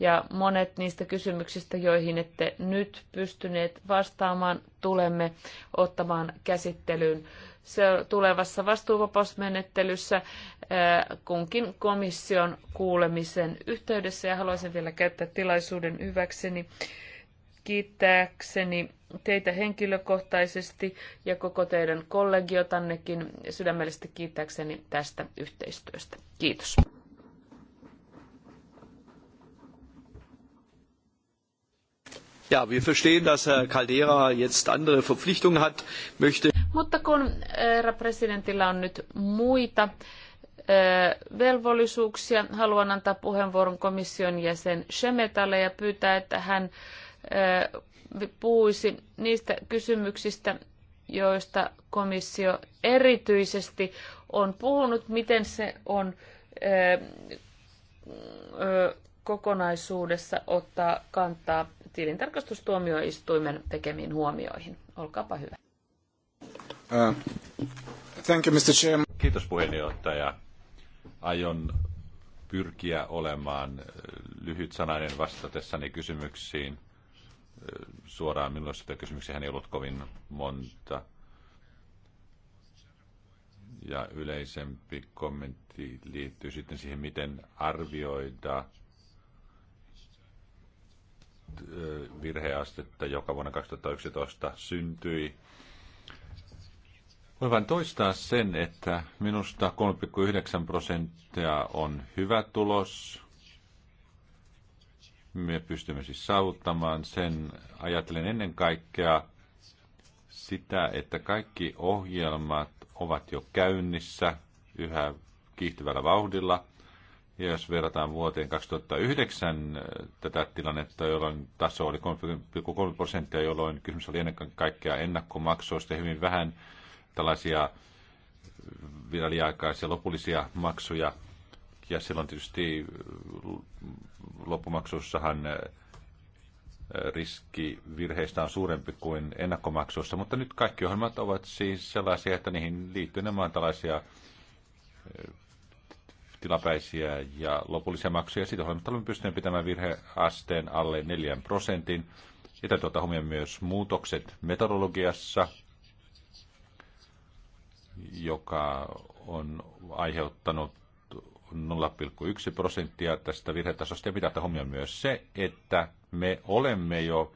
[SPEAKER 2] ja monet niistä kysymyksistä, joihin ette nyt pystyneet vastaamaan, tulemme ottamaan käsittelyyn se tulevassa vastuuvapausmenettelyssä eh, kunkin komission kuulemisen yhteydessä. Ja haluaisin vielä käyttää tilaisuuden hyväkseni kiittääkseni teitä henkilökohtaisesti ja koko teidän kollegiotannekin sydämellisesti kiittääkseni tästä yhteistyöstä. Kiitos.
[SPEAKER 1] Ja, wir verstehen, dass Herr Caldera
[SPEAKER 2] jetzt andere Verpflichtungen hat, möchte... Mutta kun äh, herra presidentillä on nyt muita äh, velvollisuuksia, haluan antaa puheenvuoron komission jäsen Shemetalle ja pyytää, että hän äh, puhuisi niistä kysymyksistä, joista komissio erityisesti on puhunut, miten se on kokonaisuudessa ottaa kantaa tilintarkastustuomioistuimen tekemiin huomioihin. Olkaapa hyvä. Uh, thank you, Mr. Chairman.
[SPEAKER 3] Kiitos puheenjohtaja. Aion pyrkiä olemaan eh, lyhyt sanainen vastatessani kysymyksiin. Eh, suoraan minulle sitä kysymyksiä ei ollut kovin monta. Ja yleisempi kommentti liittyy sitten siihen, miten arvioida virheastetta, joka vuonna 2011 syntyi. Voin vain toistaa sen, että minusta 3,9 prosenttia on hyvä tulos. Me pystymme siis saavuttamaan sen. Ajattelen ennen kaikkea sitä, että kaikki ohjelmat ovat jo käynnissä yhä kiihtyvällä vauhdilla – ja jos verrataan vuoteen 2009 äh, tätä tilannetta, jolloin taso oli 3,3 prosenttia, jolloin kysymys oli ennen kaikkea ennakkomaksuista ja hyvin vähän tällaisia viraliaikaisia lopullisia maksuja. Ja silloin tietysti äh, loppumaksuissahan äh, riski virheistä on suurempi kuin ennakkomaksuissa, mutta nyt kaikki ohjelmat ovat siis sellaisia, että niihin liittyy nämä tällaisia tilapäisiä ja lopullisia maksuja. Siitä huolimatta olemme pystyneet pitämään virheasteen alle 4 prosentin. Sitä tuota huomioon myös muutokset metodologiassa, joka on aiheuttanut 0,1 prosenttia tästä virhetasosta. Ja pitää ottaa huomioon myös se, että me olemme jo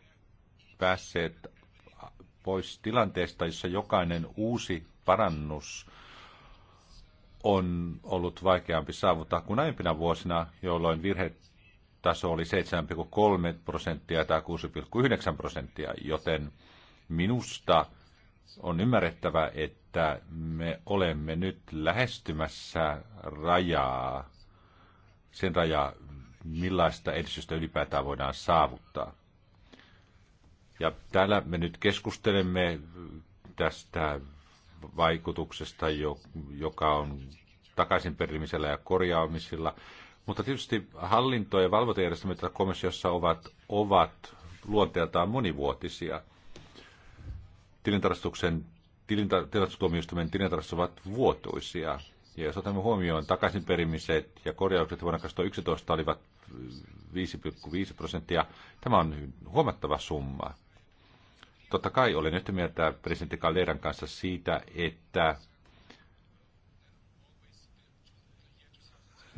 [SPEAKER 3] päässeet pois tilanteesta, jossa jokainen uusi parannus on ollut vaikeampi saavuttaa kuin aiempina vuosina, jolloin virhetaso oli 7,3 prosenttia tai 6,9 prosenttia, joten minusta on ymmärrettävä, että me olemme nyt lähestymässä rajaa, sen rajaa, millaista edistystä ylipäätään voidaan saavuttaa. Ja täällä me nyt keskustelemme tästä vaikutuksesta, joka on takaisinperimisellä ja korjaamisilla. Mutta tietysti hallinto- ja valvontajärjestelmät, komissiossa ovat, ovat luonteeltaan monivuotisia. Tilintarkastuksen tilintarkastustuomioistuimen tilintarastus ovat vuotuisia. Ja jos otamme huomioon takaisinperimiset ja korjaukset vuonna 2011 olivat 5,5 prosenttia, tämä on huomattava summa. Totta kai olen yhtä mieltä presidentti Calderan kanssa siitä, että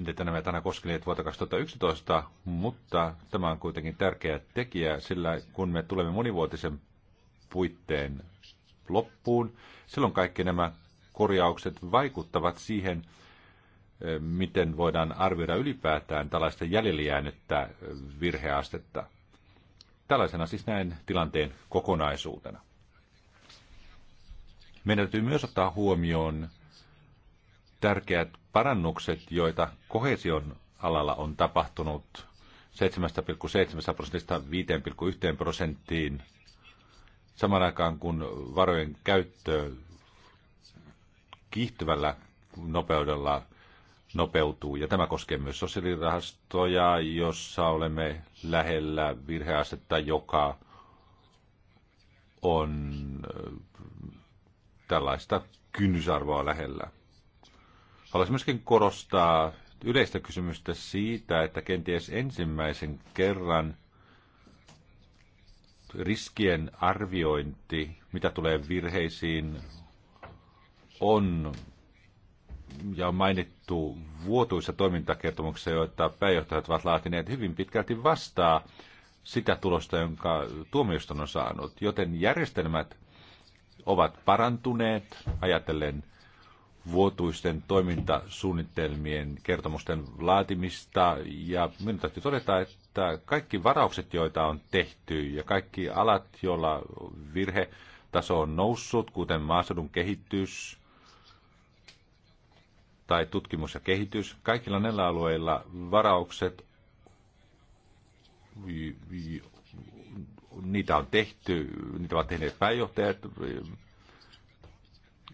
[SPEAKER 3] että nämä tänään koskeneet vuotta 2011, mutta tämä on kuitenkin tärkeä tekijä, sillä kun me tulemme monivuotisen puitteen loppuun, silloin kaikki nämä korjaukset vaikuttavat siihen, eh, miten voidaan arvioida ylipäätään tällaista jäljellä jäänyttä virheastetta. Tällaisena siis näen tilanteen kokonaisuutena. Meidän täytyy myös ottaa huomioon tärkeät parannukset, joita kohesion alalla on tapahtunut 7,7 prosentista 5,1 prosenttiin samaan aikaan kun varojen käyttö kiihtyvällä nopeudella nopeutuu. Ja tämä koskee myös sosiaalirahastoja, jossa olemme lähellä virheasetta, joka on äh, tällaista kynnysarvoa lähellä. Haluaisin myöskin korostaa yleistä kysymystä siitä, että kenties ensimmäisen kerran riskien arviointi, mitä tulee virheisiin, on ja on mainittu vuotuissa toimintakertomuksissa, joita pääjohtajat ovat laatineet, hyvin pitkälti vastaa sitä tulosta, jonka tuomioistuin on saanut. Joten järjestelmät ovat parantuneet, ajatellen vuotuisten toimintasuunnitelmien kertomusten laatimista. Ja minun täytyy todeta, että kaikki varaukset, joita on tehty ja kaikki alat, joilla taso on noussut, kuten maaseudun kehitys, tai tutkimus ja kehitys. Kaikilla näillä alueilla varaukset, niitä on tehty, niitä ovat tehneet pääjohtajat,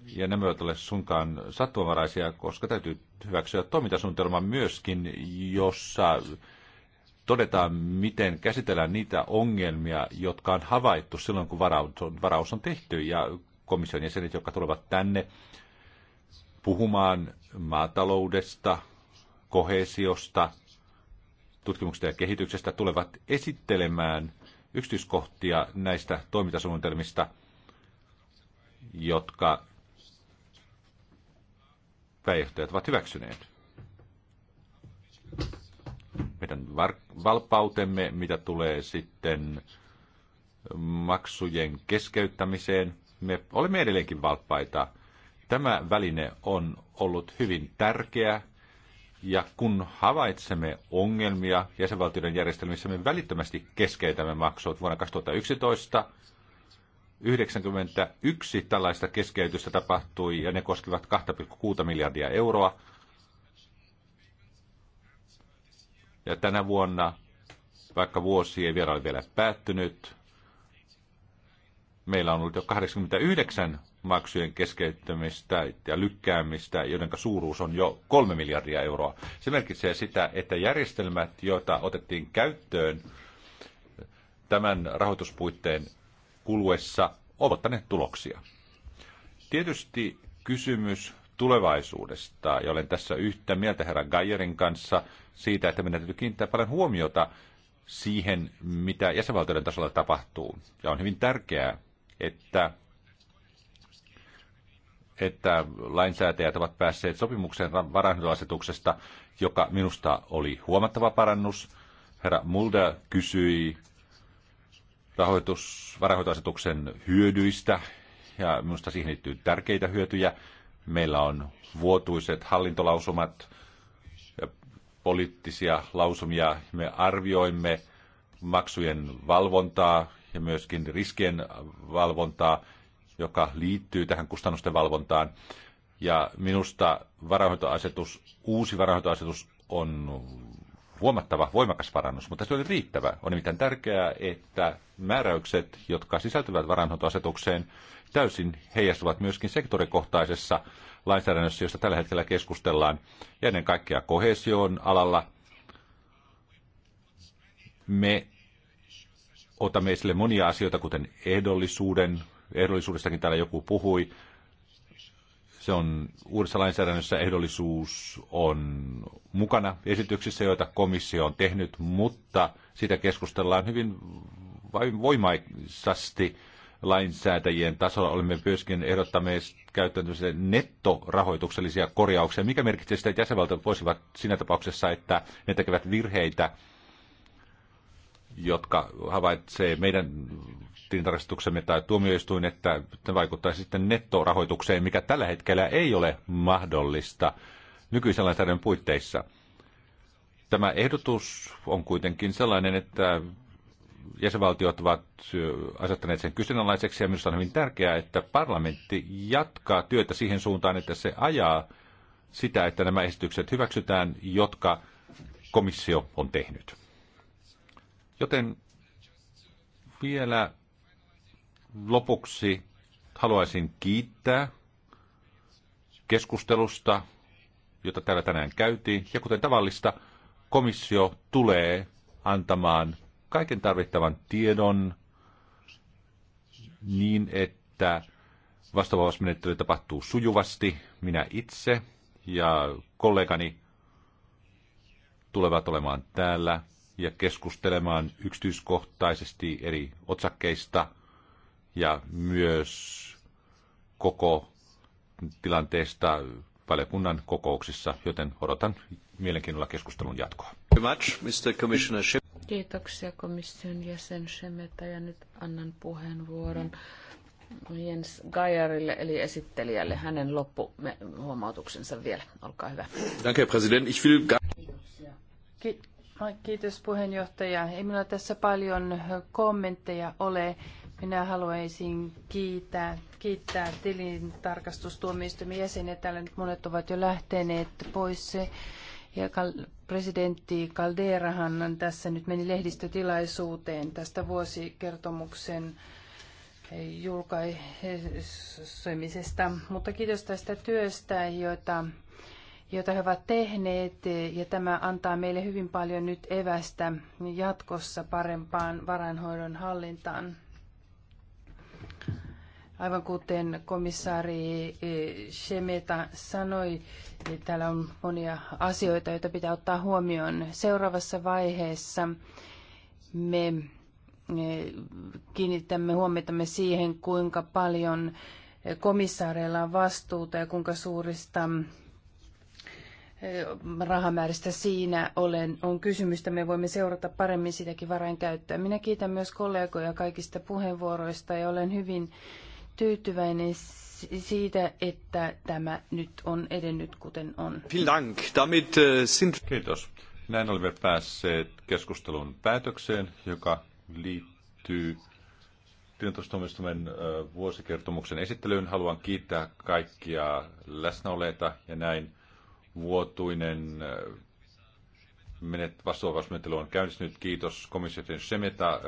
[SPEAKER 3] ja nämä eivät ole sunkaan sattumanvaraisia, koska täytyy hyväksyä toimintasuunnitelma myöskin, jossa todetaan, miten käsitellään niitä ongelmia, jotka on havaittu silloin, kun varaus on, varaus on tehty. Ja komission jäsenet, jotka tulevat tänne, puhumaan maataloudesta, kohesiosta, tutkimuksesta ja kehityksestä, tulevat esittelemään yksityiskohtia näistä toimintasuunnitelmista, jotka pääjohtajat ovat hyväksyneet. Meidän valpautemme, mitä tulee sitten maksujen keskeyttämiseen, me olemme edelleenkin valppaita Tämä väline on ollut hyvin tärkeä ja kun havaitsemme ongelmia jäsenvaltioiden järjestelmissä, me välittömästi keskeytämme maksut. Vuonna 2011 91 tällaista keskeytystä tapahtui ja ne koskivat 2,6 miljardia euroa. Ja tänä vuonna, vaikka vuosi ei vielä ole vielä päättynyt, meillä on ollut jo 89 maksujen keskeyttämistä ja lykkäämistä, joiden suuruus on jo 3 miljardia euroa. Se merkitsee sitä, että järjestelmät, joita otettiin käyttöön tämän rahoituspuitteen kuluessa, ovat tänne tuloksia. Tietysti kysymys tulevaisuudesta, ja olen tässä yhtä mieltä herra Gajerin kanssa siitä, että meidän täytyy kiinnittää paljon huomiota siihen, mitä jäsenvaltioiden tasolla tapahtuu. Ja on hyvin tärkeää, että että lainsäätäjät ovat päässeet sopimukseen varainhoitoasetuksesta, joka minusta oli huomattava parannus. Herra Mulder kysyi rahoitus, varainhoitoasetuksen hyödyistä, ja minusta siihen liittyy tärkeitä hyötyjä. Meillä on vuotuiset hallintolausumat, ja poliittisia lausumia. Me arvioimme maksujen valvontaa ja myöskin riskien valvontaa, joka liittyy tähän kustannusten valvontaan. Ja minusta varainhoitoasetus, uusi varainhoitoasetus on huomattava, voimakas parannus, mutta se oli riittävä. On nimittäin tärkeää, että määräykset, jotka sisältyvät varainhoitoasetukseen, täysin heijastuvat myöskin sektorikohtaisessa lainsäädännössä, josta tällä hetkellä keskustellaan, ja ennen kaikkea kohesioon alalla. Me otamme esille monia asioita, kuten ehdollisuuden. Ehdollisuudestakin täällä joku puhui. Se on uudessa lainsäädännössä ehdollisuus on mukana esityksissä, joita komissio on tehnyt, mutta sitä keskustellaan hyvin voimaisesti lainsäätäjien tasolla. Olemme myöskin ehdottaneet käyttämisen nettorahoituksellisia korjauksia, mikä merkitsee sitä, että jäsenvaltiot voisivat siinä tapauksessa, että ne tekevät virheitä, jotka havaitsee meidän tilintarkastuksemme tai tuomioistuin, että ne vaikuttaa sitten nettorahoitukseen, mikä tällä hetkellä ei ole mahdollista nykyisen lainsäädännön puitteissa. Tämä ehdotus on kuitenkin sellainen, että jäsenvaltiot ovat asettaneet sen kyseenalaiseksi ja minusta on hyvin tärkeää, että parlamentti jatkaa työtä siihen suuntaan, että se ajaa sitä, että nämä esitykset hyväksytään, jotka komissio on tehnyt. Joten vielä lopuksi haluaisin kiittää keskustelusta, jota täällä tänään käytiin. Ja kuten tavallista, komissio tulee antamaan kaiken tarvittavan tiedon niin, että vastaavausmenettely tapahtuu sujuvasti. Minä itse ja kollegani tulevat olemaan täällä ja keskustelemaan yksityiskohtaisesti eri otsakkeista ja myös koko tilanteesta valiokunnan kokouksissa, joten odotan mielenkiinnolla keskustelun jatkoa.
[SPEAKER 2] Kiitoksia komission jäsen Shemeta ja nyt annan puheenvuoron Jens Gajarille eli esittelijälle hänen huomautuksensa vielä. Olkaa hyvä.
[SPEAKER 3] Danke, Ich will...
[SPEAKER 1] Kiitoksia.
[SPEAKER 2] Ki- Kiitos
[SPEAKER 1] puheenjohtaja. Ei minulla tässä paljon kommentteja ole. Minä haluaisin kiittää, kiittää tilintarkastustuomioistuimen jäseniä. Täällä nyt monet ovat jo lähteneet pois. Ja presidentti Calderahan tässä nyt meni lehdistötilaisuuteen tästä vuosikertomuksen julkaisemisesta. Mutta kiitos tästä työstä, jota jota he ovat tehneet, ja tämä antaa meille hyvin paljon nyt evästä jatkossa parempaan varainhoidon hallintaan. Aivan kuten komissaari eh, Shemeta sanoi, niin täällä on monia asioita, joita pitää ottaa huomioon. Seuraavassa vaiheessa me eh, kiinnitämme huomiotamme siihen, kuinka paljon komissaareilla on vastuuta ja kuinka suurista rahamääristä siinä olen, on kysymystä. Me voimme seurata paremmin sitäkin varainkäyttöä. Minä kiitän myös kollegoja kaikista puheenvuoroista ja olen hyvin tyytyväinen siitä, että tämä nyt on edennyt kuten on.
[SPEAKER 3] Äh, Kiitos. Näin olemme päässeet keskustelun päätökseen, joka liittyy tilintarkastustoimistomen äh, vuosikertomuksen esittelyyn. Haluan kiittää kaikkia läsnäoleita ja näin vuotuinen äh, vastuuvausmenettely on käynnistynyt. Kiitos komissiotin Semeta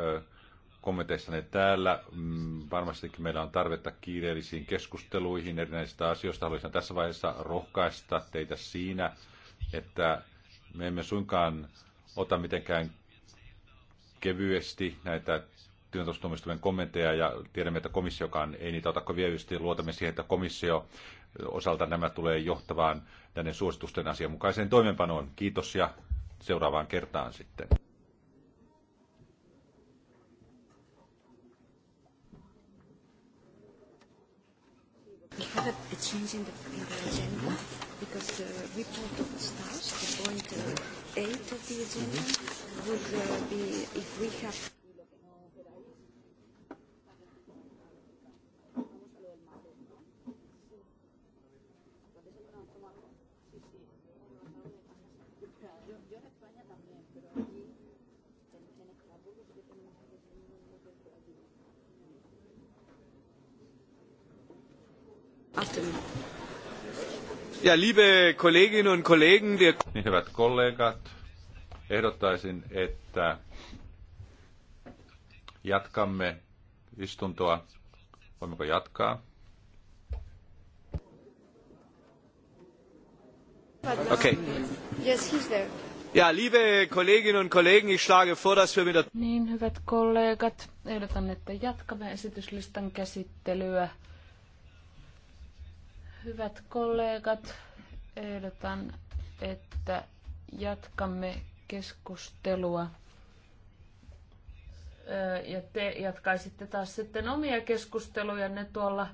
[SPEAKER 3] äh, ne täällä. Mm, varmastikin meillä on tarvetta kiireellisiin keskusteluihin erinäisistä asioista. Haluaisin tässä vaiheessa rohkaista teitä siinä, että me emme suinkaan ota mitenkään kevyesti näitä työntoistuomioistuimen kommentteja ja tiedämme, että komissiokaan ei niitä ota kevyesti. Luotamme siihen, että komissio osalta nämä tulee johtavaan tänne suositusten asianmukaiseen toimenpanoon. Kiitos ja seuraavaan kertaan sitten.
[SPEAKER 2] We a, a change in the, in the agenda because the report of stars, the point uh, eight of the agenda, would uh, be if we have.
[SPEAKER 1] Ja liebe
[SPEAKER 2] Kolleginnen und Kollegen, wir...
[SPEAKER 3] Niin, hyvät kollegat, ehdottaisin, että jatkamme istuntoa. Voimmeko jatkaa?
[SPEAKER 2] Okay. Yes, he's there. Ja, liebe Kolleginnen und Kollegen, ich schlage vor, dass wir wieder... Niin, hyvät kollegat, ehdotan, että jatkamme esityslistan käsittelyä. Hyvät kollegat, ehdotan, että jatkamme keskustelua. Ja te jatkaisitte taas sitten omia ne tuolla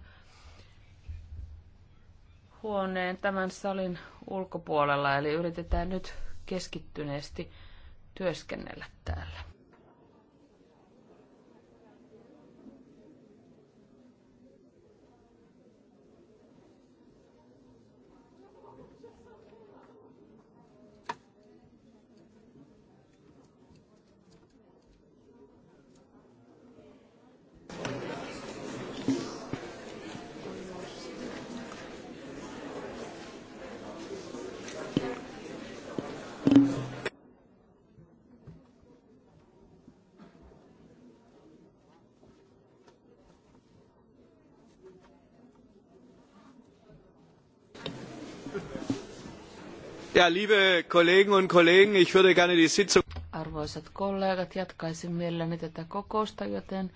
[SPEAKER 2] huoneen tämän salin ulkopuolella, eli yritetään nyt keskittyneesti työskennellä täällä. liebe und Kollegen, ich würde gerne die Sitzung... Arvoisat kollegat, jatkaisin mielelläni tätä kokousta, joten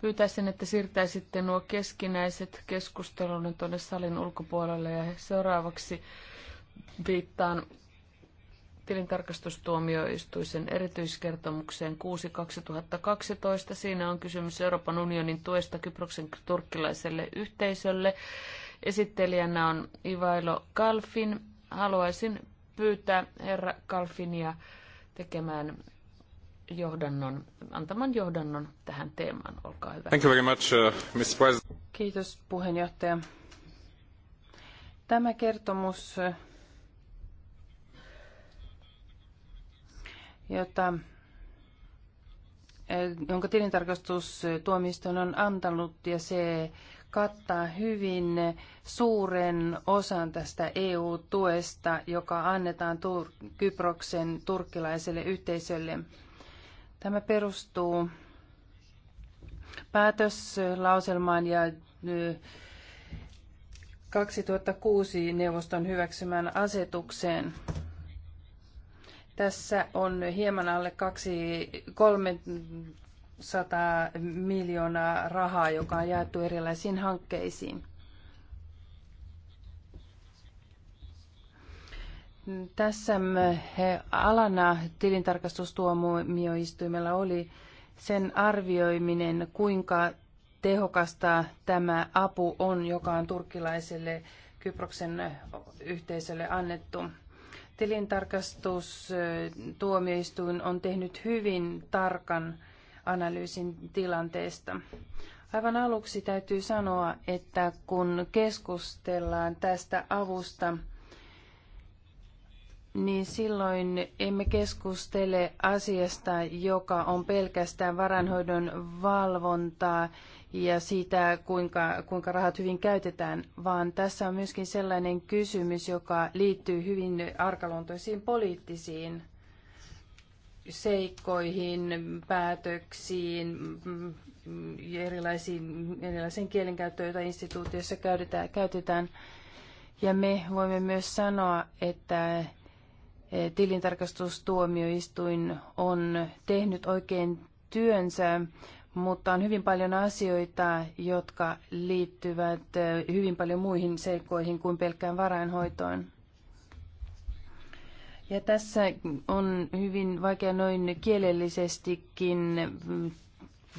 [SPEAKER 2] pyytäisin, että siirtäisitte nuo keskinäiset keskustelunne tuonne salin ulkopuolelle ja seuraavaksi viittaan tilintarkastustuomioistuisen erityiskertomukseen 6-2012. Siinä on kysymys Euroopan unionin tuesta Kyproksen turkkilaiselle yhteisölle. Esittelijänä on Ivailo Kalfin. Haluaisin pyytää herra Kalfinia tekemään johdannon, antaman johdannon tähän teemaan. Olkaa hyvä. Thank you
[SPEAKER 3] very much, uh, Mr.
[SPEAKER 1] President. Kiitos puheenjohtaja. Tämä kertomus, jota, eh, jonka tilintarkastustuomioistuin on antanut ja se kattaa hyvin suuren osan tästä EU-tuesta, joka annetaan Tur- Kyproksen turkkilaiselle yhteisölle. Tämä perustuu päätöslauselmaan ja 2006 neuvoston hyväksymään asetukseen. Tässä on hieman alle kaksi, kolme 100 miljoonaa rahaa, joka on jaettu erilaisiin hankkeisiin. Tässä alana tilintarkastustuomioistuimella oli sen arvioiminen, kuinka tehokasta tämä apu on, joka on turkkilaiselle Kyproksen yhteisölle annettu. Tilintarkastustuomioistuin on tehnyt hyvin tarkan analyysin tilanteesta. Aivan aluksi täytyy sanoa, että kun keskustellaan tästä avusta, niin silloin emme keskustele asiasta, joka on pelkästään varanhoidon valvontaa ja siitä, kuinka, kuinka rahat hyvin käytetään, vaan tässä on myöskin sellainen kysymys, joka liittyy hyvin arkaluontoisiin poliittisiin seikkoihin, päätöksiin, erilaisiin, erilaisiin kielenkäyttöön, joita instituutiossa käytetään, käytetään. Ja me voimme myös sanoa, että eh, tilintarkastustuomioistuin on tehnyt oikein työnsä, mutta on hyvin paljon asioita, jotka liittyvät eh, hyvin paljon muihin seikkoihin kuin pelkkään varainhoitoon. Ja tässä on hyvin vaikea noin kielellisestikin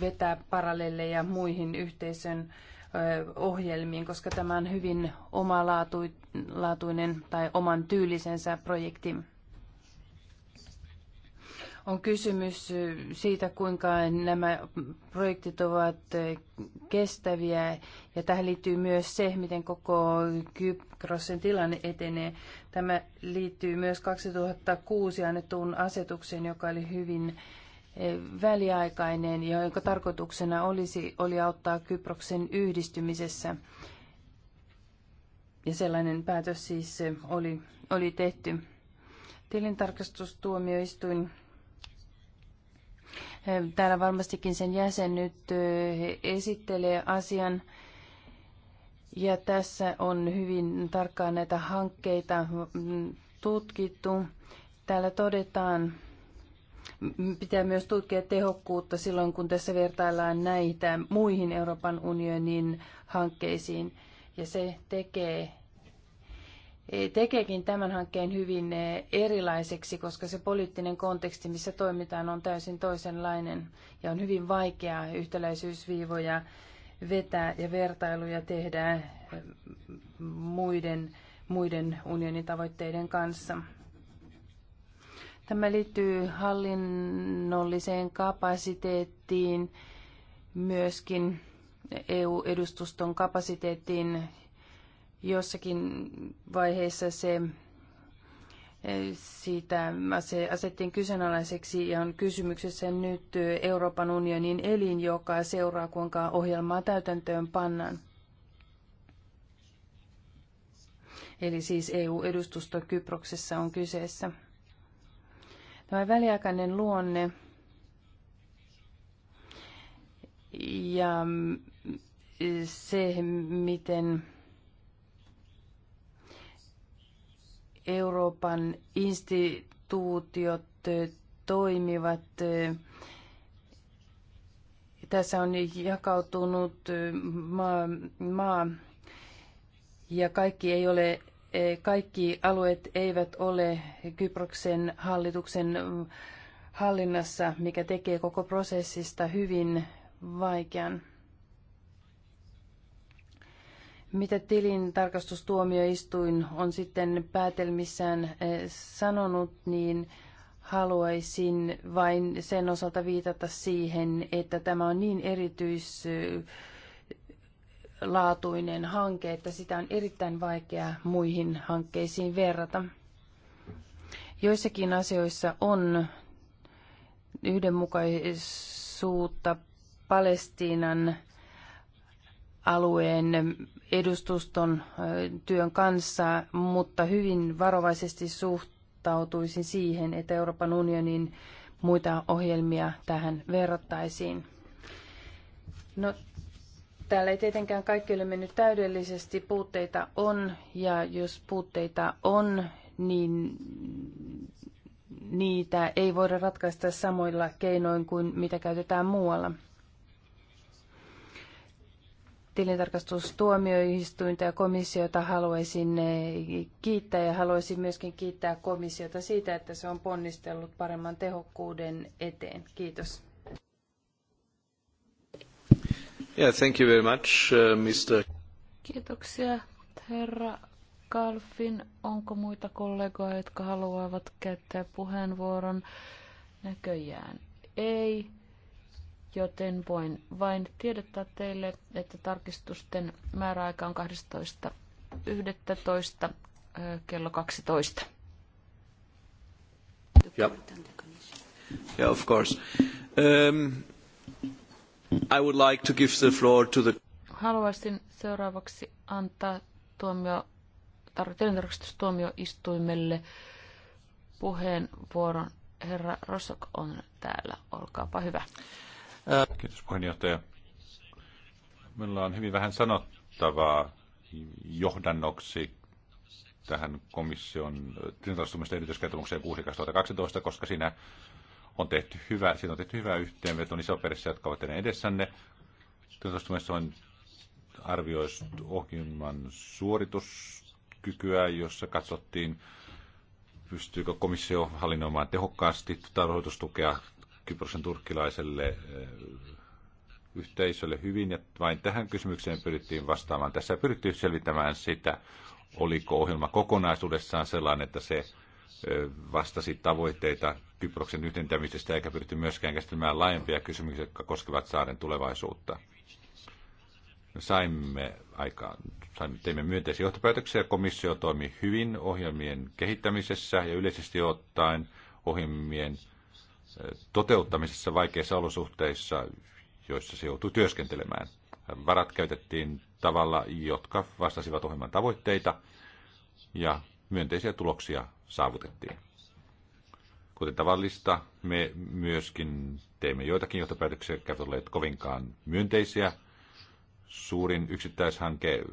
[SPEAKER 1] vetää paralleleja muihin yhteisön ohjelmiin, koska tämä on hyvin omalaatuinen tai oman tyylisensä projekti on kysymys siitä, kuinka nämä projektit ovat kestäviä ja tähän liittyy myös se, miten koko Kyprosen tilanne etenee. Tämä liittyy myös 2006 annettuun asetukseen, joka oli hyvin väliaikainen ja jonka tarkoituksena olisi, oli auttaa Kyproksen yhdistymisessä. Ja sellainen päätös siis oli, oli tehty. Tilintarkastustuomioistuin Täällä varmastikin sen jäsen nyt esittelee asian. Ja tässä on hyvin tarkkaan näitä hankkeita tutkittu. Täällä todetaan, pitää myös tutkia tehokkuutta silloin, kun tässä vertaillaan näitä muihin Euroopan unionin hankkeisiin. Ja se tekee tekeekin tämän hankkeen hyvin erilaiseksi, koska se poliittinen konteksti, missä toimitaan, on täysin toisenlainen ja on hyvin vaikeaa yhtäläisyysviivoja vetää ja vertailuja tehdä muiden, muiden unionin tavoitteiden kanssa. Tämä liittyy hallinnolliseen kapasiteettiin, myöskin EU-edustuston kapasiteettiin jossakin vaiheessa se eh, siitä se asettiin kyseenalaiseksi ja on kysymyksessä nyt Euroopan unionin elin, joka seuraa kuinka ohjelmaa täytäntöön pannaan. Eli siis EU-edustusto Kyproksessa on kyseessä. Tämä väliaikainen luonne ja se, miten Euroopan instituutiot toimivat. Tässä on jakautunut maa, maa ja kaikki, ei ole, kaikki alueet eivät ole Kyproksen hallituksen hallinnassa, mikä tekee koko prosessista hyvin vaikean. Mitä tilintarkastustuomioistuin on sitten päätelmissään eh, sanonut, niin haluaisin vain sen osalta viitata siihen, että tämä on niin erityislaatuinen hanke, että sitä on erittäin vaikea muihin hankkeisiin verrata. Joissakin asioissa on yhdenmukaisuutta Palestiinan alueen edustuston työn kanssa, mutta hyvin varovaisesti suhtautuisin siihen, että Euroopan unionin muita ohjelmia tähän verrattaisiin. No, täällä ei tietenkään kaikki ole mennyt täydellisesti, puutteita on, ja jos puutteita on, niin niitä ei voida ratkaista samoilla keinoin kuin mitä käytetään muualla tilintarkastustuomioistuinta ja komissiota haluaisin eh, kiittää ja haluaisin myöskin kiittää komissiota siitä, että se on ponnistellut paremman tehokkuuden eteen.
[SPEAKER 2] Kiitos. Yeah, thank you very much, uh, Mr. Kiitoksia, herra Kalfin. Onko muita kollegoja, jotka haluavat käyttää puheenvuoron? Näköjään ei joten voin vain tiedottaa teille, että tarkistusten määräaika on 12.11. kello 12.
[SPEAKER 1] Yeah. yeah, of course.
[SPEAKER 2] Um, I would like to give the floor to the... Haluaisin seuraavaksi antaa tuomio, tuomioistuimelle puheenvuoron. Herra Rosok on täällä. Olkaapa hyvä.
[SPEAKER 3] Kiitos puheenjohtaja. Meillä on hyvin vähän sanottavaa johdannoksi tähän komission tilintarkastumista erityiskertomukseen 6 koska siinä on tehty hyvä, siinä on tehty hyvä yhteenveto iso perissä, jotka ovat teidän edessänne. Tilintarkastumissa on arvioistu ohjelman suorituskykyä, jossa katsottiin, pystyykö komissio hallinnoimaan tehokkaasti rahoitustukea Kyproksen turkkilaiselle eh, yhteisölle hyvin, ja vain tähän kysymykseen pyrittiin vastaamaan. Tässä pyrittiin selvittämään sitä, oliko ohjelma kokonaisuudessaan sellainen, että se eh, vastasi tavoitteita Kyproksen yhdentämisestä, eikä pyritty myöskään käsittelemään laajempia kysymyksiä, jotka koskevat saaren tulevaisuutta. Saimme aikaan, saimme, teimme myönteisiä johtopäätöksiä. Komissio toimi hyvin ohjelmien kehittämisessä ja yleisesti ottaen ohjelmien toteuttamisessa vaikeissa olosuhteissa, joissa se joutui työskentelemään. Varat käytettiin tavalla, jotka vastasivat ohjelman tavoitteita ja myönteisiä tuloksia saavutettiin. Kuten tavallista, me myöskin teimme joitakin johtopäätöksiä, jotka eivät olleet kovinkaan myönteisiä. Suurin yksittäishanke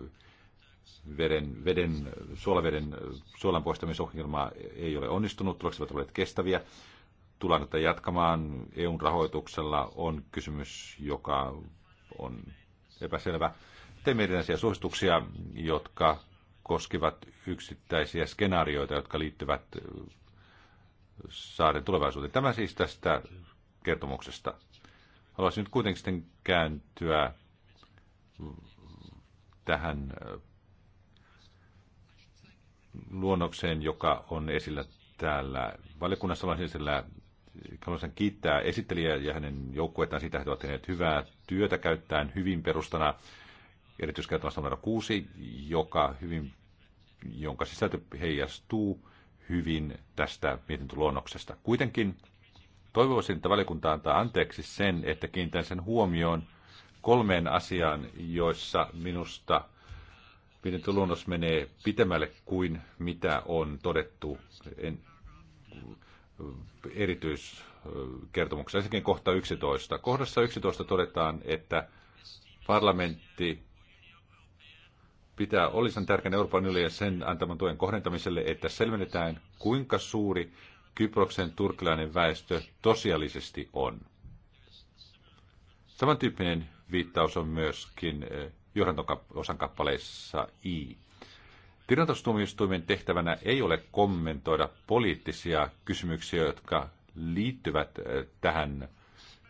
[SPEAKER 3] veden, veden, suolaveden, suolan poistamisohjelma ei ole onnistunut, tulokset ovat olleet kestäviä tullaan tätä jatkamaan EUn rahoituksella, on kysymys, joka on epäselvä. Teemme erilaisia suosituksia, jotka koskivat yksittäisiä skenaarioita, jotka liittyvät saaren tulevaisuuteen. Tämä siis tästä kertomuksesta. Haluaisin nyt kuitenkin sitten kääntyä tähän luonnokseen, joka on esillä täällä valiokunnassa, olen esillä haluaisin kiittää esittelijää ja hänen joukkueitaan siitä, että he ovat tehneet hyvää työtä käyttäen hyvin perustana erityiskertomasta numero kuusi, joka hyvin, jonka sisältö heijastuu hyvin tästä mietintöluonnoksesta. Kuitenkin toivoisin, että valiokunta antaa anteeksi sen, että kiinnitän sen huomioon kolmeen asiaan, joissa minusta mietintöluonnos menee pitemmälle kuin mitä on todettu. En, erityiskertomuksessa, ensinnäkin kohta 11. Kohdassa 11 todetaan, että parlamentti pitää olisen tärkeän Euroopan yli ja sen antaman tuen kohdentamiselle, että selvennetään, kuinka suuri Kyproksen turkilainen väestö tosiaalisesti on. Samantyyppinen viittaus on myöskin eh, johdantosan kappaleissa I. Tilintarkastustuomioistuimen tehtävänä ei ole kommentoida poliittisia kysymyksiä, jotka liittyvät tähän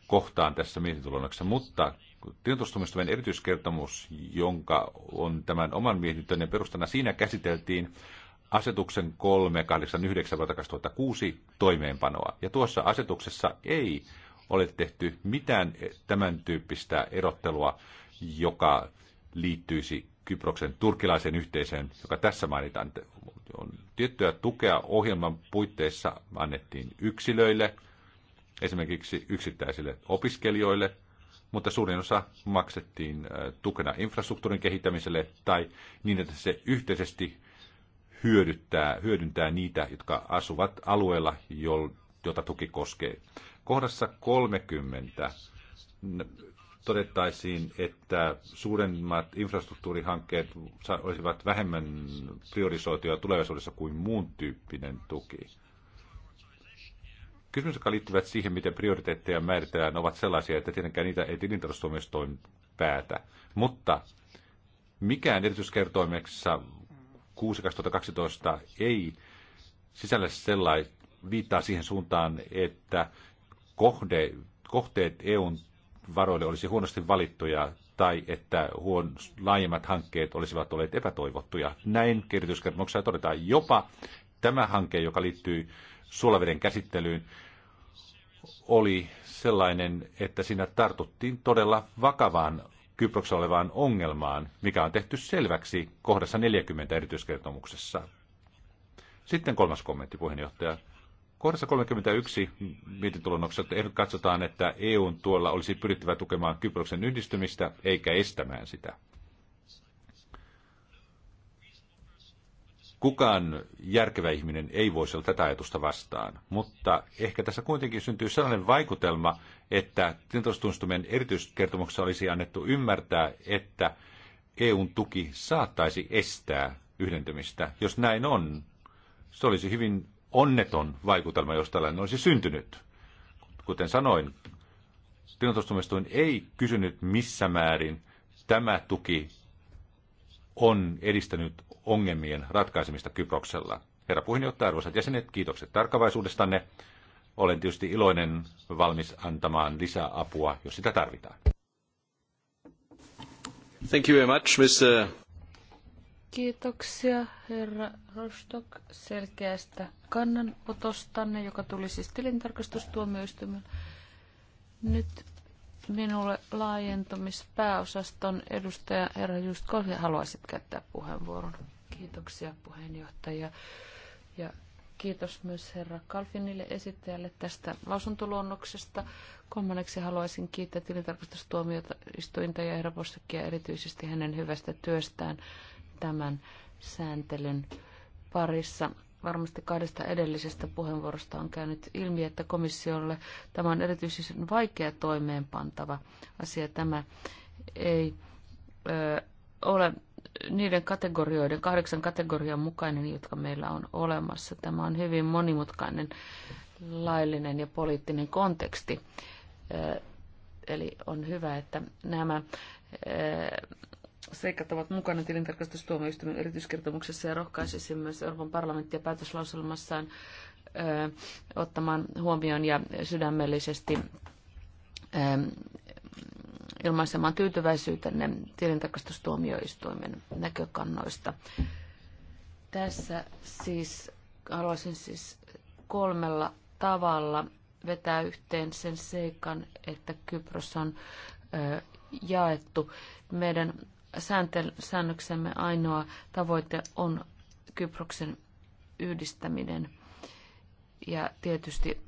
[SPEAKER 3] kohtaan tässä mietintöluonnoksessa, mutta tilintarkastustuomioistuimen erityiskertomus, jonka on tämän oman mietintöinen perustana, siinä käsiteltiin asetuksen 389-2006 toimeenpanoa. Ja tuossa asetuksessa ei ole tehty mitään tämän tyyppistä erottelua, joka liittyisi Kyproksen turkilaisen yhteiseen, joka tässä mainitaan. On tiettyä tukea ohjelman puitteissa annettiin yksilöille, esimerkiksi yksittäisille opiskelijoille, mutta suurin osa maksettiin äh, tukena infrastruktuurin kehittämiselle tai niin, että se yhteisesti hyödyttää, hyödyntää niitä, jotka asuvat alueella, jota tuki koskee. Kohdassa 30 todettaisiin, että suuremmat infrastruktuurihankkeet olisivat vähemmän priorisoituja tulevaisuudessa kuin muun tyyppinen tuki. Kysymys, jotka liittyvät siihen, miten prioriteetteja määritellään, ovat sellaisia, että tietenkään niitä ei tilintarkastustuomioistuin päätä. Mutta mikään erityiskertoimeksessa 6-2012 ei sisällä sellaista, viittaa siihen suuntaan, että kohde, kohteet EUn varoille olisi huonosti valittuja tai että huon, laajemmat hankkeet olisivat olleet epätoivottuja. Näin kirjoituskertomuksessa todetaan jopa tämä hanke, joka liittyy suolaveden käsittelyyn, oli sellainen, että siinä tartuttiin todella vakavaan Kyproksessa olevaan ongelmaan, mikä on tehty selväksi kohdassa 40 erityiskertomuksessa. Sitten kolmas kommentti, puheenjohtaja. Kohdassa 31 mietintöluonnoksessa katsotaan, että EUn tuolla olisi pyrittävä tukemaan Kyproksen yhdistymistä eikä estämään sitä. Kukaan järkevä ihminen ei voisi olla tätä ajatusta vastaan, mutta ehkä tässä kuitenkin syntyy sellainen vaikutelma, että tietoistunstumien erityiskertomuksessa olisi annettu ymmärtää, että EUn tuki saattaisi estää yhdentymistä. Jos näin on, se olisi hyvin onneton vaikutelma, jos tällainen olisi syntynyt. Kuten sanoin, tilintustumistuin ei kysynyt missä määrin tämä tuki on edistänyt ongelmien ratkaisemista Kyproksella. Herra puheenjohtaja, arvoisat jäsenet, kiitokset tarkavaisuudestanne. Olen tietysti iloinen valmis antamaan lisää apua, jos sitä tarvitaan. Thank you very much, Mr.
[SPEAKER 2] Kiitoksia herra Rostock selkeästä kannanotostanne, joka tuli siis tilintarkastustuomioistuimen. Nyt minulle laajentumispääosaston edustaja herra Just Kolhi haluaisit käyttää puheenvuoron. Kiitoksia puheenjohtaja ja kiitos myös herra Kalfinille esittäjälle tästä lausuntoluonnoksesta. Kolmanneksi haluaisin kiittää tilintarkastustuomioistuinta ja herra Vossakia erityisesti hänen hyvästä työstään tämän sääntelyn parissa. Varmasti kahdesta edellisestä puheenvuorosta on käynyt ilmi, että komissiolle tämä on erityisen vaikea toimeenpantava asia. Tämä ei ö, ole niiden kategorioiden, kahdeksan kategorian mukainen, jotka meillä on olemassa. Tämä on hyvin monimutkainen laillinen ja poliittinen konteksti. Eli on hyvä, että nämä seikat ovat mukana tilintarkastustuomioistuimen erityiskertomuksessa ja rohkaisisin myös Euroopan parlamenttia päätöslauselmassaan ö, ottamaan huomioon ja sydämellisesti ö, ilmaisemaan tyytyväisyytenne tilintarkastustuomioistuimen näkökannoista. Tässä siis haluaisin siis kolmella tavalla vetää yhteen sen seikan, että Kypros on ö, jaettu. Meidän sääntel, säännöksemme ainoa tavoite on Kyproksen yhdistäminen ja tietysti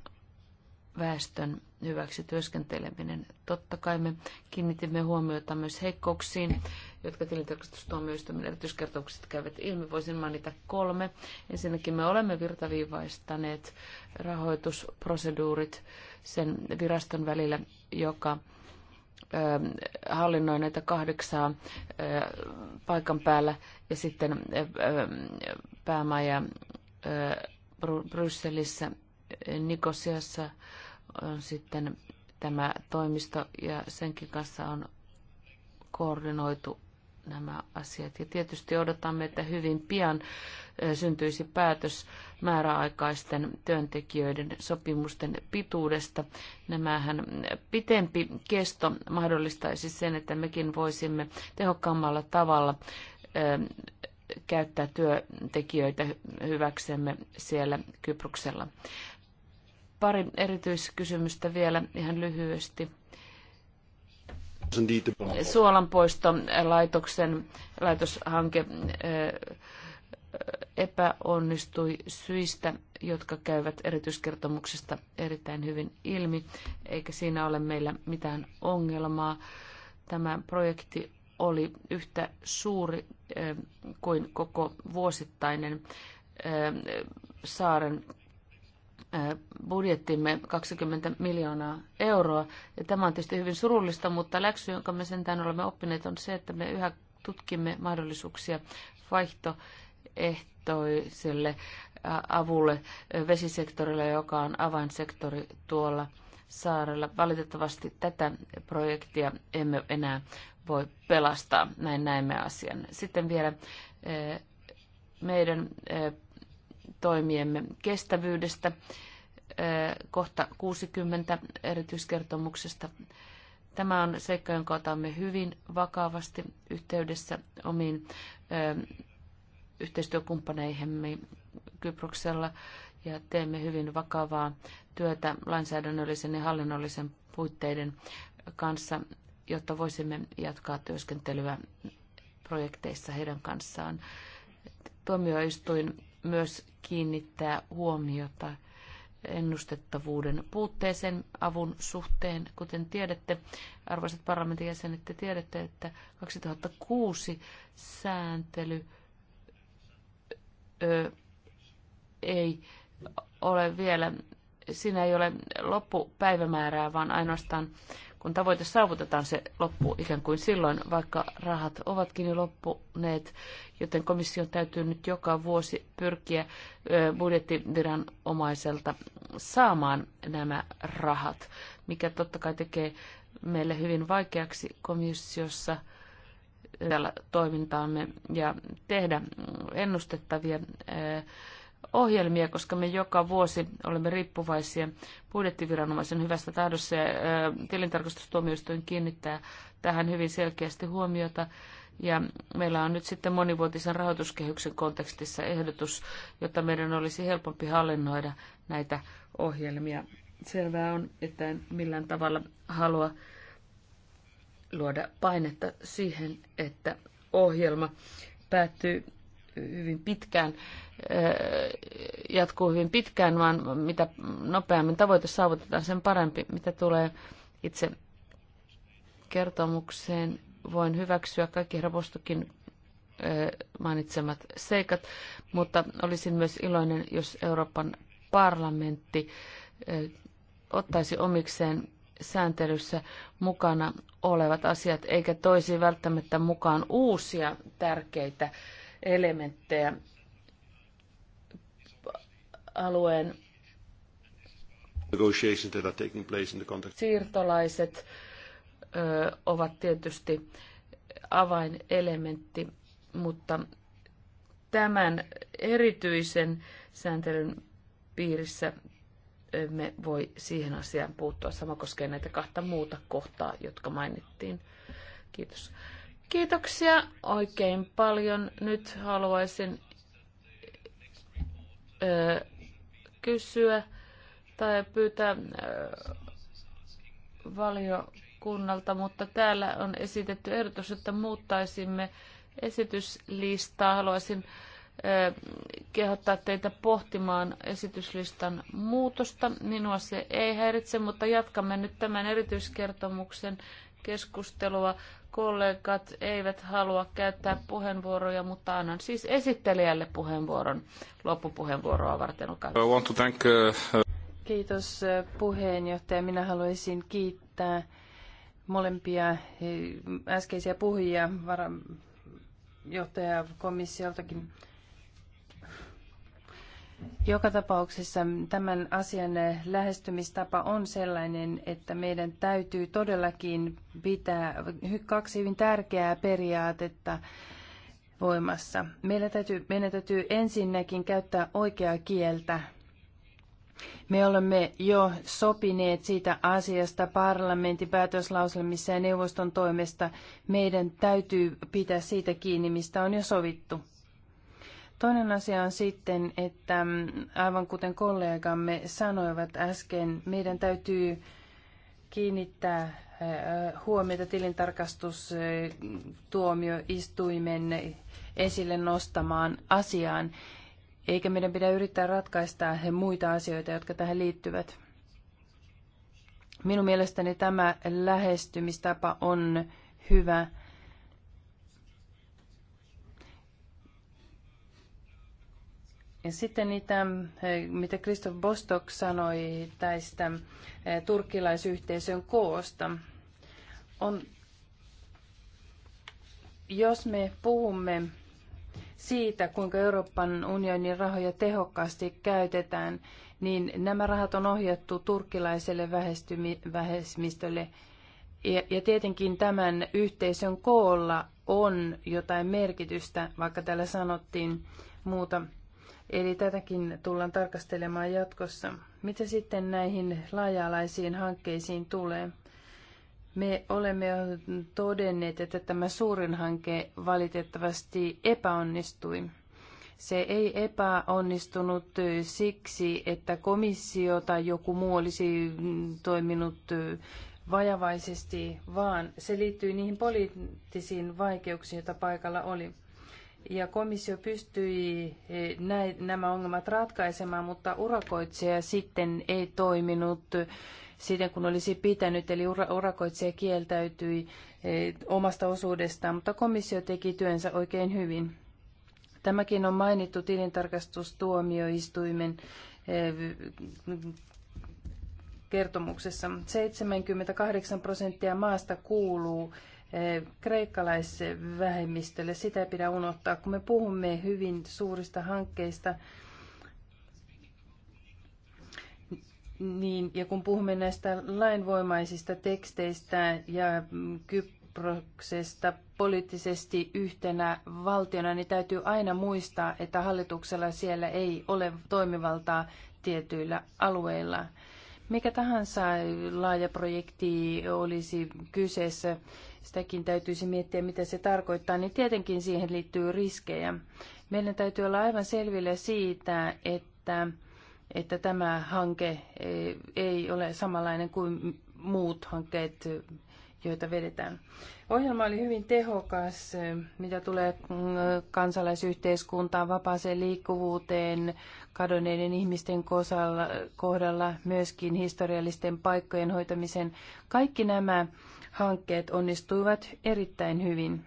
[SPEAKER 2] väestön hyväksi työskenteleminen. Totta kai me kiinnitimme huomiota myös heikkouksiin, jotka tilintarkastustuomioistuminen erityiskertomukset käyvät ilmi. Voisin mainita kolme. Ensinnäkin me olemme virtaviivaistaneet rahoitusproseduurit sen viraston välillä, joka Ähm, hallinnoi näitä kahdeksaa äh, paikan päällä ja sitten äh, päämaja äh, Brysselissä, Nikosiassa on sitten tämä toimisto ja senkin kanssa on koordinoitu nämä asiat. Ja tietysti odotamme, että hyvin pian syntyisi päätös määräaikaisten työntekijöiden sopimusten pituudesta. Nämähän pitempi kesto mahdollistaisi sen, että mekin voisimme tehokkaammalla tavalla käyttää työntekijöitä hyväksemme siellä Kyproksella. Pari erityiskysymystä vielä ihan lyhyesti Suolanpoistolaitoksen laitoshanke epäonnistui syistä, jotka käyvät erityiskertomuksesta erittäin hyvin ilmi, eikä siinä ole meillä mitään ongelmaa. Tämä projekti oli yhtä suuri kuin koko vuosittainen saaren Äh, budjettimme 20 miljoonaa euroa. Ja tämä on tietysti hyvin surullista, mutta läksy, jonka me sentään olemme oppineet, on se, että me yhä tutkimme mahdollisuuksia vaihtoehtoiselle äh, avulle äh, vesisektorille, joka on avainsektori tuolla saarella. Valitettavasti tätä projektia emme enää voi pelastaa, näin näemme asian. Sitten vielä meidän toimiemme kestävyydestä. Kohta 60 erityiskertomuksesta. Tämä on seikka, jonka otamme hyvin vakavasti yhteydessä omiin yhteistyökumppaneihimme Kyproksella ja teemme hyvin vakavaa työtä lainsäädännöllisen ja hallinnollisen puitteiden kanssa, jotta voisimme jatkaa työskentelyä projekteissa heidän kanssaan. Tuomioistuin myös kiinnittää huomiota ennustettavuuden puutteeseen avun suhteen. Kuten tiedätte, arvoisat parlamentin jäsenet, te tiedätte, että 2006 sääntely ö, ei ole vielä, siinä ei ole loppupäivämäärää, vaan ainoastaan kun tavoite saavutetaan, se loppuu ikään kuin silloin, vaikka rahat ovatkin jo loppuneet, joten komission täytyy nyt joka vuosi pyrkiä budjettiviranomaiselta saamaan nämä rahat, mikä totta kai tekee meille hyvin vaikeaksi komissiossa täällä toimintaamme ja tehdä ennustettavia ohjelmia, koska me joka vuosi olemme riippuvaisia budjettiviranomaisen hyvästä tahdossa ja tilintarkastustuomioistuin kiinnittää tähän hyvin selkeästi huomiota. Ja meillä on nyt sitten monivuotisen rahoituskehyksen kontekstissa ehdotus, jotta meidän olisi helpompi hallinnoida näitä ohjelmia. Selvää on, että en millään tavalla halua luoda painetta siihen, että ohjelma päättyy hyvin pitkään, jatkuu hyvin pitkään, vaan mitä nopeammin tavoite saavutetaan, sen parempi. Mitä tulee itse kertomukseen, voin hyväksyä kaikki Rapostokin mainitsemat seikat, mutta olisin myös iloinen, jos Euroopan parlamentti ottaisi omikseen sääntelyssä mukana olevat asiat, eikä toisi välttämättä mukaan uusia tärkeitä elementtejä alueen siirtolaiset ö, ovat tietysti avainelementti, mutta tämän erityisen sääntelyn piirissä me voi siihen asiaan puuttua. Sama koskee näitä kahta muuta kohtaa, jotka mainittiin. Kiitos. Kiitoksia oikein paljon. Nyt haluaisin ö, kysyä tai pyytää ö, valiokunnalta, mutta täällä on esitetty ehdotus, että muuttaisimme esityslistaa. Haluaisin ö, kehottaa teitä pohtimaan esityslistan muutosta. Minua se ei häiritse, mutta jatkamme nyt tämän erityiskertomuksen keskustelua. Kollegat eivät halua käyttää puheenvuoroja, mutta annan siis esittelijälle puheenvuoron loppupuheenvuoroa varten. Uh,
[SPEAKER 3] uh,
[SPEAKER 2] Kiitos uh, puheenjohtaja. Minä haluaisin
[SPEAKER 1] kiittää molempia äskeisiä puhujia, varajohtaja komissioltakin. Joka tapauksessa tämän asian lähestymistapa on sellainen, että meidän täytyy todellakin pitää kaksi hyvin tärkeää periaatetta voimassa. Meillä täytyy, meidän täytyy ensinnäkin käyttää oikeaa kieltä. Me olemme jo sopineet siitä asiasta parlamentin päätöslauselmissa ja neuvoston toimesta. Meidän täytyy pitää siitä kiinni, mistä on jo sovittu. Toinen asia on sitten, että mm, aivan kuten kollegamme sanoivat äsken, meidän täytyy kiinnittää huomiota tilintarkastustuomioistuimen esille nostamaan asiaan, eikä meidän pidä yrittää ratkaista muita asioita, jotka tähän liittyvät. Minun mielestäni tämä lähestymistapa on hyvä Ja sitten niitä, eh, mitä Christoph Bostock sanoi tästä eh, turkkilaisyhteisön koosta, on, jos me puhumme siitä, kuinka Euroopan unionin rahoja tehokkaasti käytetään, niin nämä rahat on ohjattu turkkilaiselle vähemmistölle. Ja, ja tietenkin tämän yhteisön koolla on jotain merkitystä, vaikka täällä sanottiin muuta Eli tätäkin tullaan tarkastelemaan jatkossa. Mitä sitten näihin laaja-alaisiin hankkeisiin tulee? Me olemme jo todenneet, että tämä suurin hanke valitettavasti epäonnistui. Se ei epäonnistunut siksi, että komissio tai joku muu olisi toiminut vajavaisesti, vaan se liittyy niihin poliittisiin vaikeuksiin, joita paikalla oli ja komissio pystyi eh, näin, nämä ongelmat ratkaisemaan, mutta urakoitsija sitten ei toiminut siten kun olisi pitänyt, eli urakoitsija kieltäytyi eh, omasta osuudestaan, mutta komissio teki työnsä oikein hyvin. Tämäkin on mainittu tilintarkastustuomioistuimen eh, kertomuksessa. 78 prosenttia maasta kuuluu kreikkalaisvähemmistölle. Sitä ei pidä unohtaa, kun me puhumme hyvin suurista hankkeista. Niin, ja kun puhumme näistä lainvoimaisista teksteistä ja Kyproksesta poliittisesti yhtenä valtiona, niin täytyy aina muistaa, että hallituksella siellä ei ole toimivaltaa tietyillä alueilla. Mikä tahansa laaja projekti olisi kyseessä, sitäkin täytyisi miettiä, mitä se tarkoittaa, niin tietenkin siihen liittyy riskejä. Meidän täytyy olla aivan selville siitä, että, että tämä hanke e, ei ole samanlainen kuin muut hankkeet, joita vedetään. Ohjelma oli hyvin tehokas, mitä tulee mm, kansalaisyhteiskuntaan, vapaaseen liikkuvuuteen, kadonneiden ihmisten kohdalla, myöskin historiallisten paikkojen hoitamisen. Kaikki nämä hankkeet onnistuivat erittäin hyvin.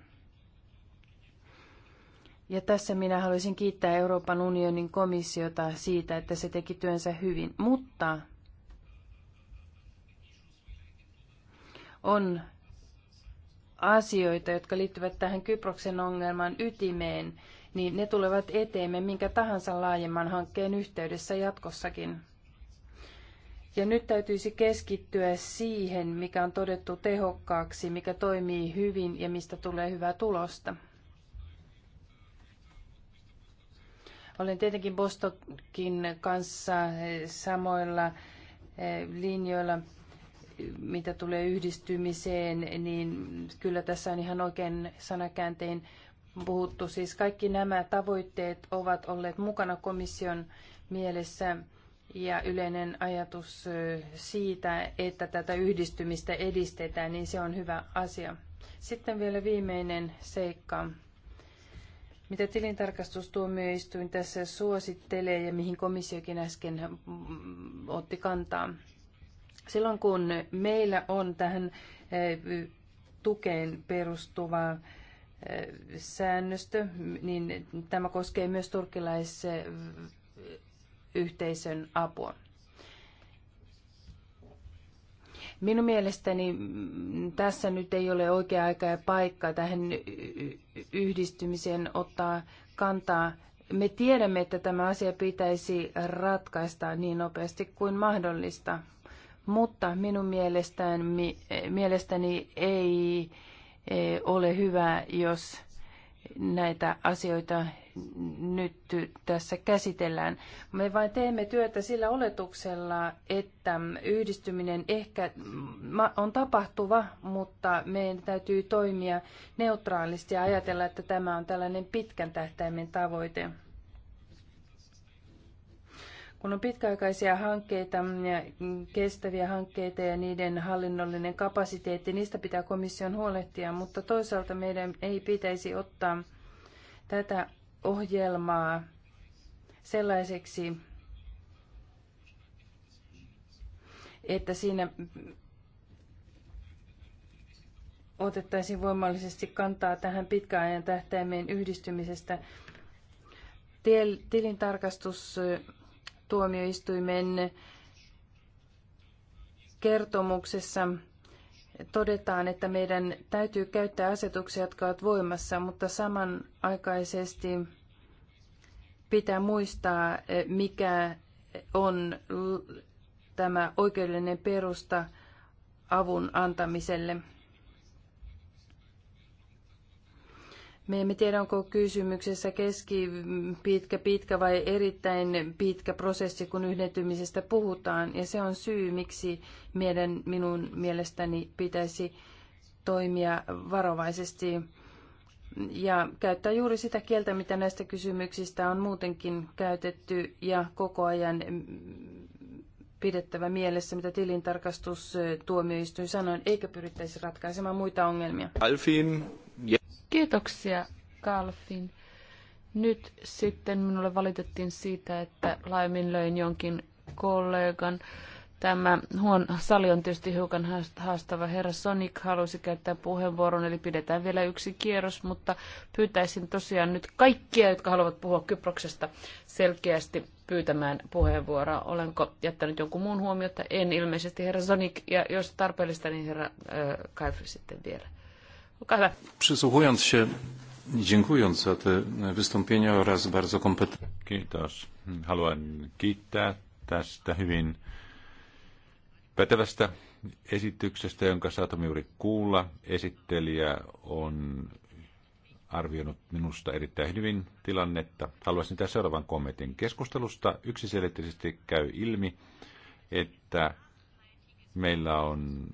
[SPEAKER 1] Ja tässä minä haluaisin kiittää Euroopan unionin komissiota siitä, että se teki työnsä hyvin. Mutta on asioita, jotka liittyvät tähän Kyproksen ongelman ytimeen, niin ne tulevat eteemme minkä tahansa laajemman hankkeen yhteydessä jatkossakin. Ja nyt täytyisi keskittyä siihen, mikä on todettu tehokkaaksi, mikä toimii hyvin ja mistä tulee hyvää tulosta. Olen tietenkin Bostokin kanssa eh, samoilla eh, linjoilla, mitä tulee yhdistymiseen, niin kyllä tässä on ihan oikein sanakääntein puhuttu. Siis kaikki nämä tavoitteet ovat olleet mukana komission mielessä ja yleinen ajatus siitä, että tätä yhdistymistä edistetään, niin se on hyvä asia. Sitten vielä viimeinen seikka. Mitä tilintarkastustuomioistuin tässä suosittelee ja mihin komissiokin äsken otti kantaa? Silloin kun meillä on tähän tukeen perustuva säännöstö, niin tämä koskee myös turkkilaisia yhteisön apua. Minun mielestäni tässä nyt ei ole oikea aika ja paikka tähän yhdistymiseen ottaa kantaa. Me tiedämme, että tämä asia pitäisi ratkaista niin nopeasti kuin mahdollista, mutta minun mielestäni, mielestäni ei e, ole hyvä, jos näitä asioita nyt tässä käsitellään. Me vain teemme työtä sillä oletuksella, että yhdistyminen ehkä on tapahtuva, mutta meidän täytyy toimia neutraalisti ja ajatella, että tämä on tällainen pitkän tähtäimen tavoite. Kun on pitkäaikaisia hankkeita, kestäviä hankkeita ja niiden hallinnollinen kapasiteetti, niistä pitää komission huolehtia, mutta toisaalta meidän ei pitäisi ottaa tätä ohjelmaa sellaiseksi, että siinä otettaisiin voimallisesti kantaa tähän pitkäajan tähtäimeen yhdistymisestä. Tilintarkastus tuomioistuimen kertomuksessa todetaan, että meidän täytyy käyttää asetuksia, jotka ovat voimassa, mutta samanaikaisesti pitää muistaa, mikä on tämä oikeudellinen perusta avun antamiselle. Me emme tiedä, onko kysymyksessä pitkä, pitkä vai erittäin pitkä prosessi, kun yhdentymisestä puhutaan. Ja se on syy, miksi meidän, minun mielestäni pitäisi toimia varovaisesti ja käyttää juuri sitä kieltä, mitä näistä kysymyksistä on muutenkin käytetty ja koko ajan pidettävä mielessä, mitä tilintarkastustuomioistuin sanoi,
[SPEAKER 2] eikä pyrittäisi ratkaisemaan muita ongelmia.
[SPEAKER 3] Alfin.
[SPEAKER 2] Kiitoksia, Kalfin. Nyt sitten minulle valitettiin siitä, että laiminlöin jonkin kollegan. Tämä huon sali on tietysti hiukan haastava. Herra Sonic halusi käyttää puheenvuoron, eli pidetään vielä yksi kierros, mutta pyytäisin tosiaan nyt kaikkia, jotka haluavat puhua Kyproksesta, selkeästi pyytämään puheenvuoroa. Olenko jättänyt jonkun muun huomiota? En ilmeisesti, herra Sonic, ja jos tarpeellista, niin herra äh, Kaifri sitten vielä. Olkaa hyvä.
[SPEAKER 1] Przysłuchując się, dziękując
[SPEAKER 3] za te wystąpienia oraz bardzo kompetentne. Kiitos. Haluan kiittää tästä hyvin pätevästä esityksestä, jonka saatamme juuri kuulla. Esittelijä on arvioinut minusta erittäin hyvin tilannetta. Haluaisin tässä seuraavan kommentin. Keskustelusta yksiselitteisesti käy ilmi, että meillä on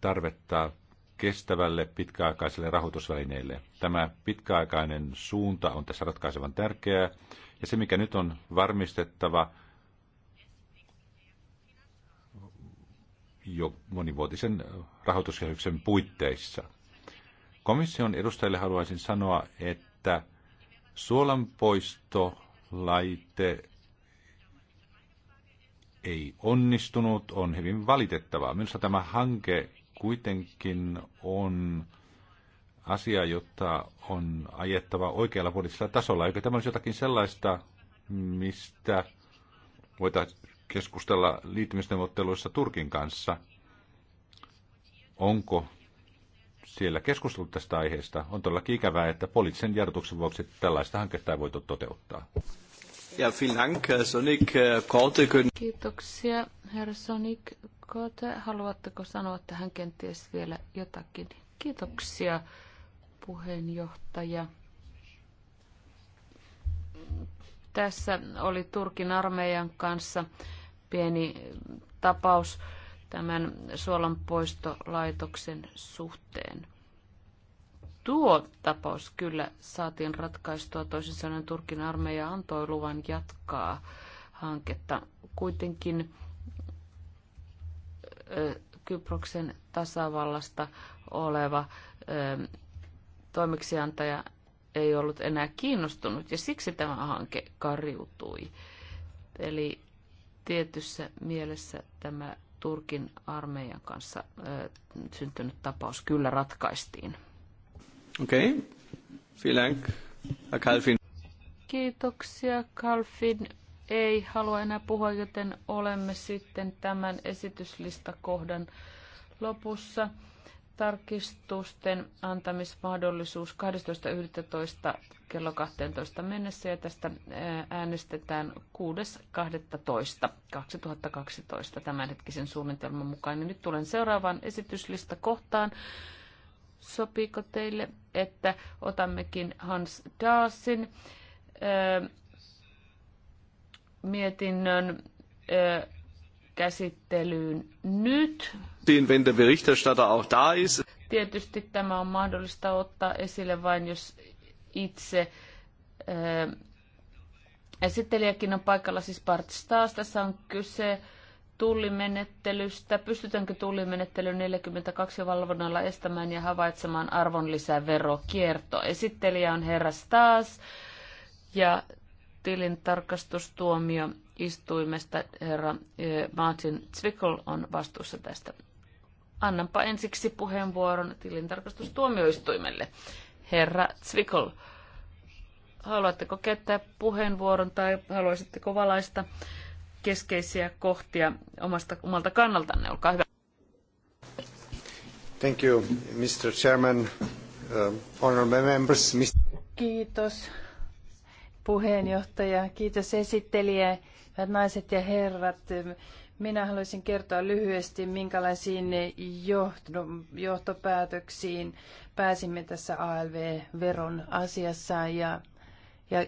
[SPEAKER 3] tarvetta kestävälle pitkäaikaiselle rahoitusvälineelle. Tämä pitkäaikainen suunta on tässä ratkaisevan tärkeää, ja se mikä nyt on varmistettava jo monivuotisen rahoituskehyksen puitteissa. Komission edustajille haluaisin sanoa, että suolanpoistolaite ei onnistunut, on hyvin valitettavaa. Minusta tämä hanke kuitenkin on asia, jota on ajettava oikealla poliittisella tasolla. Eikö tämä olisi jotakin sellaista, mistä voitaisiin keskustella liittymisneuvotteluissa Turkin kanssa? Onko siellä keskustelut tästä aiheesta? On todella ikävää, että poliittisen jarrutuksen vuoksi tällaista hanketta ei voitu toteuttaa.
[SPEAKER 1] Ja, vielen Dank, Sonic
[SPEAKER 2] Korte. Kiitoksia, herra Sonic Korte. Haluatteko sanoa tähän kenties vielä jotakin? Kiitoksia, puheenjohtaja. Tässä oli Turkin armeijan kanssa pieni tapaus tämän suolanpoistolaitoksen suhteen tuo tapaus kyllä saatiin ratkaistua. Toisin sanoen Turkin armeija antoi luvan jatkaa hanketta. Kuitenkin Kyproksen tasavallasta oleva toimeksiantaja ei ollut enää kiinnostunut ja siksi tämä hanke kariutui. Eli tietyssä mielessä tämä Turkin armeijan kanssa syntynyt tapaus kyllä ratkaistiin. Okei. Okay. Vielen Dank, Kalfin. Kiitoksia, Kalfin. Ei halua enää puhua, joten olemme sitten tämän esityslistakohdan lopussa. Tarkistusten antamismahdollisuus 12.11. kello 12 mennessä ja tästä äänestetään 6.12.2012 tämänhetkisen suunnitelman mukaan. nyt tulen seuraavaan esityslistakohtaan. kohtaan Sopiiko teille, että otammekin Hans Daasin mietinnön ö, käsittelyyn nyt? Wenn der Berichterstatter auch da ist. Tietysti tämä on mahdollista ottaa esille vain, jos itse ö, esittelijäkin on paikalla, siis Bart Staas. Tässä on kyse tullimenettelystä. Pystytäänkö tullimenettely 42 valvonnalla estämään ja havaitsemaan arvonlisäverokierto? Esittelijä on herra Staas ja tilintarkastustuomio istuimesta herra eh, Martin Zwickel on vastuussa tästä. Annanpa ensiksi puheenvuoron tilintarkastustuomioistuimelle. Herra Zwickel, haluatteko käyttää puheenvuoron tai haluaisitteko valaista keskeisiä kohtia omasta, omalta kannaltanne. Olkaa hyvä. Thank you, Mr. Chairman, uh, honorable members. Mr.
[SPEAKER 1] Kiitos puheenjohtaja, kiitos esittelijä, hyvät naiset ja herrat. Minä haluaisin kertoa lyhyesti, minkälaisiin johtopäätöksiin pääsimme tässä ALV-veron asiassa. Ja, ja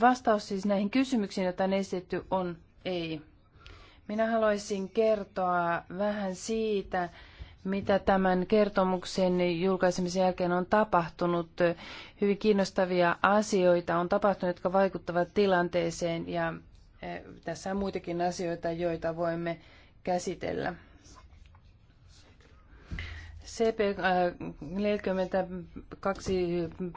[SPEAKER 1] vastaus siis näihin kysymyksiin, joita on esitetty, on ei. Minä haluaisin kertoa vähän siitä, mitä tämän kertomuksen julkaisemisen jälkeen on tapahtunut. Hyvin kiinnostavia asioita on tapahtunut, jotka vaikuttavat tilanteeseen ja eh, tässä on muitakin asioita, joita voimme käsitellä. CP42 eh,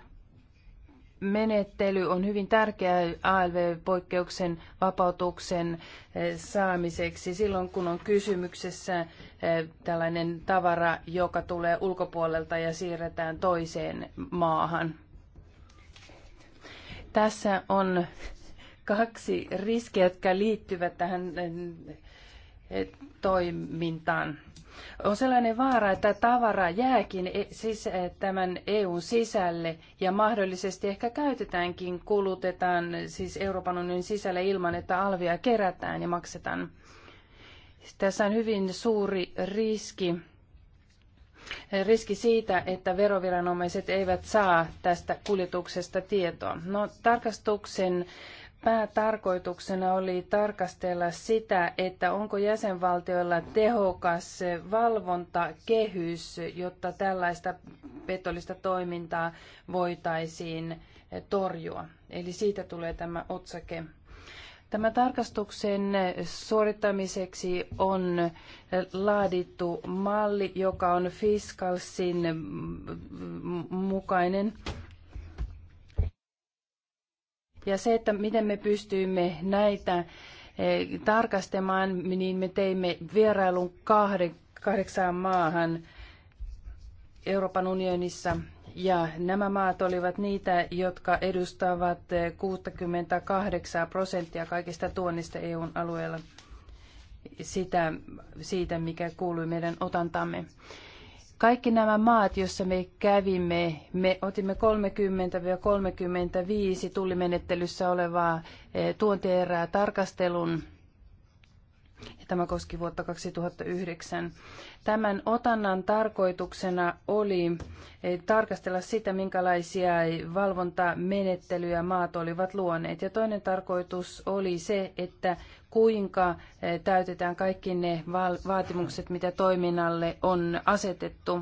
[SPEAKER 1] menettely on hyvin tärkeä ALV-poikkeuksen vapautuksen eh, saamiseksi silloin, kun on kysymyksessä eh, tällainen tavara, joka tulee ulkopuolelta ja siirretään toiseen maahan. Tässä on kaksi riskiä, jotka liittyvät tähän eh, toimintaan on sellainen vaara, että tavara jääkin e- siis, eh, tämän EUn sisälle ja mahdollisesti ehkä käytetäänkin, kulutetaan siis Euroopan unionin sisälle ilman, että alvia kerätään ja maksetaan. Tässä on hyvin suuri riski, eh, riski siitä, että veroviranomaiset eivät saa tästä kuljetuksesta tietoa. No, tarkastuksen päätarkoituksena oli tarkastella sitä, että onko jäsenvaltioilla tehokas valvontakehys, jotta tällaista petollista toimintaa voitaisiin torjua. Eli siitä tulee tämä otsake. Tämä tarkastuksen suorittamiseksi on laadittu malli, joka on Fiskalsin mukainen ja se, että miten me pystyimme näitä eh, tarkastamaan, niin me teimme vierailun kahdeksaan maahan Euroopan unionissa. Ja nämä maat olivat niitä, jotka edustavat 68 eh, prosenttia kaikista tuonnista EUn alueella sitä, siitä, mikä kuului meidän otantamme. Kaikki nämä maat, joissa me kävimme, me otimme 30-35 tullimenettelyssä olevaa eh, tuontierää tarkastelun. Ja tämä koski vuotta 2009. Tämän otannan tarkoituksena oli eh, tarkastella sitä, minkälaisia valvontamenettelyjä maat olivat luoneet. Ja toinen tarkoitus oli se, että kuinka eh, täytetään kaikki ne vaatimukset, mitä toiminnalle on asetettu.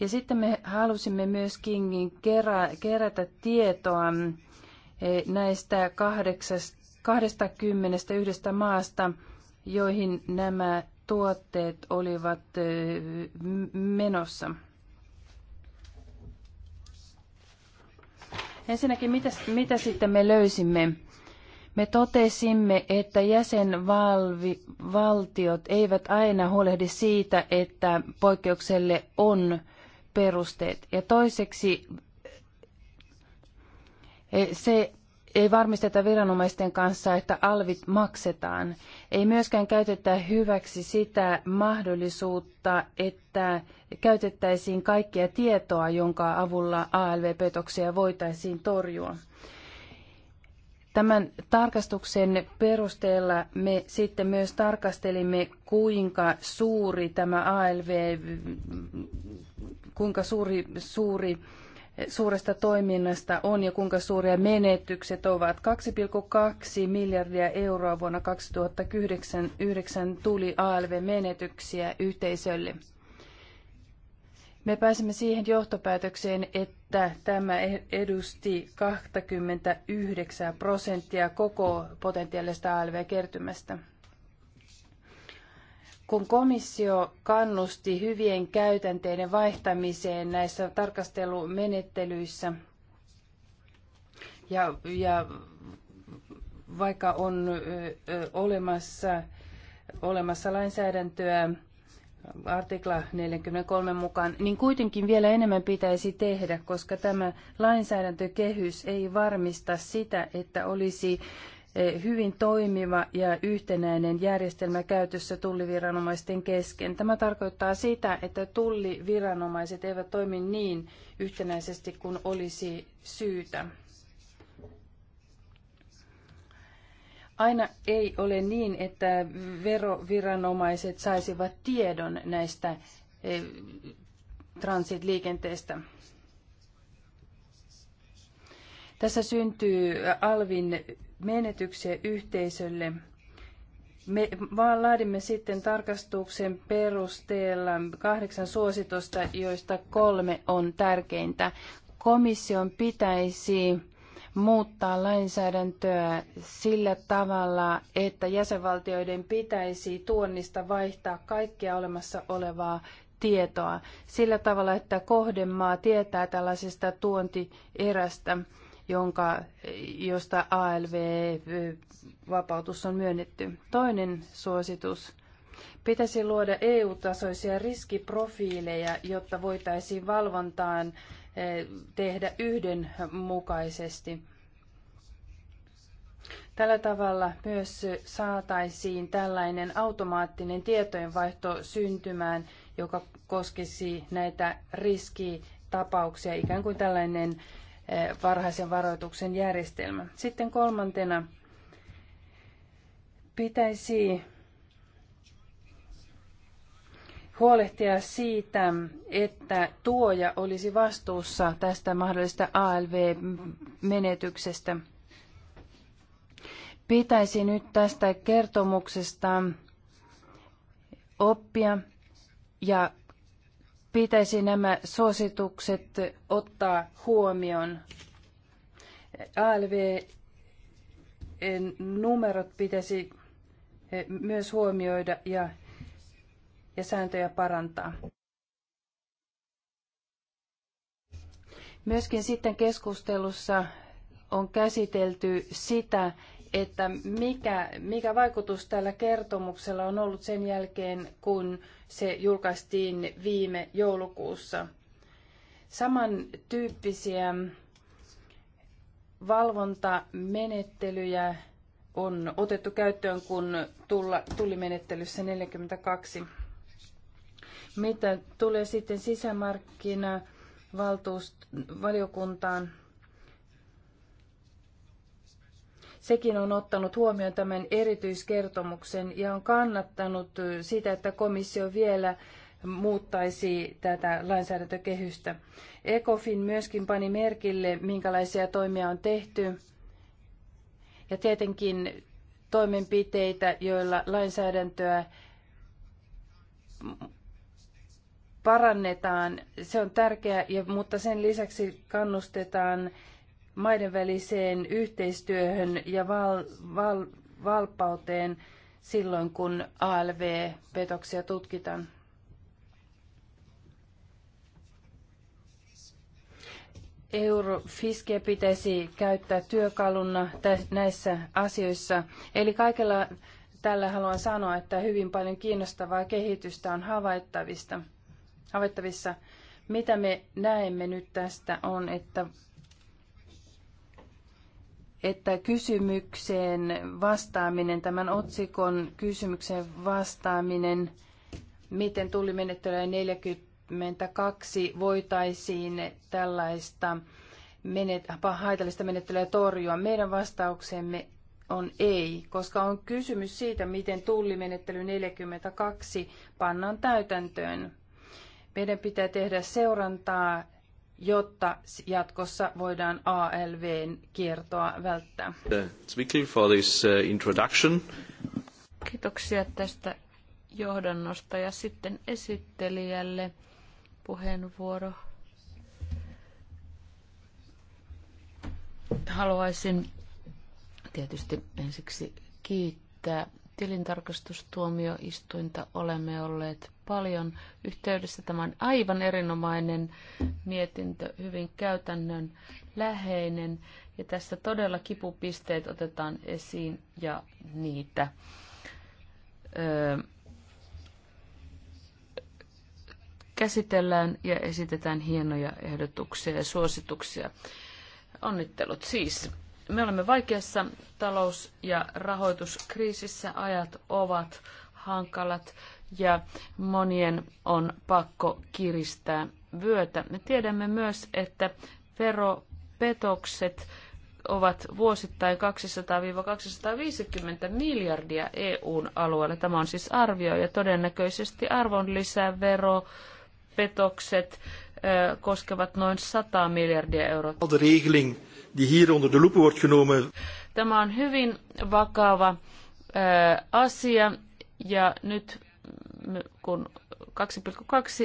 [SPEAKER 1] Ja sitten me halusimme myöskin kerä, kerätä tietoa eh, näistä 21 maasta, joihin nämä tuotteet olivat eh, menossa. Ensinnäkin, mitä, mitä sitten me löysimme? Me totesimme, että jäsenvaltiot eivät aina huolehdi siitä, että poikkeukselle on perusteet. Ja toiseksi e, se ei varmisteta viranomaisten kanssa, että alvit maksetaan. Ei myöskään käytetä hyväksi sitä mahdollisuutta, että käytettäisiin kaikkea tietoa, jonka avulla ALV-petoksia voitaisiin torjua. Tämän tarkastuksen perusteella me sitten myös tarkastelimme, kuinka suuri tämä ALV, kuinka suuri, suuri suuresta toiminnasta on ja kuinka suuria menetykset ovat. 2,2 miljardia euroa vuonna 2009 tuli ALV-menetyksiä yhteisölle me pääsimme siihen johtopäätökseen, että tämä edusti 29 prosenttia koko potentiaalista ALV-kertymästä. Kun komissio kannusti hyvien käytänteiden vaihtamiseen näissä tarkastelumenettelyissä, ja, ja vaikka on ö, olemassa, olemassa lainsäädäntöä, artikla 43 mukaan, niin kuitenkin vielä enemmän pitäisi tehdä, koska tämä lainsäädäntökehys ei varmista sitä, että olisi e, hyvin toimiva ja yhtenäinen järjestelmä käytössä tulliviranomaisten kesken. Tämä tarkoittaa sitä, että tulliviranomaiset eivät toimi niin yhtenäisesti kuin olisi syytä. aina ei ole niin, että veroviranomaiset saisivat tiedon näistä e, transitliikenteestä. Tässä syntyy alvin menetyksiä yhteisölle. Me vaan laadimme sitten tarkastuksen perusteella kahdeksan suositusta, joista kolme on tärkeintä. Komission pitäisi muuttaa lainsäädäntöä sillä tavalla, että jäsenvaltioiden pitäisi tuonnista vaihtaa kaikkea olemassa olevaa tietoa sillä tavalla, että kohdemaa tietää tällaisesta tuontierästä, jonka, josta ALV-vapautus on myönnetty. Toinen suositus. Pitäisi luoda EU-tasoisia riskiprofiileja, jotta voitaisiin valvontaan tehdä yhdenmukaisesti. Tällä tavalla myös saataisiin tällainen automaattinen tietojenvaihto syntymään, joka koskisi näitä riskitapauksia, ikään kuin tällainen eh, varhaisen varoituksen järjestelmä. Sitten kolmantena pitäisi huolehtia siitä, että tuoja olisi vastuussa tästä mahdollisesta ALV-menetyksestä. Pitäisi nyt tästä kertomuksesta oppia ja pitäisi nämä suositukset ottaa huomioon. ALV-numerot pitäisi myös huomioida ja ja sääntöjä parantaa. Myöskin sitten keskustelussa on käsitelty sitä, että mikä, mikä vaikutus tällä kertomuksella on ollut sen jälkeen, kun se julkaistiin viime joulukuussa. Samantyyppisiä valvontamenettelyjä on otettu käyttöön, kun tulla, menettelyssä 42 mitä tulee sitten sisämarkkina valiokuntaan, sekin on ottanut huomioon tämän erityiskertomuksen ja on kannattanut sitä, että komissio vielä muuttaisi tätä lainsäädäntökehystä. ECOFIN myöskin pani merkille, minkälaisia toimia on tehty ja tietenkin toimenpiteitä, joilla lainsäädäntöä parannetaan, se on tärkeää, mutta sen lisäksi kannustetaan maiden väliseen yhteistyöhön ja val, val, valppauteen silloin, kun ALV-petoksia tutkitaan. Eurofiske pitäisi käyttää työkaluna näissä asioissa. Eli kaikella tällä haluan sanoa, että hyvin paljon kiinnostavaa kehitystä on havaittavista havaittavissa. Mitä me näemme nyt tästä on, että, että kysymykseen vastaaminen, tämän otsikon kysymykseen vastaaminen, miten tuli menettelyä 42 voitaisiin tällaista menet, haitallista menettelyä torjua. Meidän vastauksemme on ei, koska on kysymys siitä, miten tullimenettely 42 pannaan täytäntöön. Meidän pitää tehdä seurantaa, jotta jatkossa voidaan ALVn
[SPEAKER 2] kiertoa välttää. for this uh, introduction. Kiitoksia tästä johdannosta ja sitten esittelijälle puheenvuoro. Haluaisin tietysti ensiksi kiittää tilintarkastustuomioistuinta olemme olleet paljon yhteydessä. Tämä on aivan erinomainen mietintö, hyvin käytännön läheinen ja tässä todella kipupisteet otetaan esiin ja niitä öö, käsitellään ja esitetään hienoja ehdotuksia ja suosituksia. Onnittelut siis me olemme vaikeassa talous- ja rahoituskriisissä. Ajat ovat hankalat ja monien on pakko kiristää vyötä. Me tiedämme myös, että veropetokset ovat vuosittain 200-250 miljardia EUn alueella. Tämä on siis arvio ja todennäköisesti arvonlisävero, petokset ö, koskevat noin 100 miljardia euroa
[SPEAKER 3] die hier onder de loepen wordt genomen.
[SPEAKER 2] Tämä on hyvin vakava asia ja nyt kun 2,2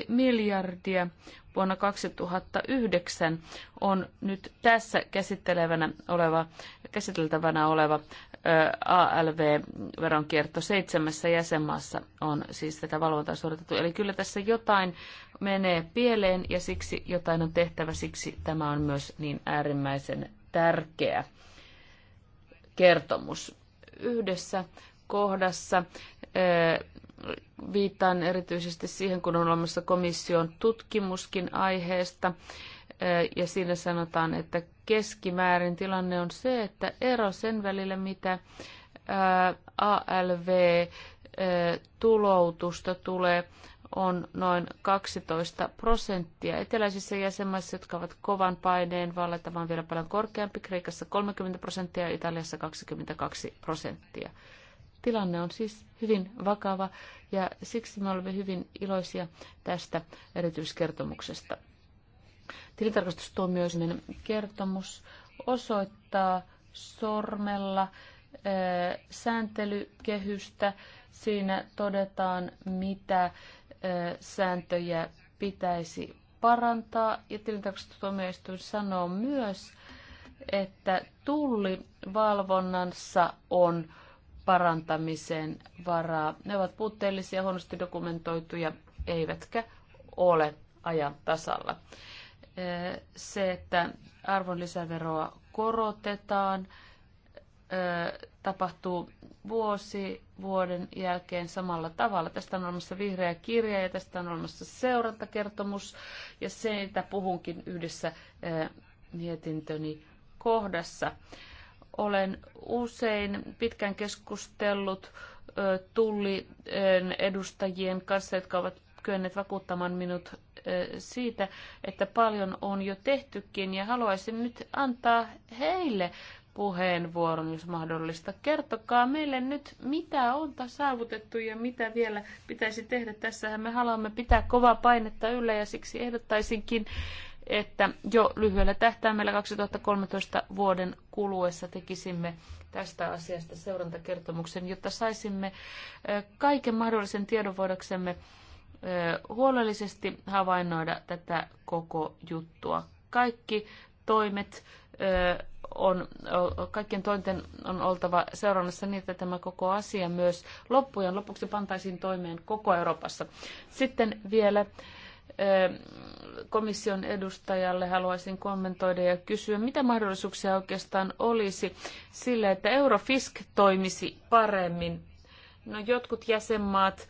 [SPEAKER 2] miljardia vuonna 2009 on nyt tässä käsittelevänä oleva, käsiteltävänä oleva ALV-veronkierto seitsemässä jäsenmaassa on siis tätä valvontaa suoritettu. Eli kyllä tässä jotain menee pieleen ja siksi jotain on tehtävä, siksi tämä on myös niin äärimmäisen tärkeä kertomus. Yhdessä kohdassa viittaan erityisesti siihen, kun on olemassa komission tutkimuskin aiheesta, ja siinä sanotaan, että keskimäärin tilanne on se, että ero sen välillä, mitä ALV-tuloutusta tulee, on noin 12 prosenttia. Eteläisissä jäsenmaissa, jotka ovat kovan paineen valla, tämä on vielä paljon korkeampi, Kreikassa 30 prosenttia ja Italiassa 22 prosenttia. Tilanne on siis hyvin vakava ja siksi me olemme hyvin iloisia tästä erityiskertomuksesta. Tilitarkastustuomioistuimen kertomus osoittaa sormella eh, sääntelykehystä. Siinä todetaan, mitä eh, sääntöjä pitäisi parantaa. Ja tilintarkastustuomioistuin sanoo myös, että tullivalvonnassa on parantamisen varaa. Ne ovat puutteellisia, huonosti dokumentoituja, eivätkä ole ajan tasalla se, että arvonlisäveroa korotetaan, tapahtuu vuosi vuoden jälkeen samalla tavalla. Tästä on olemassa vihreä kirja ja tästä on olemassa seurantakertomus ja että puhunkin yhdessä mietintöni kohdassa. Olen usein pitkään keskustellut tulli edustajien kanssa, jotka ovat kyenneet vakuuttamaan minut siitä, että paljon on jo tehtykin ja haluaisin nyt antaa heille puheenvuoron, jos mahdollista. Kertokaa meille nyt, mitä on saavutettu ja mitä vielä pitäisi tehdä. Tässähän me haluamme pitää kovaa painetta yllä ja siksi ehdottaisinkin, että jo lyhyellä tähtäimellä 2013 vuoden kuluessa tekisimme tästä asiasta seurantakertomuksen, jotta saisimme kaiken mahdollisen tiedon voidaksemme huolellisesti havainnoida tätä koko juttua. Kaikki toimet on, kaikkien tointen on oltava seurannassa niin, että tämä koko asia myös loppujen lopuksi pantaisiin toimeen koko Euroopassa. Sitten vielä komission edustajalle haluaisin kommentoida ja kysyä, mitä mahdollisuuksia oikeastaan olisi sille, että Eurofisk toimisi paremmin. No, jotkut jäsenmaat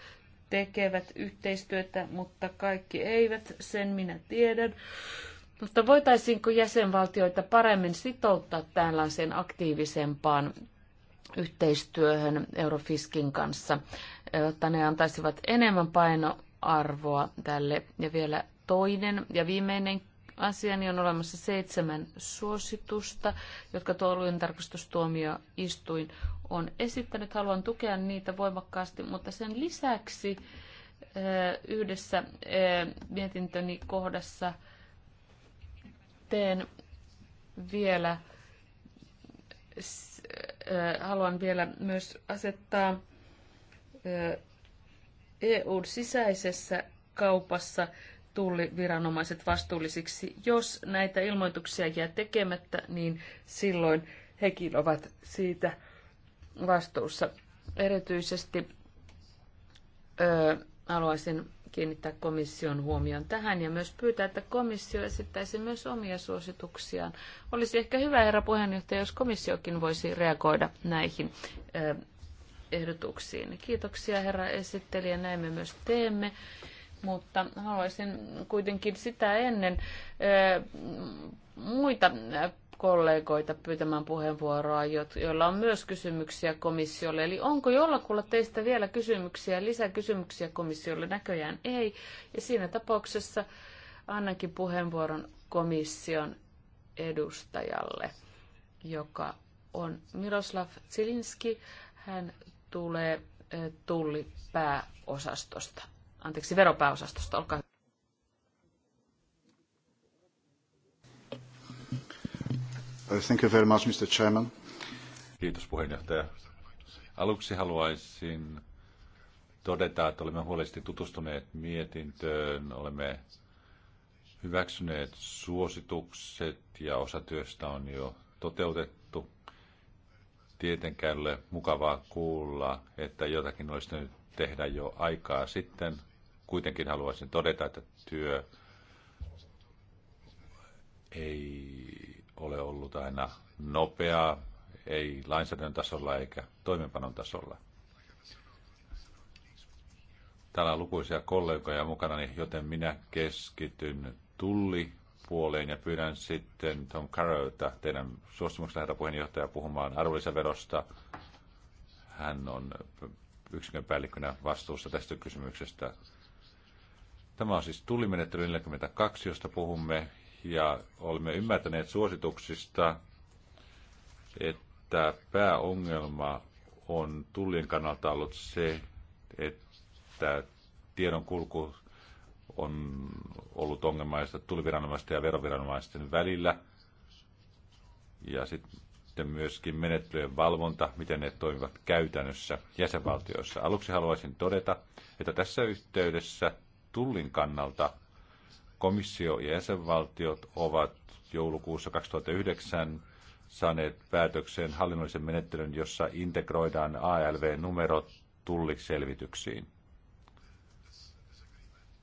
[SPEAKER 2] tekevät yhteistyötä, mutta kaikki eivät, sen minä tiedän. Mutta voitaisiinko jäsenvaltioita paremmin sitouttaa tällaiseen aktiivisempaan yhteistyöhön Eurofiskin kanssa, jotta ne antaisivat enemmän painoarvoa tälle. Ja vielä toinen ja viimeinen asian, niin on olemassa seitsemän suositusta, jotka tarkastustuomioistuin on esittänyt. Haluan tukea niitä voimakkaasti, mutta sen lisäksi eh, yhdessä eh, mietintöni kohdassa teen vielä, eh, haluan vielä myös asettaa EUn e sisäisessä kaupassa tulliviranomaiset vastuullisiksi. Jos näitä ilmoituksia jää tekemättä, niin silloin hekin ovat siitä vastuussa. Erityisesti ö, haluaisin kiinnittää komission huomion tähän ja myös pyytää, että komissio esittäisi myös omia suosituksiaan. Olisi ehkä hyvä, herra puheenjohtaja, jos komissiokin voisi reagoida näihin ehdotuksiin. Kiitoksia herra esittelijä, näin me myös teemme mutta haluaisin kuitenkin sitä ennen muita kollegoita pyytämään puheenvuoroa, joilla on myös kysymyksiä komissiolle. Eli onko jollakulla teistä vielä kysymyksiä, lisäkysymyksiä komissiolle? Näköjään ei. Ja siinä tapauksessa annankin puheenvuoron komission edustajalle, joka on Miroslav Zilinski. Hän tulee tullipääosastosta anteeksi, veropääosastosta. Olkaa hyvä. Thank you very much, Mr. Chairman.
[SPEAKER 3] Kiitos puheenjohtaja. Aluksi haluaisin todeta, että olemme huolellisesti tutustuneet mietintöön, olemme hyväksyneet suositukset ja osa työstä on jo toteutettu. Tietenkään ole mukavaa kuulla, että jotakin olisi nyt tehdä jo aikaa sitten kuitenkin haluaisin todeta, että työ ei ole ollut aina nopeaa, ei lainsäädännön tasolla eikä toimenpanon tasolla. Täällä on lukuisia kollegoja mukana, joten minä keskityn Tulli puoleen ja pyydän sitten Tom Carrowta, teidän suostumuksella herra puheenjohtaja, puhumaan arvonlisäverosta. Hän on yksikön päällikkönä vastuussa tästä kysymyksestä. Tämä on siis tullimenettely 42, josta puhumme, ja olemme ymmärtäneet suosituksista, että pääongelma on tullien kannalta ollut se, että tiedon kulku on ollut ongelmaista tulliviranomaisten ja veroviranomaisten välillä. Ja sitten myöskin menettelyjen valvonta, miten ne toimivat käytännössä jäsenvaltioissa. Aluksi haluaisin todeta, että tässä yhteydessä – tullin kannalta komissio ja jäsenvaltiot ovat joulukuussa 2009 saaneet päätökseen hallinnollisen menettelyn, jossa integroidaan ALV-numerot tulliselvityksiin.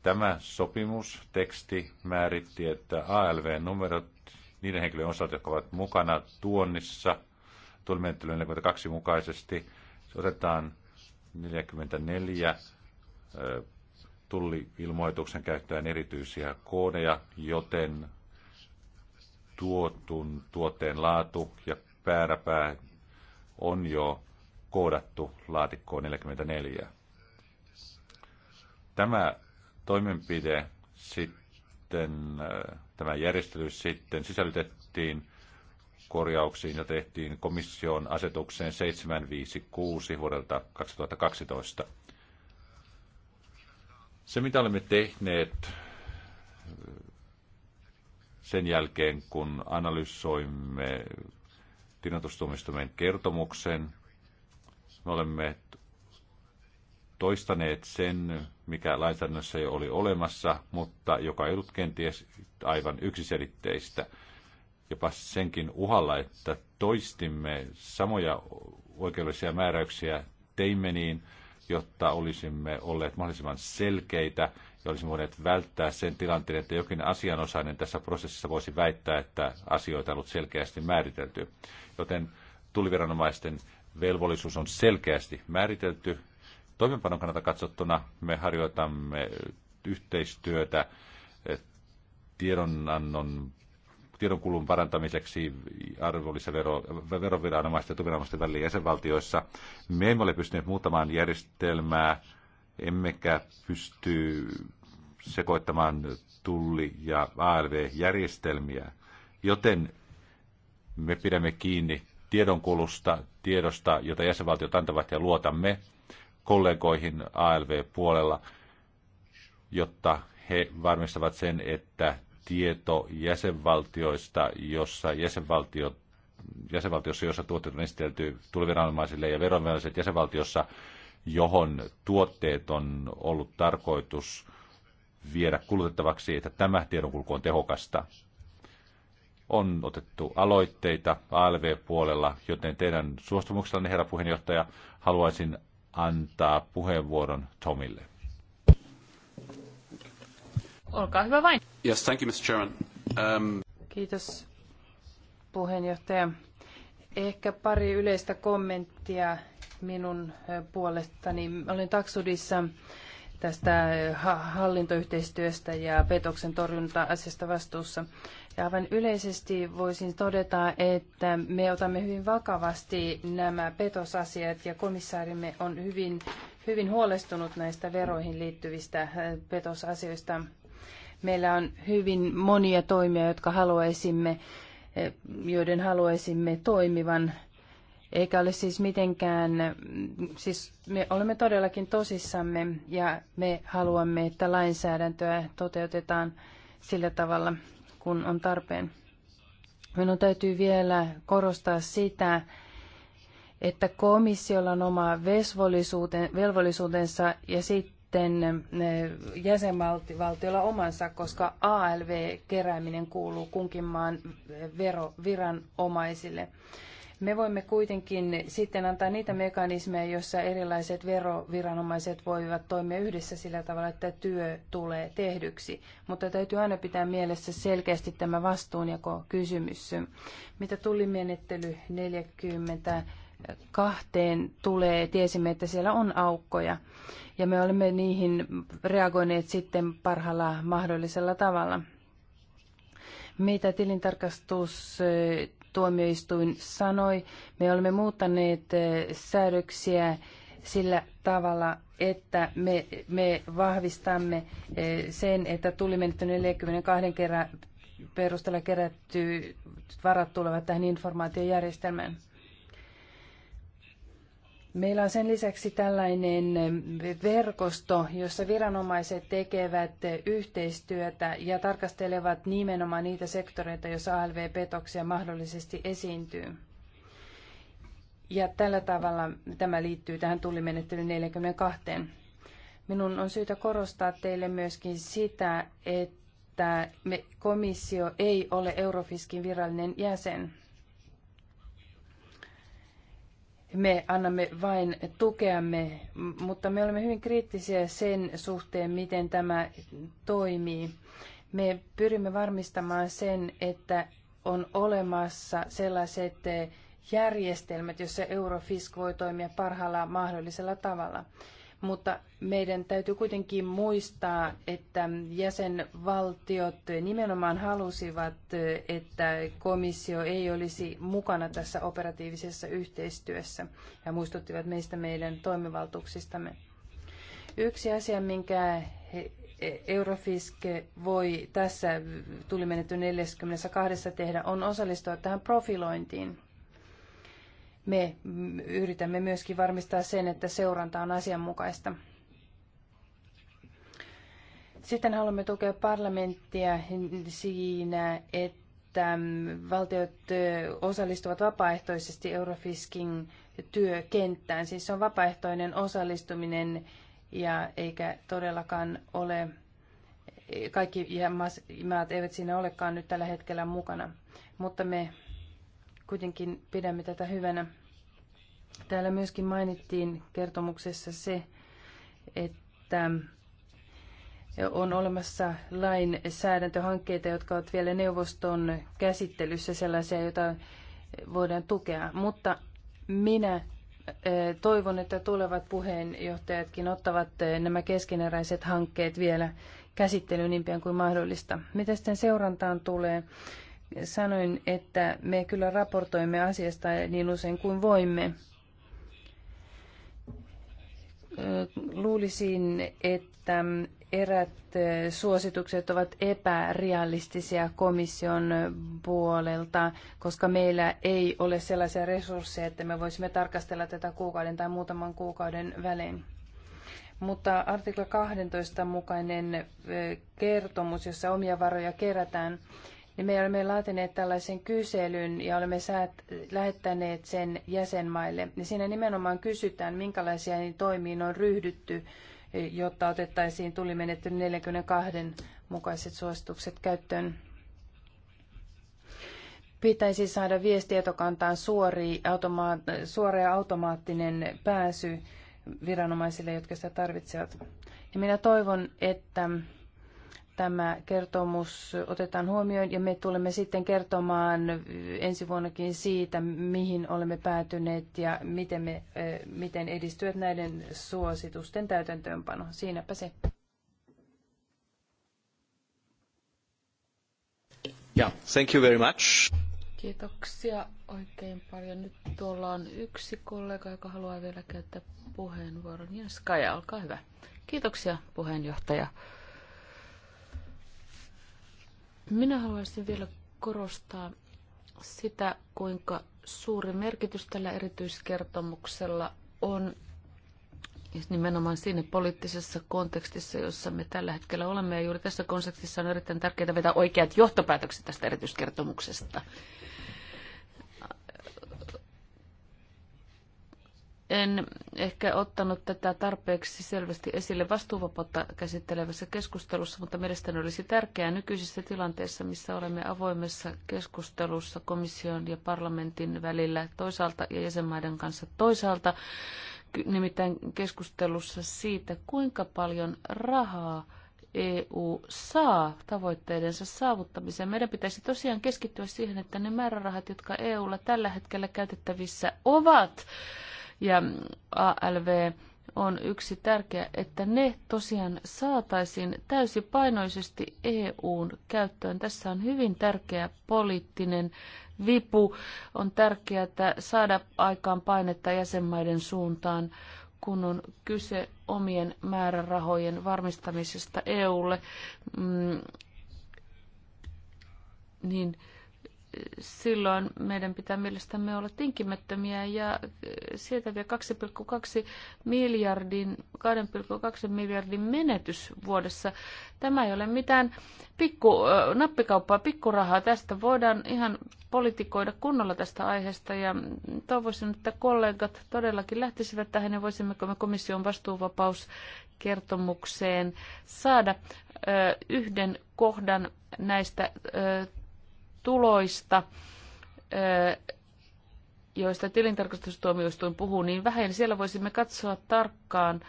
[SPEAKER 3] Tämä sopimusteksti määritti, että ALV-numerot niiden henkilöiden osalta, jotka ovat mukana tuonnissa tullimenettelyn 42 mukaisesti, otetaan 44 tulli-ilmoituksen käyttäen erityisiä koodeja, joten tuotun tuotteen laatu ja pääräpää on jo koodattu laatikkoon 44. Tämä toimenpide sitten, tämä järjestely sitten sisällytettiin korjauksiin ja tehtiin komission asetukseen 756 vuodelta 2012. Se, mitä olemme tehneet sen jälkeen, kun analysoimme tilintustumistumien kertomuksen, me olemme toistaneet sen, mikä lainsäädännössä jo oli olemassa, mutta joka ei ollut kenties aivan yksiselitteistä. Jopa senkin uhalla, että toistimme samoja oikeudellisia määräyksiä teimme niin, jotta olisimme olleet mahdollisimman selkeitä ja olisimme voineet välttää sen tilanteen, että jokin asianosainen tässä prosessissa voisi väittää, että asioita on ollut selkeästi määritelty. Joten tuliviranomaisten velvollisuus on selkeästi määritelty. Toimenpanon kannalta katsottuna me harjoitamme yhteistyötä eh, tiedonannon tiedonkulun parantamiseksi arvonlisävero, veroviranomaisten ja tuviranomaisten välillä jäsenvaltioissa. Me emme ole pystyneet muuttamaan järjestelmää, emmekä pysty sekoittamaan tulli- ja ALV-järjestelmiä, joten me pidämme kiinni tiedonkulusta, tiedosta, jota jäsenvaltiot antavat ja luotamme kollegoihin ALV-puolella, jotta he varmistavat sen, että tieto jäsenvaltioista, jossa jäsenvaltio jäsenvaltiossa, jossa tuotteet on esitelty tuliviranomaisille ja veronviranomaiset jäsenvaltiossa, johon tuotteet on ollut tarkoitus viedä kulutettavaksi, että tämä tiedonkulku on tehokasta. On otettu aloitteita ALV-puolella, joten teidän suostumuksellanne, herra puheenjohtaja, haluaisin antaa puheenvuoron Tomille.
[SPEAKER 2] Olkaa hyvä
[SPEAKER 1] vain.
[SPEAKER 3] Yes, thank you, Mr. Chairman. Um...
[SPEAKER 1] Kiitos, puheenjohtaja. Ehkä pari yleistä kommenttia minun puolestani. Olin Taksudissa tästä hallintoyhteistyöstä ja petoksen torjunta-asiasta vastuussa. Ja aivan yleisesti voisin todeta, että me otamme hyvin vakavasti nämä petosasiat ja komissaarimme on hyvin, hyvin huolestunut näistä veroihin liittyvistä petosasioista. Meillä on hyvin monia toimia, jotka haluaisimme, eh, joiden haluaisimme toimivan eikä ole siis mitenkään, mm, siis me olemme todellakin tosissamme ja me haluamme, että lainsäädäntöä toteutetaan sillä tavalla, kun on tarpeen. Minun täytyy vielä korostaa sitä, että komissiolla on oma velvollisuutensa ja sitten sitten eh, jäsenvaltiolla omansa, koska ALV-kerääminen kuuluu kunkin maan eh, veroviranomaisille. Me voimme kuitenkin sitten antaa niitä mekanismeja, joissa erilaiset veroviranomaiset voivat toimia yhdessä sillä tavalla, että työ tulee tehdyksi. Mutta täytyy aina pitää mielessä selkeästi tämä vastuunjako kysymys. Mitä tuli 40 kahteen tulee, tiesimme, että siellä on aukkoja. Ja me olemme niihin reagoineet sitten parhaalla mahdollisella tavalla. Mitä tilintarkastus tuomioistuin sanoi, me olemme muuttaneet säädöksiä sillä tavalla, että me, me vahvistamme sen, että tulimenetty 42 kerran perusteella kerätty varat tulevat tähän informaatiojärjestelmään. Meillä on sen lisäksi tällainen verkosto, jossa viranomaiset tekevät yhteistyötä ja tarkastelevat nimenomaan niitä sektoreita, joissa ALV-petoksia mahdollisesti esiintyy. Ja tällä tavalla tämä liittyy tähän tullimenettelyyn 42. Minun on syytä korostaa teille myöskin sitä, että komissio ei ole Eurofiskin virallinen jäsen me annamme vain tukeamme, mutta me olemme hyvin kriittisiä sen suhteen, miten tämä toimii. Me pyrimme varmistamaan sen, että on olemassa sellaiset eh, järjestelmät, joissa Eurofisk voi toimia parhaalla mahdollisella tavalla mutta meidän täytyy kuitenkin muistaa, että jäsenvaltiot nimenomaan halusivat, että komissio ei olisi mukana tässä operatiivisessa yhteistyössä ja muistuttivat meistä meidän toimivaltuuksistamme. Yksi asia, minkä Eurofiske voi tässä tulimenetty 42 tehdä, on osallistua tähän profilointiin me yritämme myöskin varmistaa sen, että seuranta on asianmukaista. Sitten haluamme tukea parlamenttia siinä, että valtiot osallistuvat vapaaehtoisesti Eurofiskin työkenttään. Siis se on vapaaehtoinen osallistuminen ja eikä todellakaan ole, kaikki maat eivät siinä olekaan nyt tällä hetkellä mukana, mutta me kuitenkin pidämme tätä hyvänä. Täällä myöskin mainittiin kertomuksessa se, että on olemassa lainsäädäntöhankkeita, jotka ovat vielä neuvoston käsittelyssä sellaisia, joita voidaan tukea. Mutta minä toivon, että tulevat puheenjohtajatkin ottavat nämä keskeneräiset hankkeet vielä käsittelyyn niin pian kuin mahdollista. Mitä sitten seurantaan tulee? Sanoin, että me kyllä raportoimme asiasta niin usein kuin voimme. Luulisin, että erät suositukset ovat epärealistisia komission puolelta, koska meillä ei ole sellaisia resursseja, että me voisimme tarkastella tätä kuukauden tai muutaman kuukauden välein. Mutta artikla 12 mukainen kertomus, jossa omia varoja kerätään, niin me olemme laatineet tällaisen kyselyn ja olemme säät, lähettäneet sen jäsenmaille. Niin siinä nimenomaan kysytään, minkälaisia toimiin on ryhdytty, jotta otettaisiin tulimenettelyn 42 mukaiset suositukset käyttöön. Pitäisi saada viestietokantaan suori, automa- suora automaattinen pääsy viranomaisille, jotka sitä tarvitsevat. Ja minä toivon, että tämä kertomus otetaan huomioon ja me tulemme sitten kertomaan ensi vuonnakin siitä, mihin olemme päätyneet ja miten, me, miten edistyvät näiden suositusten täytäntöönpano. Siinäpä se.
[SPEAKER 2] Yeah, thank you very much. Kiitoksia oikein paljon. Nyt tuolla on yksi kollega, joka haluaa vielä käyttää puheenvuoron. Ja Skaja, olkaa hyvä. Kiitoksia puheenjohtaja. Minä haluaisin vielä korostaa sitä, kuinka suuri merkitys tällä erityiskertomuksella on nimenomaan siinä poliittisessa kontekstissa, jossa me tällä hetkellä olemme. Ja juuri tässä kontekstissa on erittäin tärkeää vetää oikeat johtopäätökset tästä erityiskertomuksesta. en ehkä ottanut tätä tarpeeksi selvästi esille vastuuvapautta käsittelevässä keskustelussa, mutta mielestäni olisi tärkeää nykyisessä tilanteessa, missä olemme avoimessa keskustelussa komission ja parlamentin välillä toisaalta ja jäsenmaiden kanssa toisaalta, nimittäin keskustelussa siitä, kuinka paljon rahaa EU saa tavoitteidensa saavuttamiseen. Meidän pitäisi tosiaan keskittyä siihen, että ne määrärahat, jotka EUlla tällä hetkellä käytettävissä ovat, ja ALV on yksi tärkeä, että ne tosiaan saataisiin täysipainoisesti EUn käyttöön. Tässä on hyvin tärkeä poliittinen vipu. On tärkeää saada aikaan painetta jäsenmaiden suuntaan, kun on kyse omien määrärahojen varmistamisesta EUlle. Mm, niin silloin meidän pitää mielestämme olla tinkimättömiä ja sietäviä 2,2 miljardin, 2,2 miljardin menetys vuodessa. Tämä ei ole mitään pikku, nappikauppaa, pikkurahaa. Tästä voidaan ihan politikoida kunnolla tästä aiheesta ja toivoisin, että kollegat todellakin lähtisivät tähän ja voisimmeko me komission vastuuvapauskertomukseen saada yhden kohdan näistä tuloista, joista tilintarkastustuomioistuin puhuu niin vähän, siellä voisimme katsoa tarkkaan,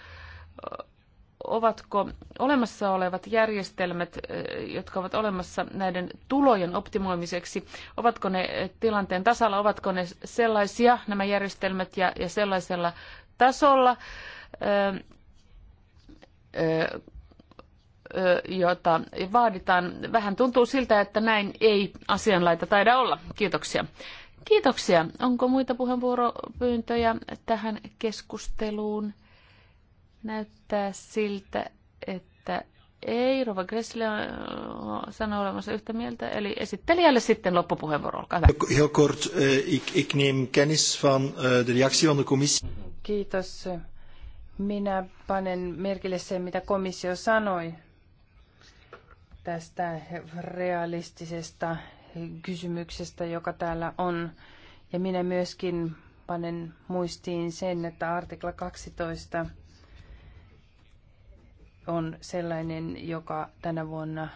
[SPEAKER 2] ovatko olemassa olevat järjestelmät, jotka ovat olemassa näiden tulojen optimoimiseksi, ovatko ne tilanteen tasalla, ovatko ne sellaisia nämä järjestelmät ja, ja sellaisella tasolla, jota vaaditaan. Vähän tuntuu siltä, että näin ei asianlaita taida olla. Kiitoksia. Kiitoksia. Onko muita puheenvuoropyyntöjä tähän keskusteluun? Näyttää siltä, että ei. Rova Gressle sanoo olevansa yhtä mieltä. Eli esittelijälle sitten loppupuheenvuoro, olkaa hyvä.
[SPEAKER 3] Heel kort, ik, ik
[SPEAKER 2] neem kennis van de reactie van de commissie. Kiitos. Minä
[SPEAKER 1] panen merkille sen, mitä komissio sanoi tästä realistisesta kysymyksestä, joka täällä on. Ja minä myöskin panen muistiin sen, että artikla 12 on sellainen, joka tänä vuonna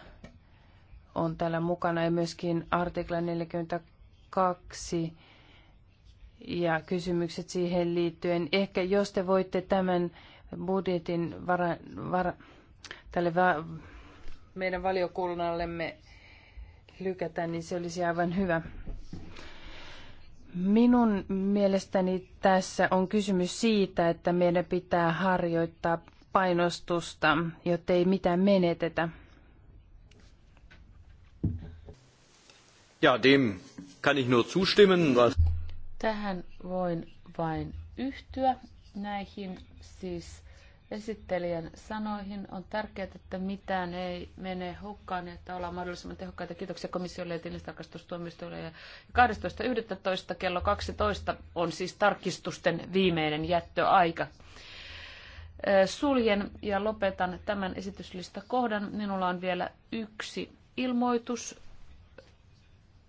[SPEAKER 1] on täällä mukana ja myöskin artikla 42 ja kysymykset siihen liittyen. Ehkä jos te voitte tämän budjetin vara, vara, tälle va, meidän valiokunnallemme lykätä, niin se olisi aivan hyvä. Minun mielestäni tässä on kysymys siitä, että meidän pitää harjoittaa painostusta, jotta ei mitään menetetä.
[SPEAKER 2] Ja, dem kann ich nur zustimmen. was? Tähän voin vain yhtyä näihin siis esittelijän sanoihin. On tärkeää, että mitään ei mene hukkaan, ja että ollaan mahdollisimman tehokkaita. Kiitoksia komissiolle ja tilintarkastustuomioistuille. 12.11. kello 12 on siis tarkistusten viimeinen jättöaika. Suljen ja lopetan tämän kohdan. Minulla on vielä yksi ilmoitus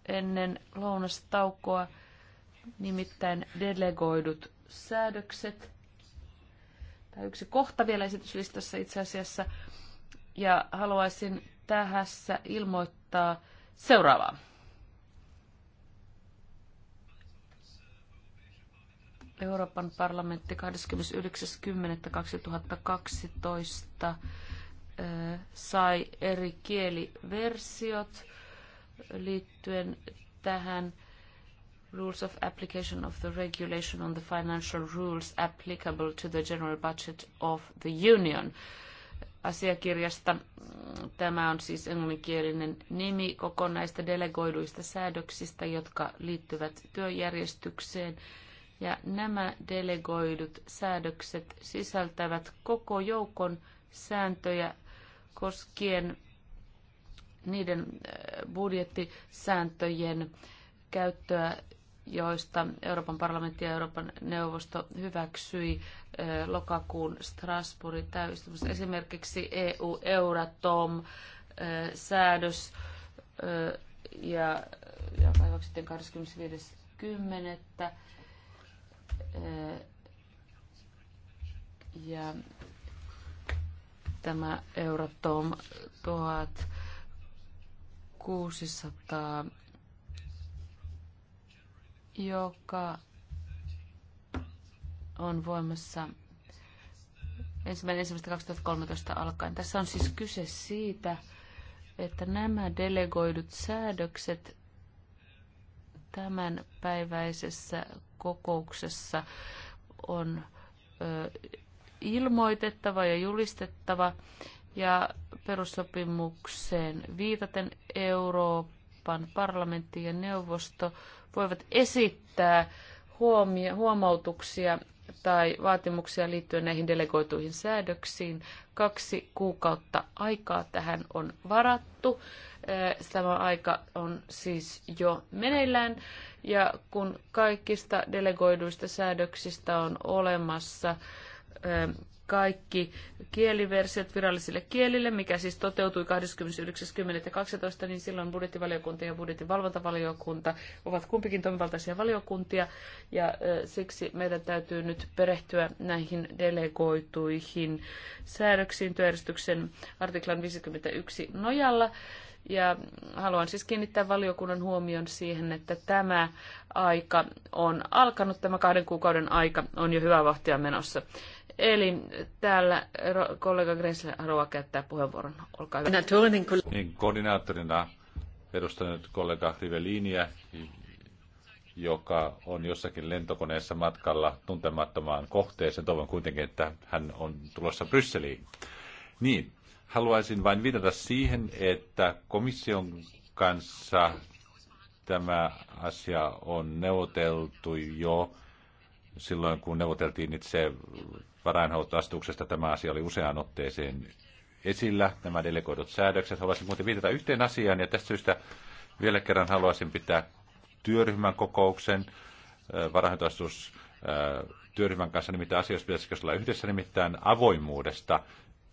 [SPEAKER 2] ennen lounastaukoa, nimittäin delegoidut säädökset – tai yksi kohta vielä esityslistassa itse asiassa. Ja haluaisin tähässä ilmoittaa seuraavaa. Euroopan parlamentti 29.10.2012 sai eri kieliversiot liittyen tähän rules of application of the regulation on the financial rules applicable to the general budget of the union. Asiakirjasta mm, tämä on siis englanninkielinen nimi koko näistä delegoiduista säädöksistä, jotka liittyvät työjärjestykseen. Ja nämä delegoidut säädökset sisältävät koko joukon sääntöjä koskien niiden äh, budjettisääntöjen käyttöä joista Euroopan parlamentti ja Euroopan neuvosto hyväksyi lokakuun Strasbourgin täysistunnossa. Esimerkiksi EU-Euratom-säädös, ja, joka hyväksyttiin 25.10. Ja tämä Euratom 1600 joka on voimassa ensimmäinen 2013 alkaen. Tässä on siis kyse siitä, että nämä delegoidut säädökset tämänpäiväisessä kokouksessa on ö, ilmoitettava ja julistettava ja perussopimukseen viitaten Euroopan parlamentti ja neuvosto voivat esittää huomio- huomautuksia tai vaatimuksia liittyen näihin delegoituihin säädöksiin. Kaksi kuukautta aikaa tähän on varattu. Tämä äh, aika on siis jo meneillään. Ja kun kaikista delegoiduista säädöksistä on olemassa äh, kaikki kieliversiot virallisille kielille, mikä siis toteutui 29.10.12, niin silloin budjettivaliokunta ja budjetin valvontavaliokunta ovat kumpikin toimivaltaisia valiokuntia, ja siksi meidän täytyy nyt perehtyä näihin delegoituihin säädöksiin työjärjestyksen artiklan 51 nojalla. Ja haluan siis kiinnittää valiokunnan huomion siihen, että tämä aika on alkanut, tämä kahden kuukauden aika on jo hyvä vahtia menossa. Eli täällä kollega Gressler haluaa käyttää puheenvuoron. Olkaa hyvä.
[SPEAKER 3] Niin, koordinaattorina edustan nyt kollega Rivelinia, joka on jossakin lentokoneessa matkalla tuntemattomaan kohteeseen. Toivon kuitenkin, että hän on tulossa Brysseliin. Niin, haluaisin vain viitata siihen, että komission kanssa tämä asia on neuvoteltu jo silloin, kun neuvoteltiin itse varainhoitoastuksesta tämä asia oli useaan otteeseen esillä, nämä delegoidut säädökset. Haluaisin muuten viitata yhteen asiaan, ja tästä syystä vielä kerran haluaisin pitää työryhmän kokouksen, varainhoitoastus työryhmän kanssa, nimittäin asioissa pitäisi olla yhdessä, nimittäin avoimuudesta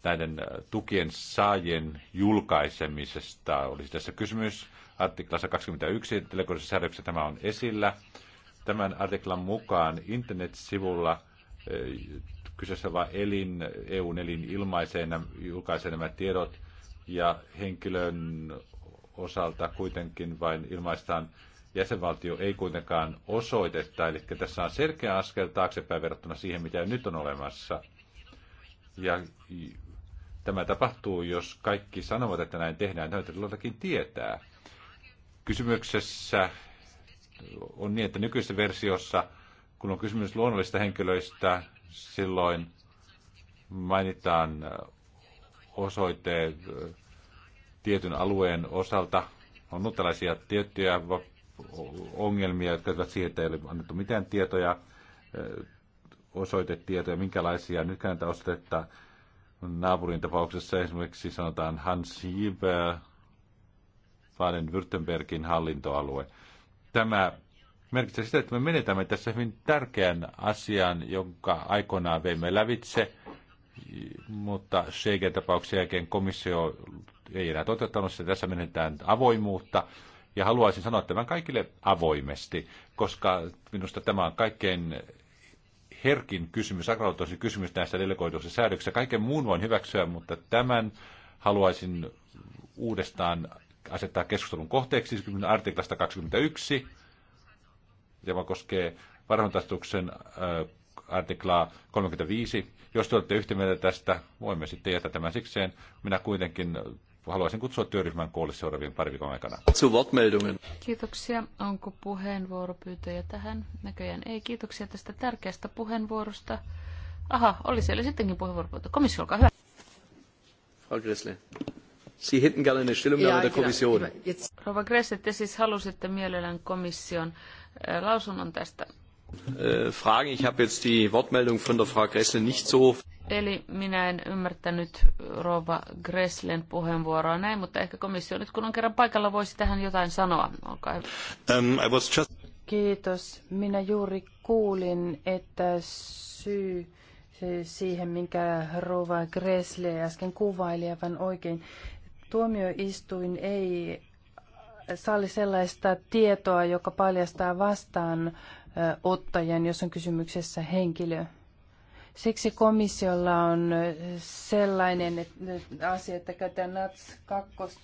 [SPEAKER 3] näiden tukien saajien julkaisemisesta. Olisi tässä kysymys artiklassa 21, telekohdassa säädöksessä tämä on esillä. Tämän artiklan mukaan internetsivulla kyseessä vain elin, EUn elin ilmaisee nämä, julkaisee nämä tiedot ja henkilön osalta kuitenkin vain ilmaistaan jäsenvaltio ei kuitenkaan osoitetta. Eli tässä on selkeä askel taaksepäin verrattuna siihen, mitä nyt on olemassa. Ja tämä tapahtuu, jos kaikki sanovat, että näin tehdään. Tämä jotakin tietää. Kysymyksessä on niin, että nykyisessä versiossa, kun on kysymys luonnollisista henkilöistä, silloin mainitaan osoite tietyn alueen osalta. On ollut tällaisia tiettyjä ongelmia, jotka eivät siihen, että ei ole annettu mitään tietoja, osoitetietoja, minkälaisia nyt näitä osoitetta naapurin tapauksessa esimerkiksi sanotaan Hans Jiber, Baden-Württembergin hallintoalue. Tämä merkitsee sitä, että me menetämme tässä hyvin tärkeän asian, jonka aikoinaan veimme lävitse, mutta Schengen tapauksen jälkeen komissio ei enää toteuttanut sitä. Tässä menetään avoimuutta. Ja haluaisin sanoa tämän kaikille avoimesti, koska minusta tämä on kaikkein herkin kysymys, akrautoisin kysymys näissä delegoiduista säädöksissä. Kaiken muun voin hyväksyä, mutta tämän haluaisin uudestaan asettaa keskustelun kohteeksi 20 siis artiklasta 21 joka koskee varhontastuksen äh, artiklaa 35. Jos te olette yhtä mieltä tästä, voimme sitten jättää tämän sikseen. Minä kuitenkin haluaisin kutsua työryhmän koolle seuraavien pari viikon aikana.
[SPEAKER 2] Kiitoksia. Onko puheenvuoropyyntöjä tähän? Näköjään ei. Kiitoksia tästä tärkeästä puheenvuorosta. Aha, oli siellä sittenkin puheenvuoropyyntö. Komissio, olkaa hyvä. Frau Gressle. Sie hätten gerne eine Stellungnahme der Kommission. Rova Gressle, te siis halusitte mielellään komission lausunnon tästä. Äh, Frage, ich habe jetzt die Wortmeldung von der Frau Gressle nicht so. Eli minä en ymmärtänyt Rova Gresslen puheenvuoroa näin, mutta ehkä komissio nyt kun on kerran paikalla voisi tähän jotain sanoa. Olkaa hyvä.
[SPEAKER 3] Um, I was just...
[SPEAKER 2] Kiitos. Minä
[SPEAKER 1] juuri kuulin, että syy siihen, minkä Rova Gressle äsken kuvaili aivan oikein. Tuomioistuin ei salli sellaista tietoa, joka paljastaa vastaan ottajan, jos on kysymyksessä henkilö. Siksi komissiolla on sellainen asia, että käytetään NATS 2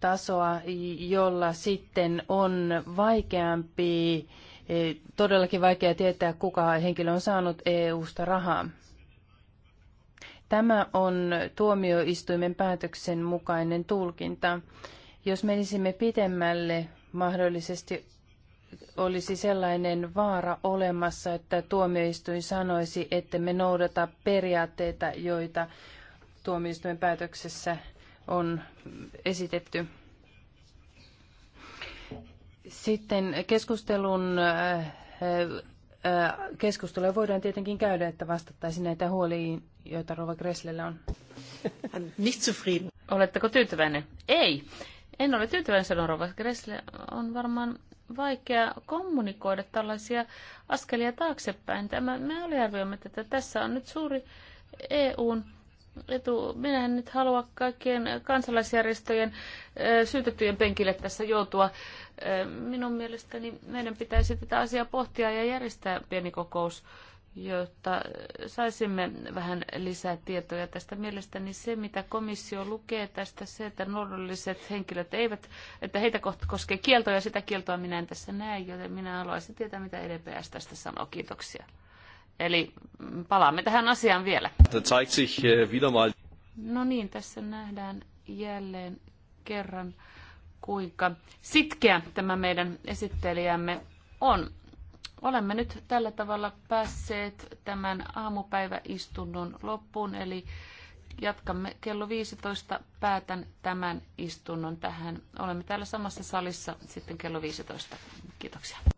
[SPEAKER 1] tasoa, jolla sitten on vaikeampi, todellakin vaikea tietää, kuka henkilö on saanut EU-sta rahaa. Tämä on tuomioistuimen päätöksen mukainen tulkinta. Jos menisimme pitemmälle, mahdollisesti olisi sellainen vaara olemassa, että tuomioistuin sanoisi, että me noudata periaatteita, joita tuomioistuimen päätöksessä on esitetty. Sitten keskustelun, äh, äh, keskustelua voidaan tietenkin käydä, että vastattaisiin näitä huoliin,
[SPEAKER 2] joita Rova Gresslellä on. Nicht zufrieden. Oletteko tyytyväinen? Ei. En ole tyytyväinen, sanoo Rova Gressle. On varmaan vaikea kommunikoida tällaisia askelia taaksepäin. Tämä, me arvioimme, että tässä on nyt suuri EUn etu. Minä en nyt halua kaikkien kansalaisjärjestöjen syytettyjen penkille tässä joutua. Minun mielestäni meidän pitäisi tätä asiaa pohtia ja järjestää pieni kokous jotta saisimme vähän lisää tietoja tästä. Mielestäni se, mitä komissio lukee tästä, se, että nuorolliset henkilöt eivät, että heitä kohta koskee kieltoja, sitä kieltoa minä en tässä näe, joten minä haluaisin tietää, mitä EDPS tästä sanoo. Kiitoksia. Eli palaamme tähän asiaan vielä.
[SPEAKER 3] Äh,
[SPEAKER 2] no niin, tässä nähdään jälleen kerran, kuinka sitkeä tämä meidän esittelijämme on. Olemme nyt tällä tavalla päässeet tämän aamupäiväistunnon loppuun, eli jatkamme kello 15. Päätän tämän istunnon tähän. Olemme täällä samassa salissa sitten kello 15. Kiitoksia.